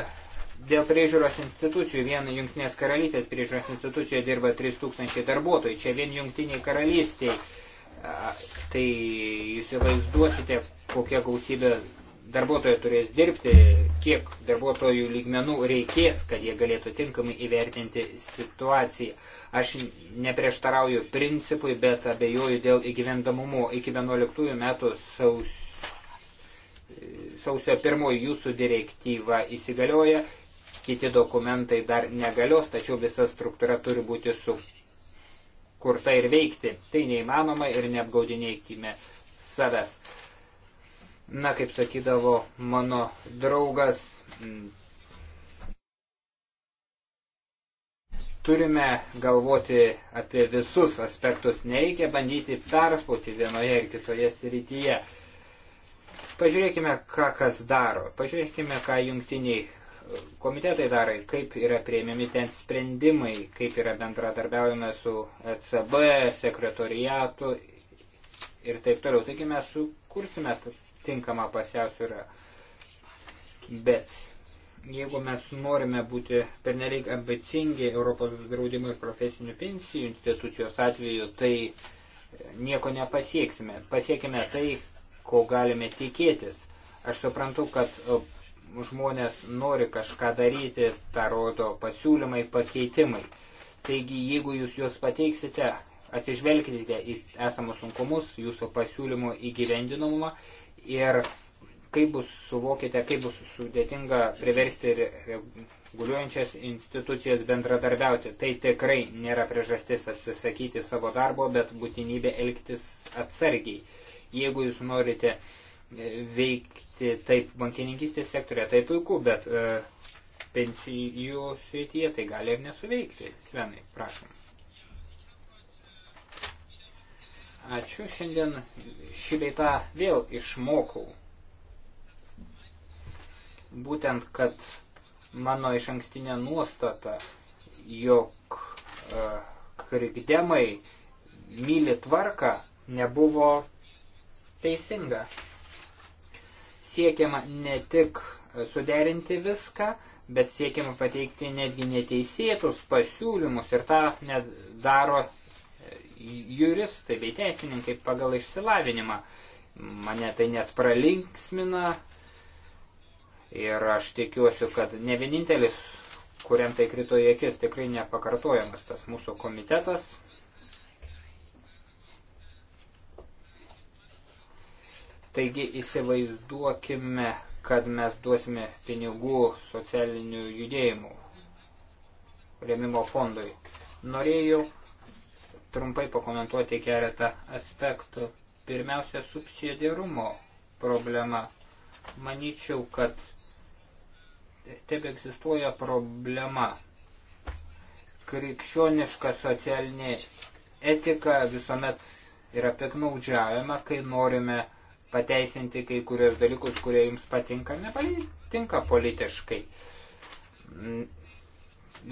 Dėl priežiūros institucijų vien Junktinės karalystės priežiūros institucijoje dirba 3000 darbuotojų, čia vien Junktiniai karalystiai. Tai įsivaizduosite, kokia gausybė darbuotojų turės dirbti, kiek darbuotojų lygmenų reikės, kad jie galėtų tinkamai įvertinti situaciją. Aš neprieštarauju principui, bet abejoju dėl įgyvendamumo iki 11 metų sausio sausio pirmoji jūsų direktyva įsigalioja kiti dokumentai dar negalios, tačiau visa struktūra turi būti sukurta ir veikti. Tai neįmanoma ir neapgaudinėkime savęs. Na, kaip sakydavo mano draugas, turime galvoti apie visus aspektus, nereikia bandyti perspauti vienoje ir kitoje srityje. Pažiūrėkime, ką kas daro, pažiūrėkime, ką jungtiniai komitetai darai, kaip yra prieimiami ten sprendimai, kaip yra bendradarbiaujame su ECB, sekretoriatu ir taip toliau. Taigi mes sukursime tinkamą pasiausvyrą. Bet jeigu mes norime būti pernelyg ambicingi Europos draudimo ir profesinių pensijų institucijos atveju, tai nieko nepasieksime. Pasiekime tai, ko galime tikėtis. Aš suprantu, kad žmonės nori kažką daryti, tą rodo pasiūlymai, pakeitimai. Taigi, jeigu jūs juos pateiksite, atsižvelkite į esamus sunkumus, jūsų pasiūlymų įgyvendinamumą ir kaip bus, suvokite, kaip bus sudėtinga priversti reguliuojančias institucijas bendradarbiauti. Tai tikrai nėra priežastis atsisakyti savo darbo, bet būtinybė elgtis atsargiai. Jeigu jūs norite uh, veikti taip bankininkistės sektorė, tai puiku, bet e, pensijų srityje tai gali ir nesuveikti. Svenai, prašom. Ačiū, šiandien šį beitą vėl išmokau. Būtent, kad mano iš ankstinė nuostata, jog e, krikdemai myli tvarką, nebuvo teisinga siekiama ne tik suderinti viską, bet siekiama pateikti netgi neteisėtus pasiūlymus ir tą net daro e, juristai bei teisininkai pagal išsilavinimą. Mane tai net pralinksmina ir aš tikiuosi, kad ne vienintelis, kuriam tai krito į akis, tikrai nepakartojamas tas mūsų komitetas. Taigi įsivaizduokime, kad mes duosime pinigų socialinių judėjimų rėmimo fondui. Norėjau trumpai pakomentuoti keletą aspektų. Pirmiausia, subsidiarumo problema. Manyčiau, kad taip egzistuoja problema. Krikščioniška socialinė etika visuomet yra piknaudžiavima, kai norime pateisinti kai kurios dalykus, kurie jums patinka, nepatinka politiškai. Mm,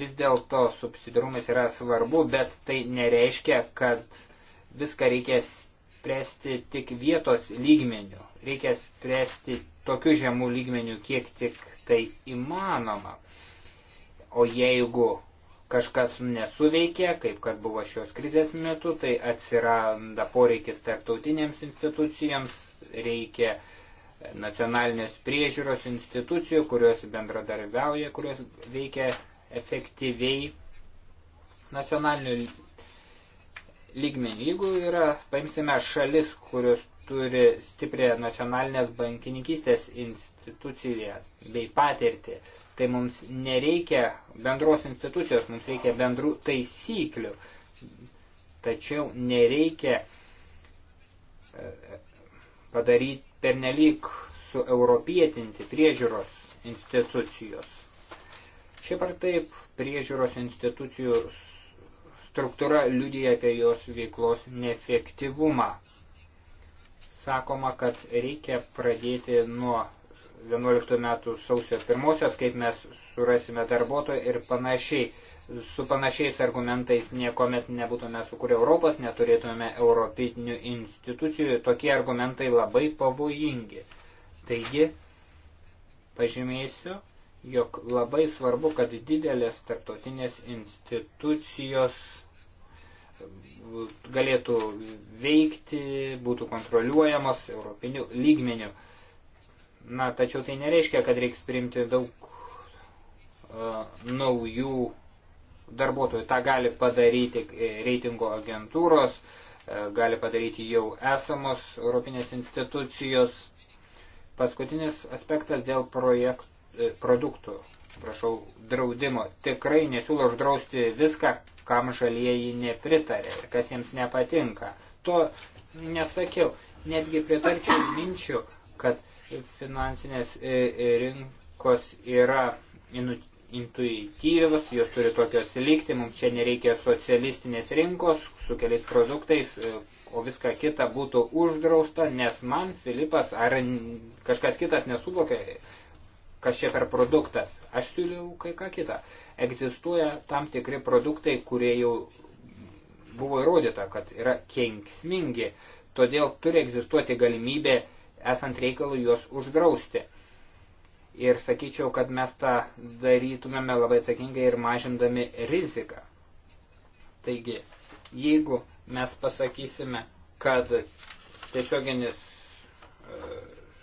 vis dėlto subsidirumas yra svarbu, bet tai nereiškia, kad viską reikia spręsti tik vietos lygmenių. Reikia spręsti tokiu žemų lygmenių, kiek tik tai įmanoma. O jeigu kažkas nesuveikia, kaip kad buvo šios krizės metu, tai atsiranda poreikis tarptautinėms institucijoms reikia nacionalinės priežiūros institucijų, kurios bendradarbiauja, kurios veikia efektyviai nacionaliniu lygmeniu. Jeigu yra, paimsime šalis, kurios turi stiprią nacionalinės bankininkystės instituciją bei patirtį, tai mums nereikia bendros institucijos, mums reikia bendrų taisyklių. Tačiau nereikia padaryti pernelyg su europietinti priežiūros institucijos. Šiaip ar taip priežiūros institucijų struktūra liudyja apie jos veiklos neefektyvumą. Sakoma, kad reikia pradėti nuo 11 metų sausio pirmosios, kaip mes surasime darbuotojų ir panašiai su panašiais argumentais niekuomet nebūtume sukūrę Europos, neturėtume europinių institucijų, tokie argumentai labai pavojingi. Taigi, pažymėsiu, jog labai svarbu, kad didelės tarptautinės institucijos galėtų veikti, būtų kontroliuojamos europinių lygmenių. Na, tačiau tai nereiškia, kad reiks priimti daug uh, naujų darbuotojų. Ta gali padaryti e, reitingo agentūros, e, gali padaryti jau esamos Europinės institucijos. Paskutinis aspektas dėl projekt, e, produktų, prašau, draudimo. Tikrai nesiūlo uždrausti viską, kam žalieji nepritarė ir kas jiems nepatinka. To nesakiau. Netgi pritarčiau minčių, kad finansinės rinkos yra intuityvios, jos turi tokios likti, mums čia nereikia socialistinės rinkos su keliais produktais, e, o viską kita būtų uždrausta, nes man Filipas ar kažkas kitas nesuvokia, kas čia per produktas. Aš siūliau kai ką kitą. Egzistuoja tam tikri produktai, kurie jau buvo įrodyta, kad yra kenksmingi, todėl turi egzistuoti galimybė esant reikalui juos uždrausti. Ir sakyčiau, kad mes tą darytumėme labai atsakingai ir mažindami riziką. Taigi, jeigu mes pasakysime, kad tiesioginis e,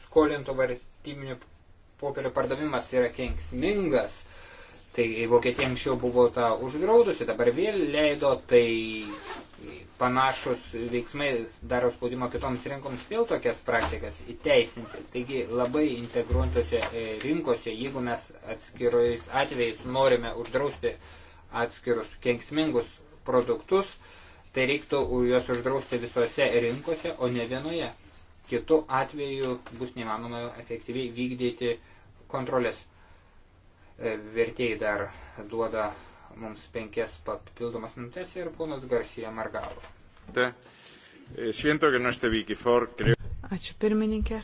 skolintų vartybinių popierių pardavimas yra kenksmingas, tai Vokietija anksčiau buvo tą uždraudusi, dabar vėl leido, tai panašus veiksmai daro spaudimo kitoms rinkoms vėl tokias praktikas įteisinti. Taigi labai integruotose e, rinkose, jeigu mes atskirojais atvejais norime uždrausti atskirus kenksmingus produktus, tai reiktų juos uždrausti visose rinkose, o ne vienoje. Kitu atveju bus neįmanoma efektyviai vykdyti kontrolės Vertėjai dar duoda mums penkias papildomas minutės ir ponas Garsija Margalo. E, Ačiū pirmininkė.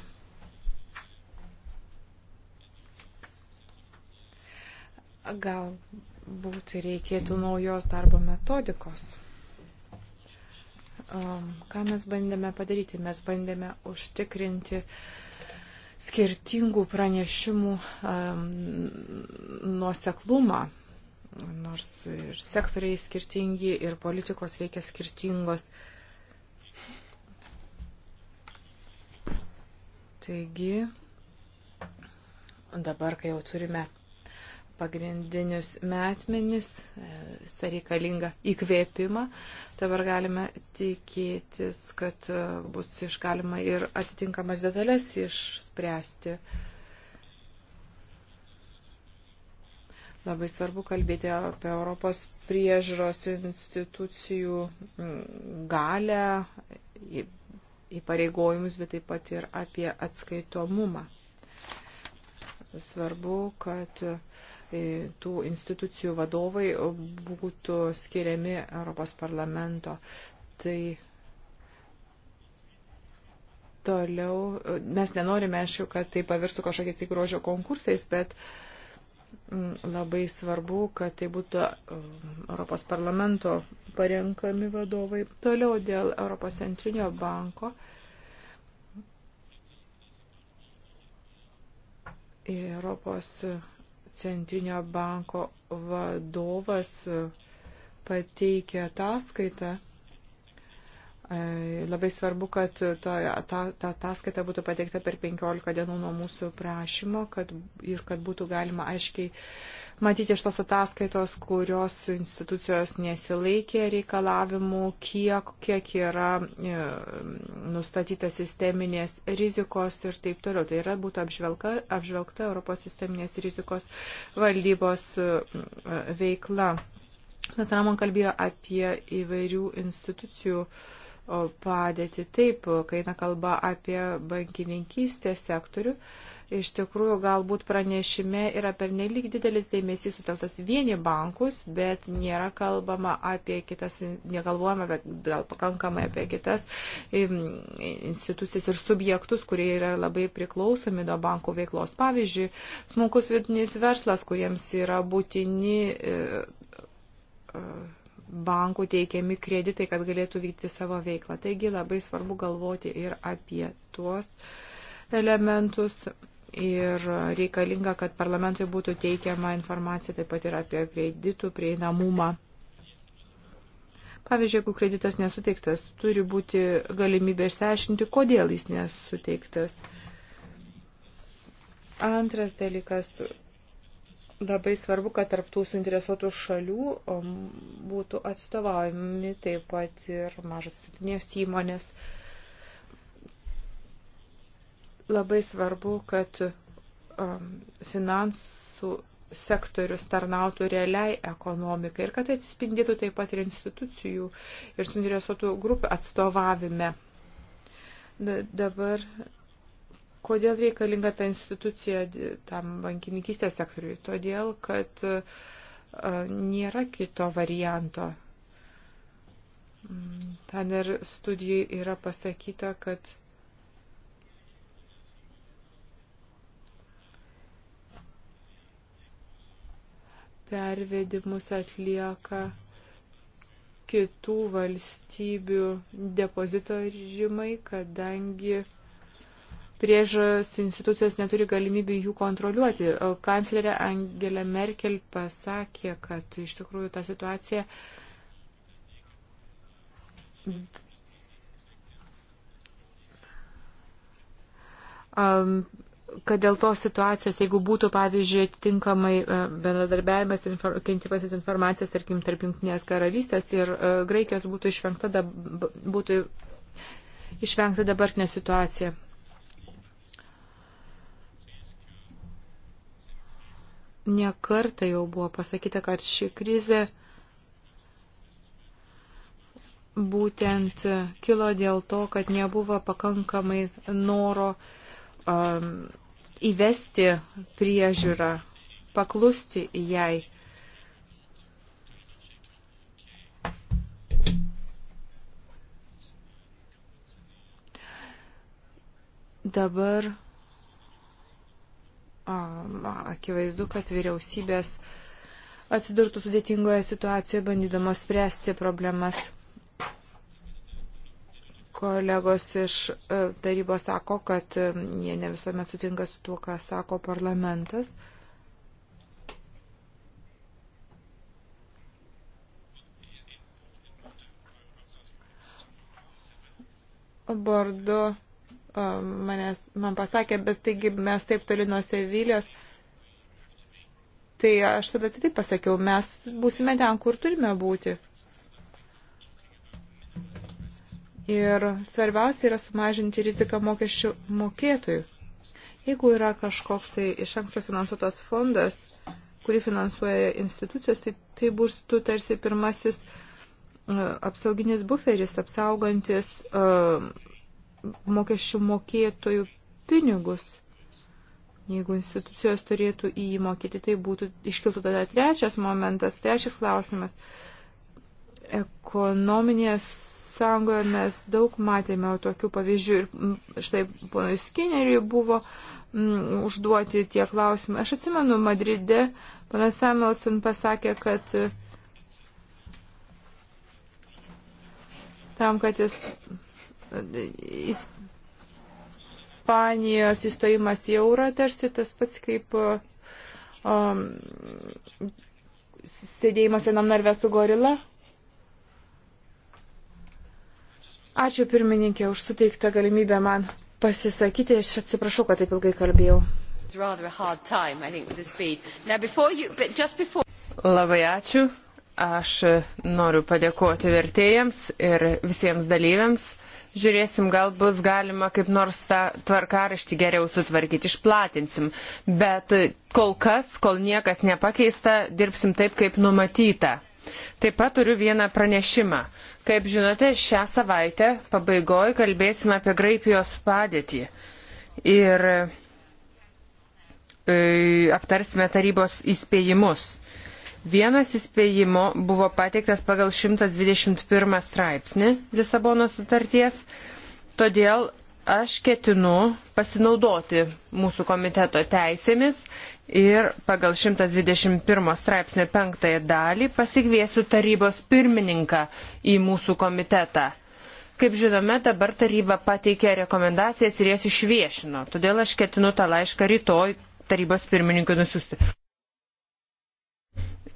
Galbūt reikėtų naujos darbo metodikos. Ką mes bandėme padaryti? Mes bandėme užtikrinti uh, skirtingų pranešimų um, nuoseklumą. Nors ir sektoriai skirtingi, ir politikos reikia skirtingos. Taigi, dabar, kai jau turime pagrindinius metmenis, e, visą reikalingą įkvėpimą. Dabar galime tikėtis, kad e, bus išgalima ir atitinkamas detalės išspręsti. Labai svarbu kalbėti apie Europos priežros institucijų mm, galę, įpareigojimus, bet taip pat ir apie atskaitomumą. Svarbu, kad uh, E, tų institucijų vadovai būtų skiriami Europos parlamento. Tai toliau mes nenorime, aišku, kad tai pavirstų kažkokiais tik grožio konkursais, bet mm, labai svarbu, kad tai būtų mm, Europos parlamento parenkami vadovai. Toliau dėl Europos centrinio banko. Europos centrinio banko vadovas e, pateikė ataskaitą E, labai svarbu, kad ta ataskaita būtų pateikta per 15 dienų nuo mūsų prašymo kad, ir kad būtų galima aiškiai matyti iš tos ataskaitos, kurios institucijos nesilaikė reikalavimų, kiek, kiek yra e, nustatyta sisteminės rizikos ir taip toliau. Tai yra būtų apžvelgta, apžvelgta Europos sisteminės rizikos valdybos e, veikla. Mes Ramon kalbėjo apie įvairių institucijų uh, padėtį. Taip, kai eina kalba apie bankininkystės sektorių, iš tikrųjų galbūt pranešime yra pernelyg didelis dėmesys suteltas vieni bankus, bet nėra kalbama apie kitas, negalvojama apie, gal pakankamai apie kitas institucijas ir subjektus, kurie yra labai priklausomi nuo bankų veiklos. Pavyzdžiui, smulkus vidinis verslas, kuriems yra būtini. Uh, uh, bankų teikiami kreditai, kad galėtų vykti savo veiklą. Taigi labai svarbu galvoti ir apie tuos elementus. Ir reikalinga, kad parlamentui būtų teikiama informacija taip pat ir apie kreditų prieinamumą. Pavyzdžiui, jeigu kreditas nesuteiktas, turi būti galimybė išsiaiškinti, kodėl jis nesuteiktas. Antras dalykas labai svarbu, kad tarptų suinteresuotų šalių um, būtų atstovaujami taip pat ir mažos sitinės įmonės. Labai svarbu, kad um, finansų sektorius tarnautų realiai ekonomikai ir kad tai atsispindėtų taip pat ir institucijų ir suinteresuotų grupių atstovavime. Dabar Kodėl reikalinga ta institucija tam bankininkystės sektoriui? Todėl, kad nėra kito varianto. Mm, ten ir studijai yra pasakyta, kad pervedimus atlieka kitų valstybių depozitorimai, kadangi priežas institucijos neturi galimybių jų kontroliuoti. Kanclerė Angelė Merkel pasakė, kad iš tikrųjų ta situacija um, kad dėl tos situacijos, jeigu būtų, pavyzdžiui, atitinkamai e, bendradarbiavimas, infor, kentimasis informacijas, tarkim, tarp Junktinės karalystės ir uh, Graikijos būtų išvengta, dab, būtų išvengta dabartinė situacija. nekarta jau buvo pasakyta, kad ši krizė būtent kilo dėl to, kad nebuvo pakankamai noro um, įvesti priežiūrą, paklusti jai. Dabar akivaizdu, kad vyriausybės atsidurtų sudėtingoje situacijoje, bandydamos spręsti problemas. Kolegos iš e, tarybos sako, kad e, jie ne visuomet sutinka su tuo, ką sako parlamentas. Bordo manęs, man pasakė, bet taigi mes taip toli nuo Sevilijos. Tai aš tada tai taip pasakiau, mes būsime ten, kur turime būti. Ir svarbiausia yra sumažinti riziką mokesčių mokėtojų. Jeigu yra kažkoks tai iš anksto finansuotas fondas, kurį finansuoja institucijos, tai tai būtų tarsi pirmasis uh, apsauginis buferis, apsaugantis uh, mokesčių mokėtojų pinigus. Jeigu institucijos turėtų į jį mokyti, tai būtų iškiltų tada trečias momentas, trečias klausimas. Ekonominėje sąjungoje mes daug matėme tokių pavyzdžių ir štai ponui Skinneriui buvo mm, užduoti tie klausimai. Aš atsimenu, Madride panas Samuelson pasakė, kad e, tam, kad jis Ispanijos įstojimas į eurą tarsi tas pats kaip um, sėdėjimas vienam narve su gorila. Ačiū pirmininkė už suteiktą galimybę man pasisakyti. Aš atsiprašau, kad taip ilgai kalbėjau. Labai ačiū. Aš noriu padėkoti vertėjams ir visiems dalyviams. Žiūrėsim, gal bus galima kaip nors tą tvarkaraštį geriau sutvarkyti, išplatinsim. Bet kol kas, kol niekas nepakeista, dirbsim taip, kaip numatyta. Taip pat turiu vieną pranešimą. Kaip žinote, šią savaitę pabaigoje kalbėsime apie Graikijos padėtį. Ir e, aptarsime tarybos įspėjimus Vienas įspėjimo buvo pateiktas pagal 121 straipsnį Lisabono sutarties, todėl aš ketinu pasinaudoti mūsų komiteto teisėmis ir pagal 121 straipsnio penktąją dalį pasikviesiu tarybos pirmininką į mūsų komitetą. Kaip žinome, dabar taryba pateikė rekomendacijas ir jas išviešino, todėl aš ketinu tą laišką rytoj tarybos pirmininkui nusiųsti.